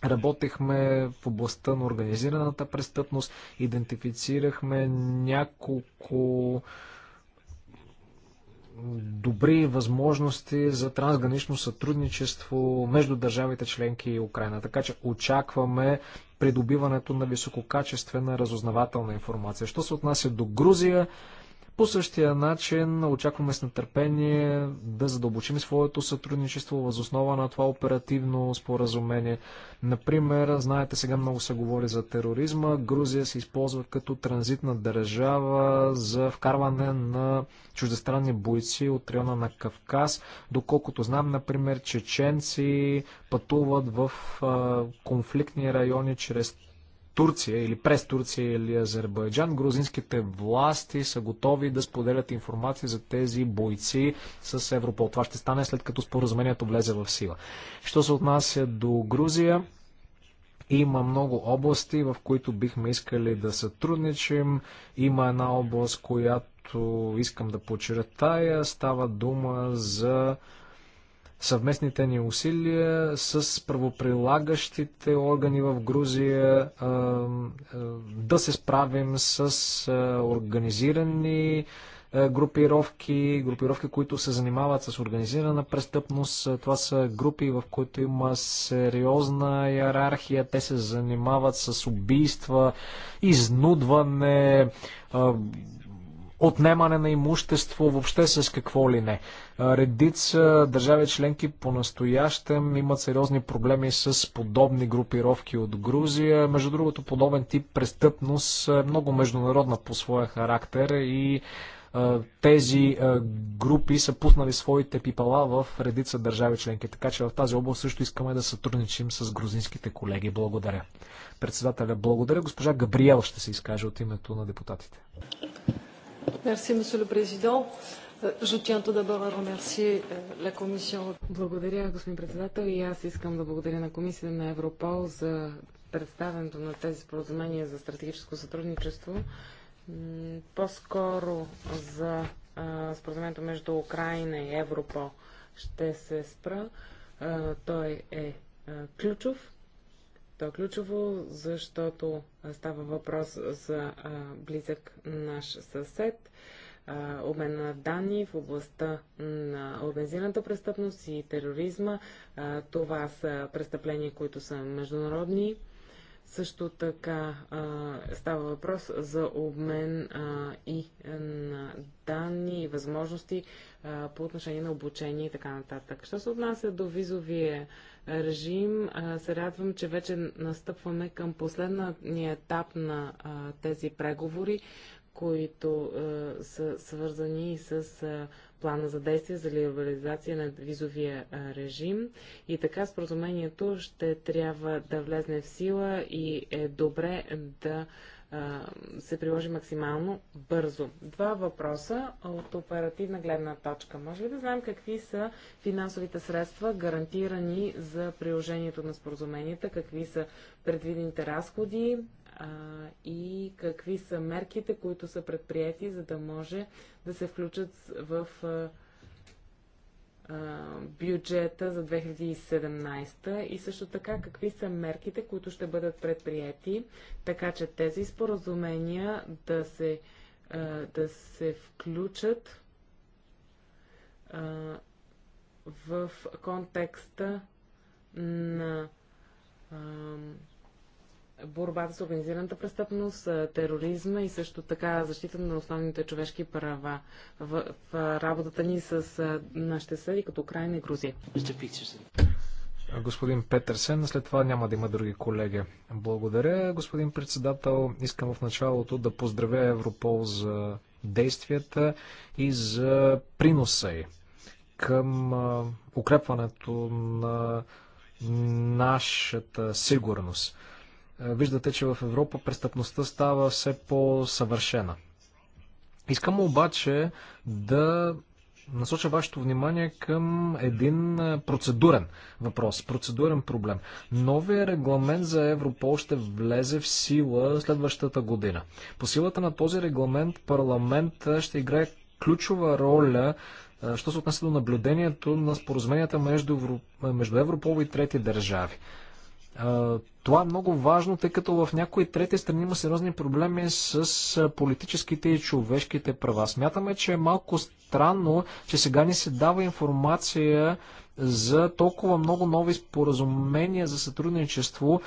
A: Работехме в областта на организираната престъпност, идентифицирахме няколко добри възможности за трансгранично сътрудничество между държавите членки и Украина. Така че очакваме придобиването на висококачествена разузнавателна информация. Що се отнася до Грузия, по същия начин очакваме с нетърпение да задълбочим своето сътрудничество въз основа на това оперативно споразумение. Например, знаете, сега много се говори за тероризма. Грузия се използва като транзитна държава за вкарване на чуждестранни бойци от района на Кавказ. Доколкото знам, например, чеченци пътуват в конфликтни райони чрез Турция или през Турция или Азербайджан, грузинските власти са готови да споделят информация за тези бойци с Европол. Това ще стане след като споразумението влезе в сила. Що се отнася до Грузия, има много области, в които бихме искали да сътрудничим. Има една област, която искам да подчертая. Става дума за съвместните ни усилия с правоприлагащите органи в Грузия да се справим с организирани групировки, групировки, които се занимават с организирана престъпност. Това са групи, в които има сериозна иерархия. Те се занимават с убийства, изнудване, отнемане на имущество, въобще с какво ли не. Редица държави членки по-настоящем имат сериозни проблеми с подобни групировки от Грузия. Между другото, подобен тип престъпност е много международна по своя характер и тези групи са пуснали своите пипала в редица държави членки. Така че в тази област също искаме да сътрудничим с грузинските колеги. Благодаря. Председателя, благодаря. Госпожа Габриел ще се изкаже от името на депутатите.
C: Monsieur le Président. Euh, euh, благодаря, господин председател. И аз искам да благодаря на Комисията на Европол за представенето на тези споразумения за стратегическо сътрудничество. По-скоро за споразумението между Украина и Европол ще се спра. Той е ключов то е ключово, защото става въпрос за близък наш съсед, обмен на данни в областта на организираната престъпност и тероризма. Това са престъпления, които са международни. Също така става въпрос за обмен и на данни и възможности по отношение на обучение и така нататък. Що се отнася до визовия режим. Се радвам, че вече настъпваме към последния етап на тези преговори, които са свързани с плана за действие за либерализация на визовия режим. И така споразумението ще трябва да влезне в сила и е добре да се приложи максимално бързо. Два въпроса от оперативна гледна точка. Може ли да знаем какви са финансовите средства гарантирани за приложението на споразуменията, какви са предвидените разходи а, и какви са мерките, които са предприяти, за да може да се включат в а, бюджета за 2017 и също така какви са мерките, които ще бъдат предприяти, така че тези споразумения да се, да се включат в контекста на борбата с организираната престъпност, тероризма и също така защита на основните човешки права в, в работата ни с нашите съди като Украина и
D: Грузия.
A: Господин Петърсен, след това няма да има други колеги. Благодаря, господин председател. Искам в началото да поздравя Европол за действията и за приноса й към укрепването на нашата сигурност. Виждате, че в Европа престъпността става все по-съвършена. Искам обаче да насоча вашето внимание към един процедурен въпрос, процедурен проблем. Новия регламент за Европол ще влезе в сила следващата година. По силата на този регламент парламент ще играе ключова роля що се отнася до наблюдението на споразуменията между, Европол и трети държави. Това е много важно, тъй като в някои трети страни има сериозни проблеми с политическите и човешките права. Смятаме, че е малко странно, че сега ни се дава информация за толкова много нови споразумения за сътрудничество,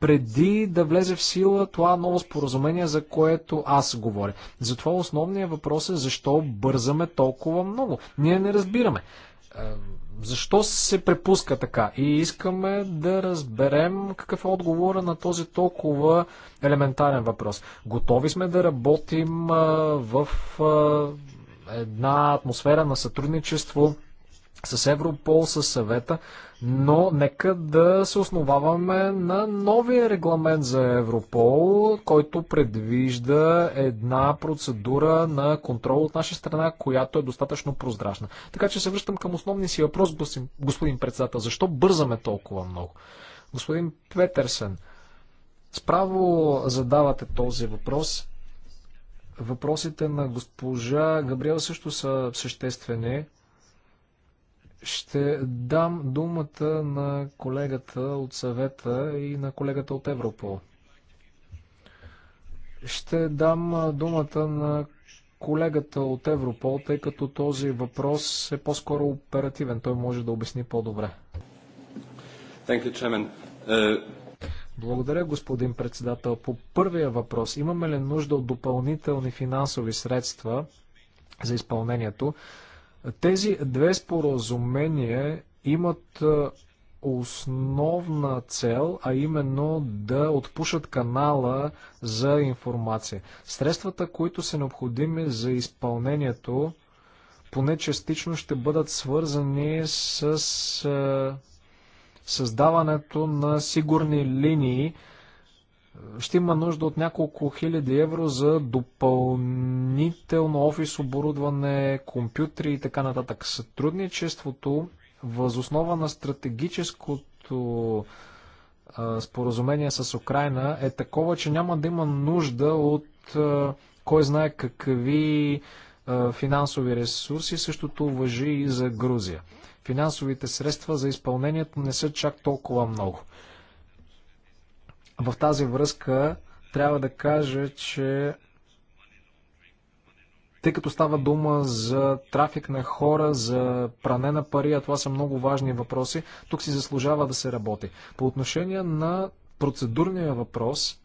A: преди да влезе в сила това ново споразумение, за което аз говоря. Затова основният въпрос е защо бързаме толкова много. Ние не разбираме. Защо се препуска така? И искаме да разберем какъв е отговора на този толкова елементарен въпрос. Готови сме да работим в една атмосфера на сътрудничество с Европол, с съвета, но нека да се основаваме на новия регламент за Европол, който предвижда една процедура на контрол от наша страна, която е достатъчно прозрачна. Така че се връщам към основния си въпрос, господин председател. Защо бързаме толкова много? Господин Петърсен, справо задавате този въпрос. Въпросите на госпожа Габриел също са съществени. Ще дам думата на колегата от съвета и на колегата от Европол. Ще дам думата на колегата от Европол, тъй като този въпрос е по-скоро оперативен. Той може да обясни по-добре. Е, Благодаря, господин председател. По първия въпрос, имаме ли нужда от допълнителни финансови средства за изпълнението? Тези две споразумения имат е, основна цел, а именно да отпушат канала за информация. Средствата, които са необходими за изпълнението, поне частично ще бъдат свързани с е, създаването на сигурни линии ще има нужда от няколко хиляди евро за допълнително офис оборудване, компютри и така нататък. Сътрудничеството възоснова на стратегическото а, споразумение с Украина е такова, че няма да има нужда от а, кой знае какви а, финансови ресурси. Същото въжи и за Грузия. Финансовите средства за изпълнението не са чак толкова много. В тази връзка трябва да кажа, че тъй като става дума за трафик на хора, за пране на пари, а това са много важни въпроси, тук си заслужава да се работи. По отношение на процедурния въпрос,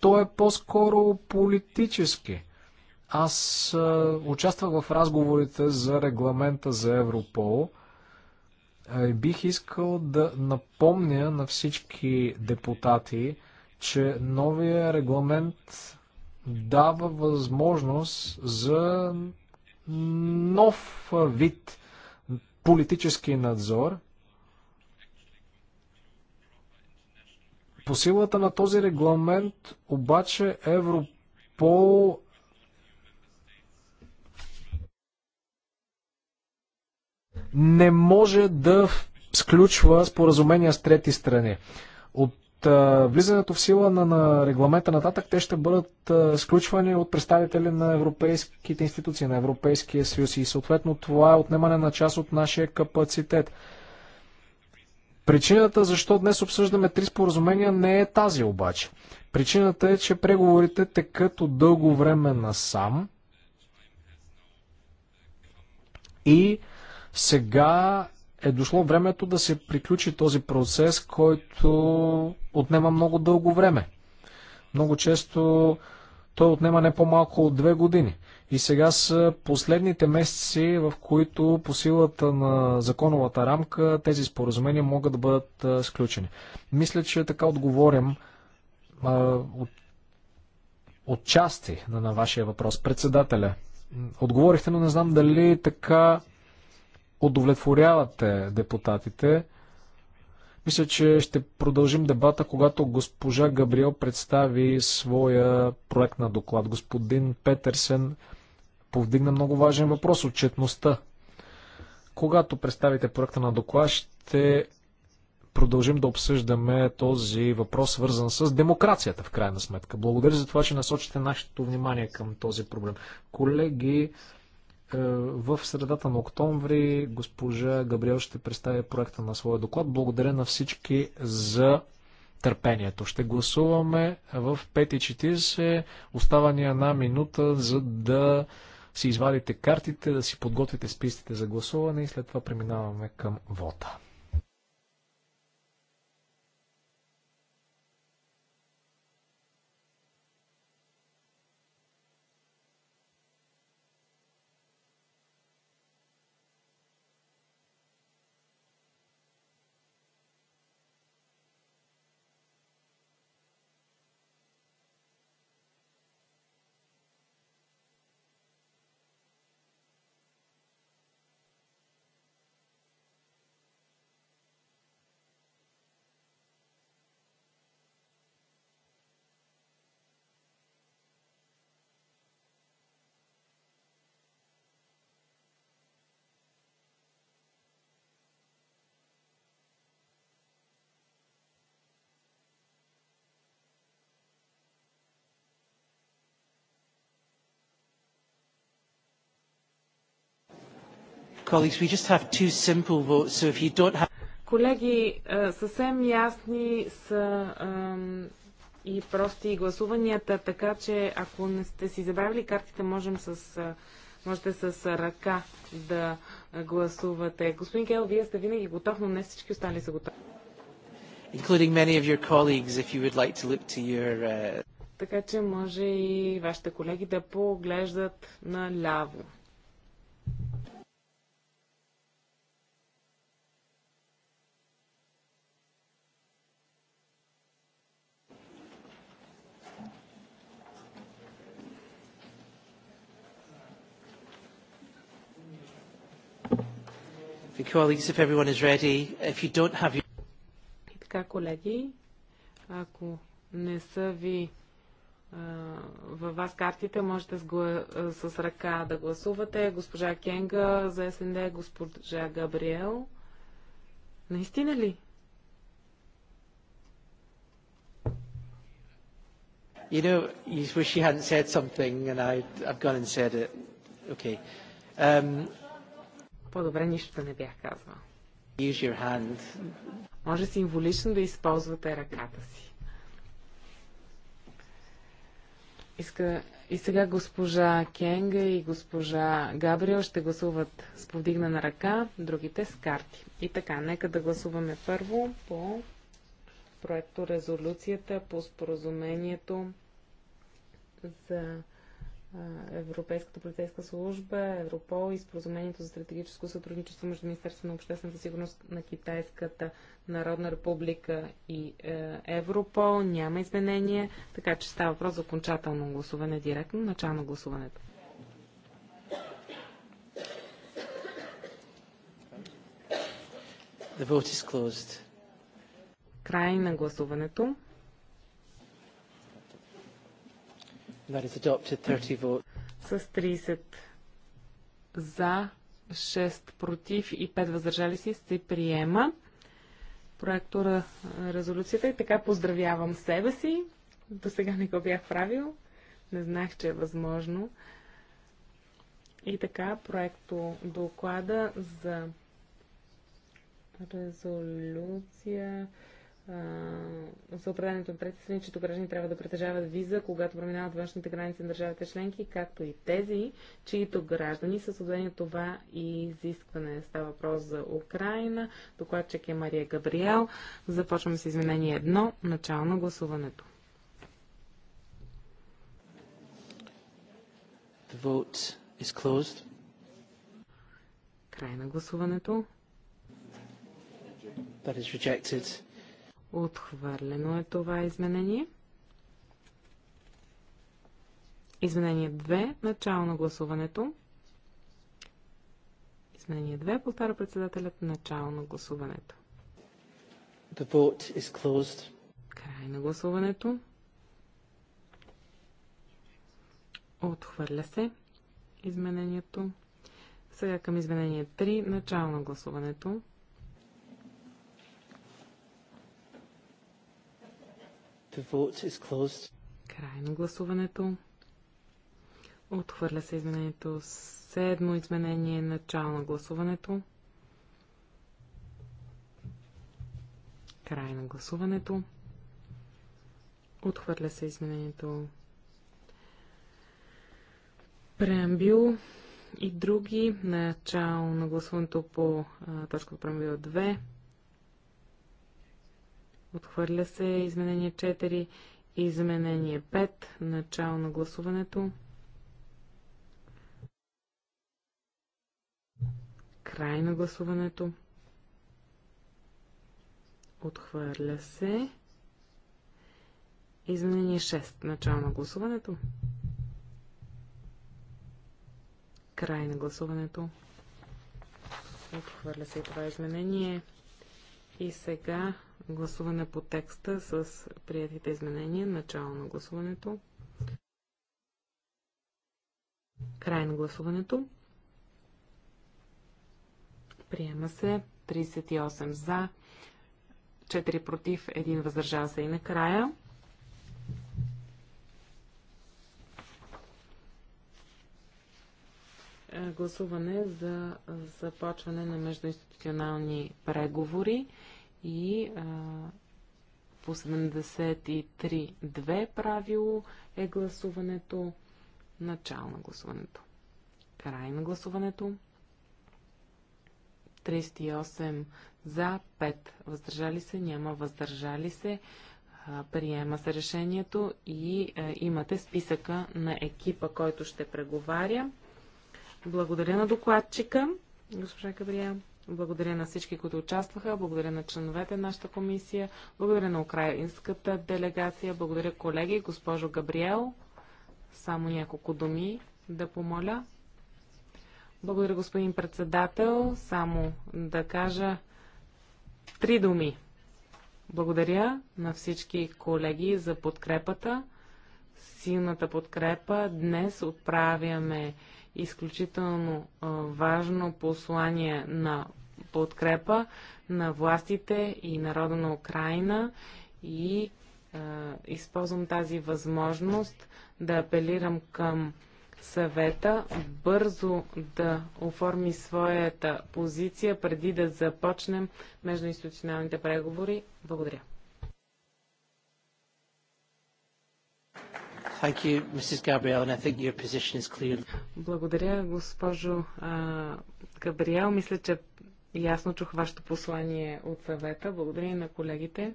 A: то е по-скоро политически. Аз участвах в разговорите за регламента за Европол – Бих искал да напомня на всички депутати, че новия регламент дава възможност за нов вид политически надзор. По силата на този регламент обаче Европол не може да сключва споразумения с трети страни. От влизането в сила на, на регламента нататък те ще бъдат а, сключвани от представители на европейските институции, на Европейския съюз и съответно това е отнемане на част от нашия капацитет. Причината защо днес обсъждаме три споразумения не е тази обаче. Причината е, че преговорите текат от дълго време насам и сега е дошло времето да се приключи този процес, който отнема много дълго време. Много често той отнема не по-малко от две години. И сега са последните месеци, в които по силата на законовата рамка тези споразумения могат да бъдат сключени. Мисля, че така отговорям а, от, от части на, на вашия въпрос. Председателя, отговорихте, но не знам дали така удовлетворявате депутатите. Мисля, че ще продължим дебата, когато госпожа Габриел представи своя проект на доклад. Господин Петерсен повдигна много важен въпрос – отчетността. Когато представите проекта на доклад, ще продължим да обсъждаме този въпрос, свързан с демокрацията, в крайна сметка. Благодаря за това, че насочите нашето внимание към този проблем. Колеги, е, в средата на октомври госпожа Габриел ще представи проекта на своя доклад. Благодаря на всички за търпението. Ще гласуваме в 5.40. Остава ни една минута, за да си извадите картите, да си подготвите списъците за гласуване и след това преминаваме към вота.
D: Colleagues, we just have two simple votes, so if you don't have...
C: Колеги, е, съвсем ясни са и прости гласуванията, така че ако не сте си забравили картите, можем с, е, можете с ръка да гласувате. Господин Кел, вие сте винаги готов, но не всички останали са готови.
D: Including many of your colleagues, if you would like to look to your... Uh... Така че
C: може и вашите колеги да поглеждат наляво.
D: colleagues, if everyone is ready, if you don't have your...
C: И така, колеги, ако не са ви а, във вас картите, можете с, гла... с ръка да гласувате. Госпожа Кенга за СНД, госпожа Габриел. Наистина ли?
D: You know, you wish you hadn't said something and I, I've gone and said it. Okay. Um,
C: по-добре нищо да не бях казвала.
D: Use your hand.
C: Може символично да използвате ръката си. Иска... И сега госпожа Кенга и госпожа Габриел ще гласуват с повдигнана ръка, другите с карти. И така, нека да гласуваме първо по проекто резолюцията по споразумението за Европейската полицейска служба, Европол и споразумението за стратегическо сътрудничество между Министерството на обществената сигурност на Китайската Народна република и е, Европол. Няма изменения, така че става въпрос за окончателно гласуване директно, начало на гласуването.
D: The vote is closed.
C: Край на гласуването.
D: That is adopted 30
C: С 30 за, 6 против и 5 въздържали се се приема проектора резолюцията и така поздравявам себе си. До сега не го бях правил. Не знах, че е възможно. И така, проекто доклада за резолюция за определенето на трети страни, чието граждани трябва да притежават виза, когато преминават външните граници на държавите членки, както и тези, чието граждани са освободени това и изискване. Става въпрос за Украина. Докладчик е Мария Габриел. Започваме с изменение едно. Начало на гласуването.
D: The vote is closed.
C: Край на гласуването.
D: That is rejected.
C: Отхвърлено е това изменение. Изменение 2. Начало на гласуването. Изменение 2. Повтаря председателят начало на гласуването. The vote is closed. Край на гласуването. Отхвърля се изменението. Сега към изменение 3. Начало на гласуването.
D: The vote is closed.
C: Край на гласуването. Отхвърля се изменението. Седмо изменение. Начало на гласуването. Край на гласуването. Отхвърля се изменението. Преамбил и други. Начало на гласуването по точка преамбил 2. Отхвърля се изменение 4 и изменение 5. Начало на гласуването. Край на гласуването. Отхвърля се. Изменение 6. Начало на гласуването. Край на гласуването. Отхвърля се и това изменение. И сега гласуване по текста с приятите изменения. Начало на гласуването. Край на гласуването. Приема се 38 за, 4 против, 1 въздържал се и накрая. Е, гласуване за започване на междуинституционални преговори и а, по 73.2 правило е гласуването, начало на гласуването, край на гласуването. 38 за, 5 въздържали се, няма въздържали се. приема се решението и имате списъка на екипа, който ще преговаря. Благодаря на докладчика, госпожа Габриел. Благодаря на всички, които участваха. Благодаря на членовете на нашата комисия. Благодаря на украинската делегация. Благодаря колеги, госпожо Габриел. Само няколко думи да помоля. Благодаря, господин председател. Само да кажа три думи. Благодаря на всички колеги за подкрепата, силната подкрепа. Днес отправяме изключително важно послание на подкрепа на властите и народа на Украина и е, използвам тази възможност да апелирам към съвета бързо да оформи своята позиция преди да започнем междуинституционалните преговори. Благодаря. Благодаря, госпожо Габриел. Мисля, че ясно чух вашето послание от съвета. Благодаря и на колегите.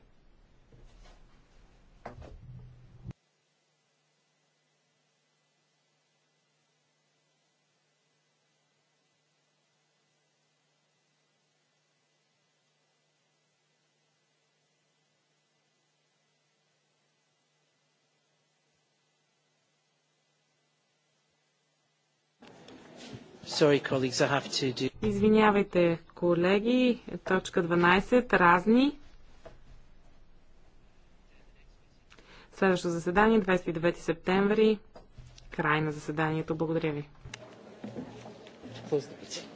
D: Sorry, colleagues, I have to do...
C: Извинявайте, колеги. Точка 12. Разни. Следващо заседание, 29 септември. Край на заседанието. Благодаря ви. Close